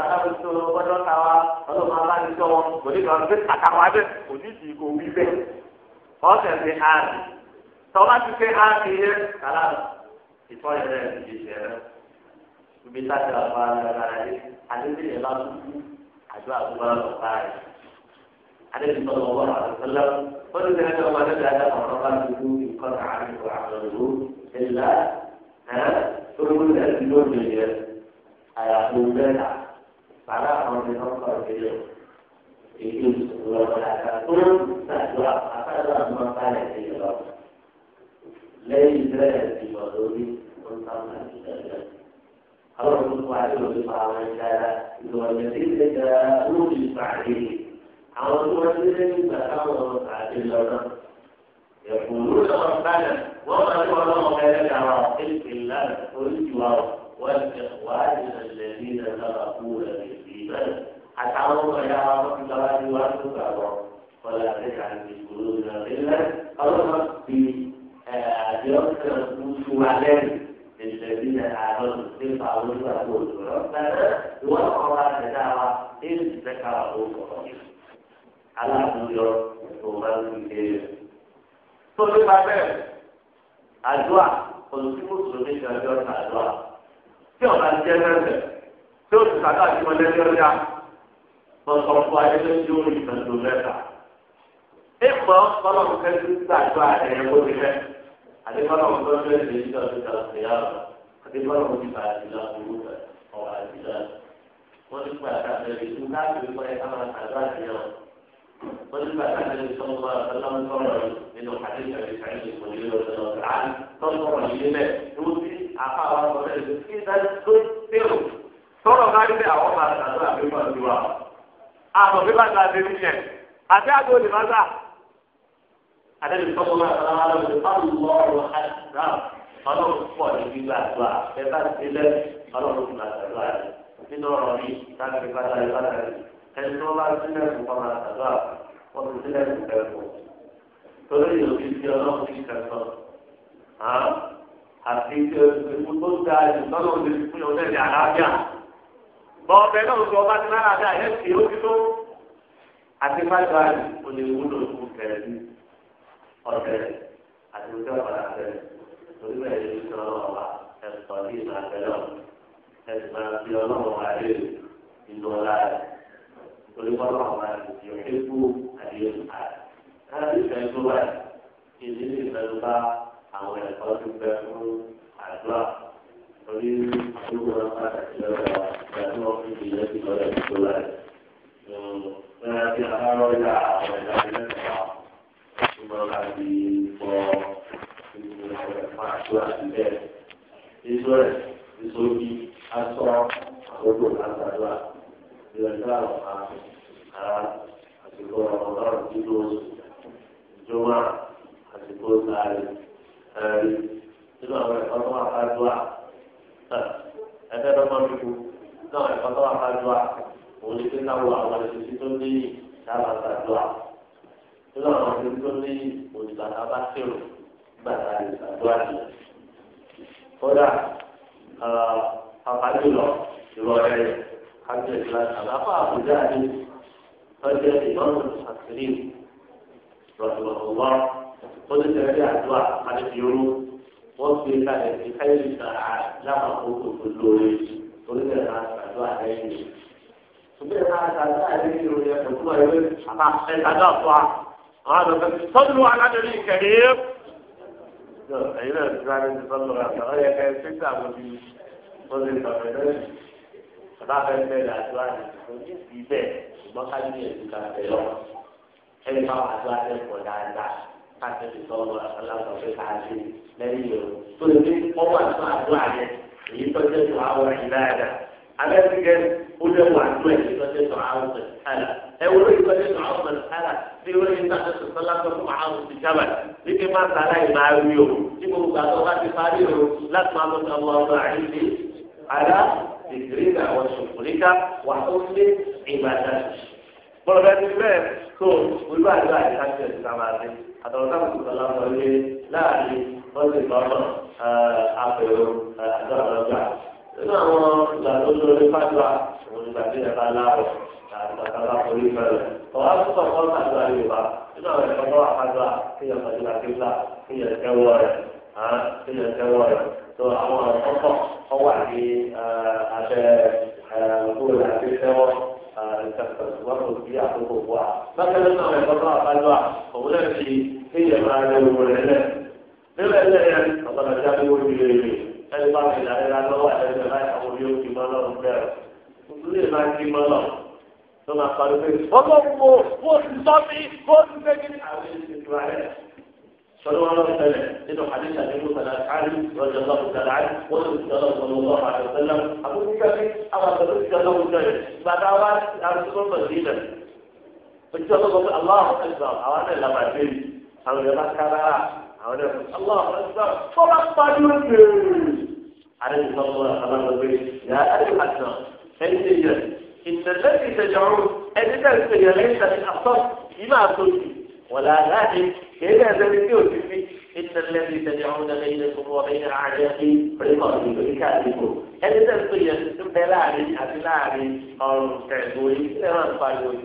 alábòsó gbọ́dọ̀ ta wa ọlọ́mọ abánisọ wọn kò ní kàn fi kàkà wá bẹ́ẹ̀ kò ní sì kò wí bẹ́ẹ̀ ọ̀sẹ̀ fi áàmì tọ́lá ti fi áàmì yẹ kàlá ìtọ́ yẹn rẹ̀ ti ṣe rẹ̀ ibi láti ra fún ara rẹ̀ ayé adébíyẹ lásìkò àjọ àbúrò ọ̀pá rẹ̀ adébíyẹ lọ́wọ́ wọn àtẹ̀sẹ́lẹ̀ wọ́n ti sẹ́yìn lọ́wọ́ adébíyẹ tó múlẹ̀ sí lóde yẹ àyàfó mẹ́ta bàbá àwọn ọmọdé náà kọ̀ ọ́ sílẹ̀ èyí ìṣòro ọ̀rọ̀ àgbà tó nàdúrà àkàdúrà mọ́ báyẹ̀ sí lọ. lẹ́yìn bẹ́ẹ̀ ti mọ̀ lórí ó ń sáwọn àti ìdájọ́. àwọn olùkọ́ àti olùkọ́ àwọn ẹja ìlọ̀lẹ̀ tí ń tẹ̀jà lórí ìpàdé àwọn tó wọ́n ti lé nígbà táwọn àti lọ́nà ẹ̀kọ́ lórí ọ̀rọ̀ báyà. وما يعلم ذلك على خلق الله الجوار والإخوان الذين سبقونا بالإيمان حتى الله يا رب الجوار والكفار ولا تجعل في قلوبنا غلا اللهم في أجرك وسوالك للذين آمنوا ترفع وتقول ربنا وقرأ تدعوى إن ذكر على أن يرى ثم يكون 所以，宝贝。àdúrà olùsí mùsùlùmí ti ọjọ́ ta àdúrà tí ọ̀la jẹ́ lẹ́sẹ̀ tí ó ti sàdá àti mọ̀lẹ́bí ọjà lọ́sọ̀rọ̀ fún ayé tó ti orí ìtàjò mẹ́ta. Ìpọ̀ ọlọ́run kẹ́sí gbàdúrà ẹ̀yẹ bó ti fẹ́. Àdébọ́lá ọ̀hún tó ń bẹ̀rẹ̀ sí ìjọ ti ta ọ̀sẹ̀ yára. Àdébọ́lá ọ̀hún ti bàjẹ́ ìlà owó ọ̀hún àdìlá. Wọ́n ti pàdé àtẹ̀lẹ́ ìlú láti وإما كان النبي صلى الله عليه وسلم قرر من حديث أبي سعيد الخدري رضي الله عنه تنظر إليه يوصي أخاه وقال إذا تكثر sọ̀rọ̀ kárí bẹ́ẹ̀ àwọn máa ṣàtọ́ àbíkọ́ ti wà. àmọ̀ bí bàtà ti rí yẹn àti àgbo lè má sà. àdébí sọ́kọ́ máa sọ̀rọ̀ máa lọ sí ọ̀lùwọ̀ ọ̀rọ̀ àdá ọlọ́run pọ̀ ní gbígbà àdúrà ẹ bá ti lẹ́ ọlọ́run fún àdúrà nínú ọ̀rọ̀ yìí láti fi bàtà ìbára rẹ̀ ẹni tó bá sílẹ̀ fún ọmọ àtàlà wọ́n ti sílẹ̀ fún ẹ̀fọ́ torí ìlòkì tí ọlọ́run ti kẹsàn án àti ìlú tó da ìtọ́nà òde fún ọ̀dẹ́ ìdí àlàáfíà bọ́ọ̀bẹ náà sọ ọba ti lára dáa yẹn ti ó ti tó àti fáìbà òní wúlò fún kẹrẹ́bí ọ̀tẹ̀ àti ìjọ padà tẹ̀lé torí bẹ́ẹ̀ ni ìjọ ọba ẹ̀sọ́ ní ìlànà ẹ̀sọ́ àti ọlọ́run àdéhùn ìlú ọ̀la rẹ̀ torí wọn náà máa lò sí ẹkú àdéhùn àti káàdì ìfẹ́tọ́ wà ìdí sì fẹ́ẹ́ bá àwọn ẹ̀kọ́ tó fẹ́ fún àdúrà torí olúwa pàtàkì lọ́dọ̀ wa ìgbàdún ọ̀fìn ìyẹn ti lọ́dọ̀ ìfẹ́tọ́ wà rẹ̀. Bẹ́ẹ̀ bí a bá rọ́ọ̀yà àwọn ẹ̀dá ilé ẹ̀ka ìgbọ́n láti bọ ìgbìmọ̀ ẹ̀fọ́ àdúrà sílẹ̀. Ìṣó rẹ̀ ìṣó bí ìrẹ̀lẹ̀ àwọn àsìkò ọ̀rọ̀ nínú حتى الإمام أبا أبو ذهب فجأة الإمام رحمه الله قلت رجع الدعاء عن اليوم واصبر لك بخير ساعة لا تخوض كل قلت رجع الدعاء عليه صلوا على النبي الكريم أين الإنسان يصلي على غير كيف تسعى وفي صلي bàbá bẹ́ẹ̀ bẹ́ẹ̀ àdúrà ní ìdí sí bẹ́ẹ̀ ṣùgbọ́n kájú ẹ̀dùn kan bẹ̀ lọ. ẹni máa wà àdúrà tẹ̀ pọ̀ dáadáa káàkiri ti sọ̀rọ̀ aláwọ̀ pé ká ṣe lẹ́yìn o. tó lè ní ọwọ́ àtúntò àdúrà yẹn èyí tọ́jú tó àwọ̀ ìlànà. alẹ́sìnkẹ́ ó lè wà àdúrà èyí tọ́jú tó àwọ̀ ìlànà. ẹ wo ló yẹ tọ́jú tó àwọ̀ ìlànà bí wọ́n yẹ tọ́jú tó lásán fún àwọn ti jábà ní kí má sàlá ìmọ̀ àrí o. ní gbogbo àtọ́ bá ti parí o láti máa lọ́ta ọmọ ọmọ àrí ذكرك وشكرك وحسن عبادتك bọ́lá ti bẹ́ẹ̀ tó wíwá ìlú àyíká ti ẹ̀sìn náà máa ní àtàwọn táwọn kò sọ̀rọ̀ àwọn ilé láàrin ọ̀sẹ̀ lọ́nà àpẹ̀rọ àti àlọ́gbà nínú àwọn ìgbà tó lórí fàdúrà òun ìgbà tí ẹ̀ka láàrọ̀ àti àtàwọn àpòrí ìfẹ́lẹ̀ ọ̀hún àtúntò kọ́ fàdúrà yorùbá nínú àwọn ẹ̀kọ́ tó wà fàdúrà kéèyàn fàdúrà kéèyàn kéèyàn kẹ́wọ́ rẹ̀ ah, tó àwọn ọ̀kọ̀ọ̀kọ̀ wọ́n wà ní abẹ́ gbogbo àti sẹ́wọ́ ìtàkùn sí àkókò wa. bákan náà àwọn ẹ̀kọ́ náà bá lọ́wọ́ òun náà fi kéèyàn máa lé owó rẹ̀ lẹ̀. nílẹ̀ ilẹ̀ yẹn ọ̀gbọ́n àti àdéhùn ojú rere ẹni bá mi làrẹ́ra lọ́wọ́ àtẹ̀sẹ̀ láì àwọn yóò fi mọ́ lọ́rùn bẹ́ẹ̀. ìdílé máa kí mọ́ lọ tó máa parí pé ọlọ́run mo mo ti sọ́ mi mo ti صلوا على وسلم إنه حديث أبي موسى الأشعري رضي الله تعالى عنه الله صلى الله عليه وسلم أبو لك أما تقول صلى الله عليه وسلم بعد أوقات أرسلوا مسجدا فجاءوا الله أكبر أوانا لما تين أو لما كبر أوانا الله أكبر فقط بعدين عليه الصلاة والسلام يقول يا أهل الحسن إن الذي تجعون أنت تنسى ليس من أخطر بما تنسي ولا هادي إلا ذلك يوسف إن الذي تدعون بينكم وبين أعدائي رقابي وإكادكم هل تلقي بلاري أبلاري أو تعبوي إلى ما تفعلون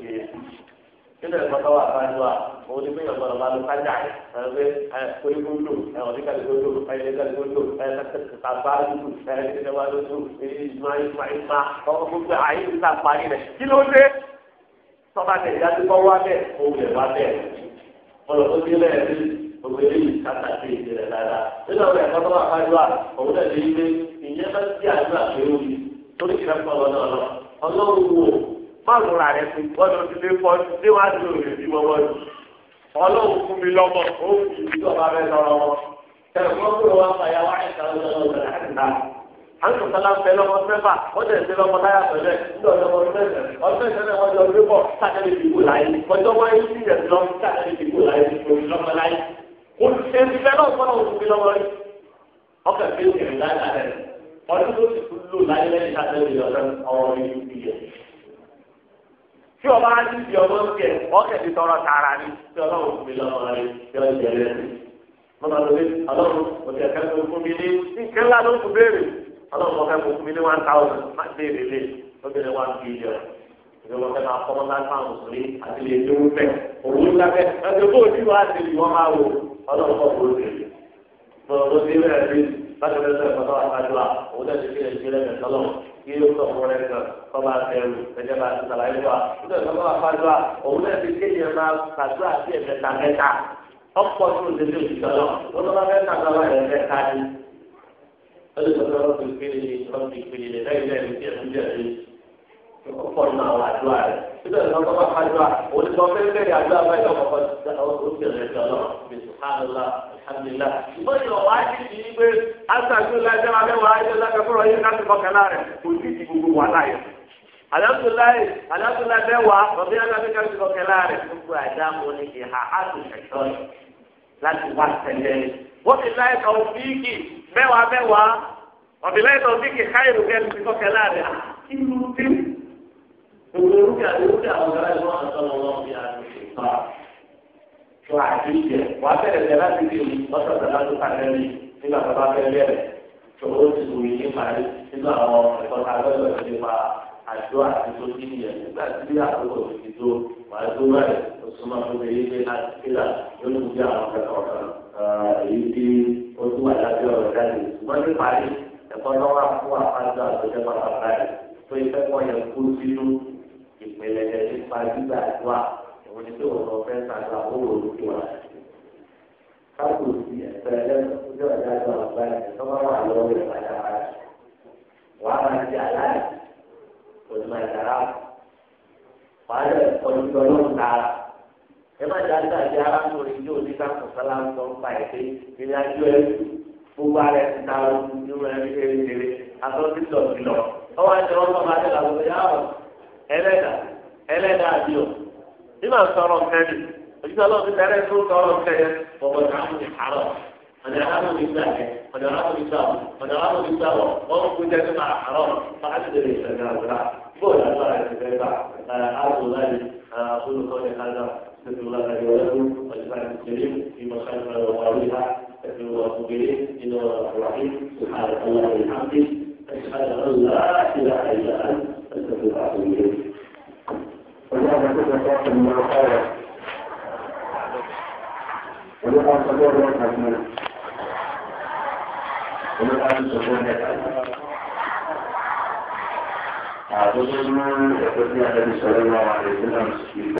kílẹ̀ ìfọ̀tọ́wà fáńdúà òun ni bẹ́ẹ̀ ọ̀gbọ̀n ọba ló kájà ẹ̀ ẹ̀ kórìkúndù ẹ̀ ọ̀díkàlùkúndù ẹ̀ ẹ̀díkàlùkúndù ẹ̀ kàbáàlùkù ẹ̀ ẹ̀díkàlùkúndù ẹ̀ ìmáìmáìmá ọkọ̀ gbogbo ayé ń ta parí rẹ̀ kí ló dé tọ́ba tẹ̀ ìdájọ́ wá bẹ́ẹ̀ òun lè wá bẹ́ẹ̀ ọlọ́dún lé ẹ̀rí gbogbo kàtà sí ìdílé dáadáa nínú àwọn ẹ̀kọ́ tó wà fájú à òun náà lè yí ìyẹn bá ti àdúrà pé ó yí torí kìlá fún ọlọ́dún ọlọ́ ọlọ́run wò fáwọn ra rẹ fún ọdún ti lé fọ́ ṣé wàá ti rò rèébi wọ́wọ́ ni ọlọ́run fún mi lọ́mọ ó fi ìjọba rẹ lọ́rọ́ wọn ẹ̀kọ́ àwọn sọ̀tàlá ń bẹ lọ́mọ mẹ́fà wọ́n tẹ̀lé sí lọ́mọ táyà pẹ̀lú ẹ̀ ní ọ̀dọ́ ọmọ mẹ́fà ọdún ìṣẹ̀lẹ̀ wọn jọ gbé bọ̀ sátẹ́lì ìdìbò láyé ọjọ́ wọn yóò sì yẹ̀ lọ sátẹ́lì ìdìbò láyé lórí lọ́mọ láyé olùsẹ̀ńtìfẹ́ náà fọ́nà òkú mi lọ́mọ rí ọkàn fi ìrìn láyé láyé ọdún tó ti kú lò láyé lẹ́yìn sátẹ́lì tí ọba ti di ọmọ nkẹ ọkẹ ti tọrọ tààrà ni tí Ọlọ́run fún mi lọ́wọ́ rẹ tí Ọlọ́run jẹ rẹ mọlọlọrin Ọlọ́run òtí ẹkẹ tó fún mi ní nkẹlá ló fún béèrè ọlọ́run kọ́ fẹ́ kó fún mi ní one thousand má dé ìrèlè lóbìnrin one billion ìjọba fẹ́ máa kọ́mọ́ náà fáwọn òṣèré àti lè dé owó fẹ́ owó ńlá fẹ́ ẹgbẹ́ bó ti wá sí ìwọ́n máa wò ọlọ́run kọ́ bó ti bọ̀rọ̀ bó ti rẹ̀ rí láti rẹ̀ sọ ìfọ̀tọ́ àtàdúrà òun náà ti fi ẹ̀jẹ̀ rẹ̀ sọ́lọ̀ kí ló sọ fún rẹ̀ kan kọ́ bá tẹ̀rù ẹ̀jẹ̀ bá ti sàlàyé wa nítorí sọ́kọ́ àfàdúrà òun náà ti kéde máa sàdúrà sí ẹ̀mẹ́ta mẹ́ta ọ̀pọ̀ tó ti dé òṣìṣẹ́ lọ ọlọ́dún ọlọ́run fi pé ọlọ́run fi pé ilẹ̀ lẹ́yìn lẹ́yìn tí ẹ̀sùn jẹ́ ẹ̀rí ọkọ̀ nínú àwọn àdúrà rẹ̀ síbẹ̀ lọ́kọ́ bá àdúrà òun ti àdúrà báyìí ọkọ̀ kọ́ ti dáná ó ti lọ bí sùhánilá alhamdulilá. ṣùgbọ́n ìlọ wá sí ti ní pé aṣáájú lájọ́ abẹ́wò ayé lábẹ́ fúnra yín láti kọ́kànlá rẹ̀ kò ní ti gbogbo wà láyé. alhamdulilayi alhamdulilayi ọ̀bí mẹ́wàá mẹ́wàá ọ̀bìlẹ̀ ìtọ́ sí kí káyọ̀ kẹ́ ẹni tó kẹ́ láàrin ah, kí ló dé. Gbogbo orúkẹ́ àti orúkẹ́ àwọn ọ̀gá ẹ̀ wọ́n àtọ́ lọ́wọ́ bí i àti ìpa. Tó àdúgbò wà bẹ̀rẹ̀ tẹ̀ láti bí omi lọ́sọ̀ tẹ̀ láti pàtẹ́ mi nígbà tó bá fẹ́ bẹ̀rẹ̀. Tó o ti wù yín parí nínú àwọn ẹ̀kọ́ ta lọ́sọ̀ tó ti pa àjọ àti tó kí ni ẹ̀ nígbà tí àkókò ti fi tó wà á tó báyìí tó súnmọ́ fún mi yé pé láti kílà yóò tún bí àwọn ọ̀gá ọ̀gá èyí tí ojú wa lábẹ́ ọ̀rọ̀ jáde ṣùgbọ́n ní parí ẹ̀kọ́ lọ́wọ́ àpò àpáńdà àtọ́jọ́ pàtàkì rẹ̀ tó ìfẹ́ kọ́ yẹn kú sínú ìpìlẹ̀ yẹn nípa gbígbà àdúrà òun ni pé òun ọ̀fẹ́ sàdúrà ó wò ó ti wà. káàkó sí ẹ̀fẹ́ ẹlẹ́sọ̀tọ́jọ́ ìdájọ́ àgbà ẹ̀ tó bá wà lọ́wọ́ rẹ̀ pàtàkì ẹ má dá dáadé arákùnrin yóò ní ká sọ sálá ń sọ nípa ẹ̀ pé ìrìn àjò ẹ̀ gbogbo ara ẹ̀ ti ta ohun ní wọn ẹni ṣe ń ṣeré àtọ́sílọ̀ ìlọ. ọwọ́ àti wọn bàbá àti làwọn ọ̀gá ọ̀ ẹlẹ́dà ẹlẹ́dà àbí ọ̀ bí màá sọ̀rọ̀ kẹ́mi òṣìṣẹ́ ọlọ́run ti tẹ́lẹ̀ tó sọ̀rọ̀ kẹ́mi bọ̀bọ̀ táwọn ti àárọ̀ ọ̀dọ̀ arákùnrin ti gbà yẹn ọ̀dọ̀ نسأل الله لي ولكم والإسلام الكريم في مخالفة وقالها أكبر الله إليه إنه الله الرحيم سبحانك الله وبحمدك أشهد أن لا إله إلا أنت أستغفرك وأتوب إليك. اللهم صل وسلم على ولقد صبر وكفر ولقد صبر وكفر أعتقد أن النبي صلى الله عليه وسلم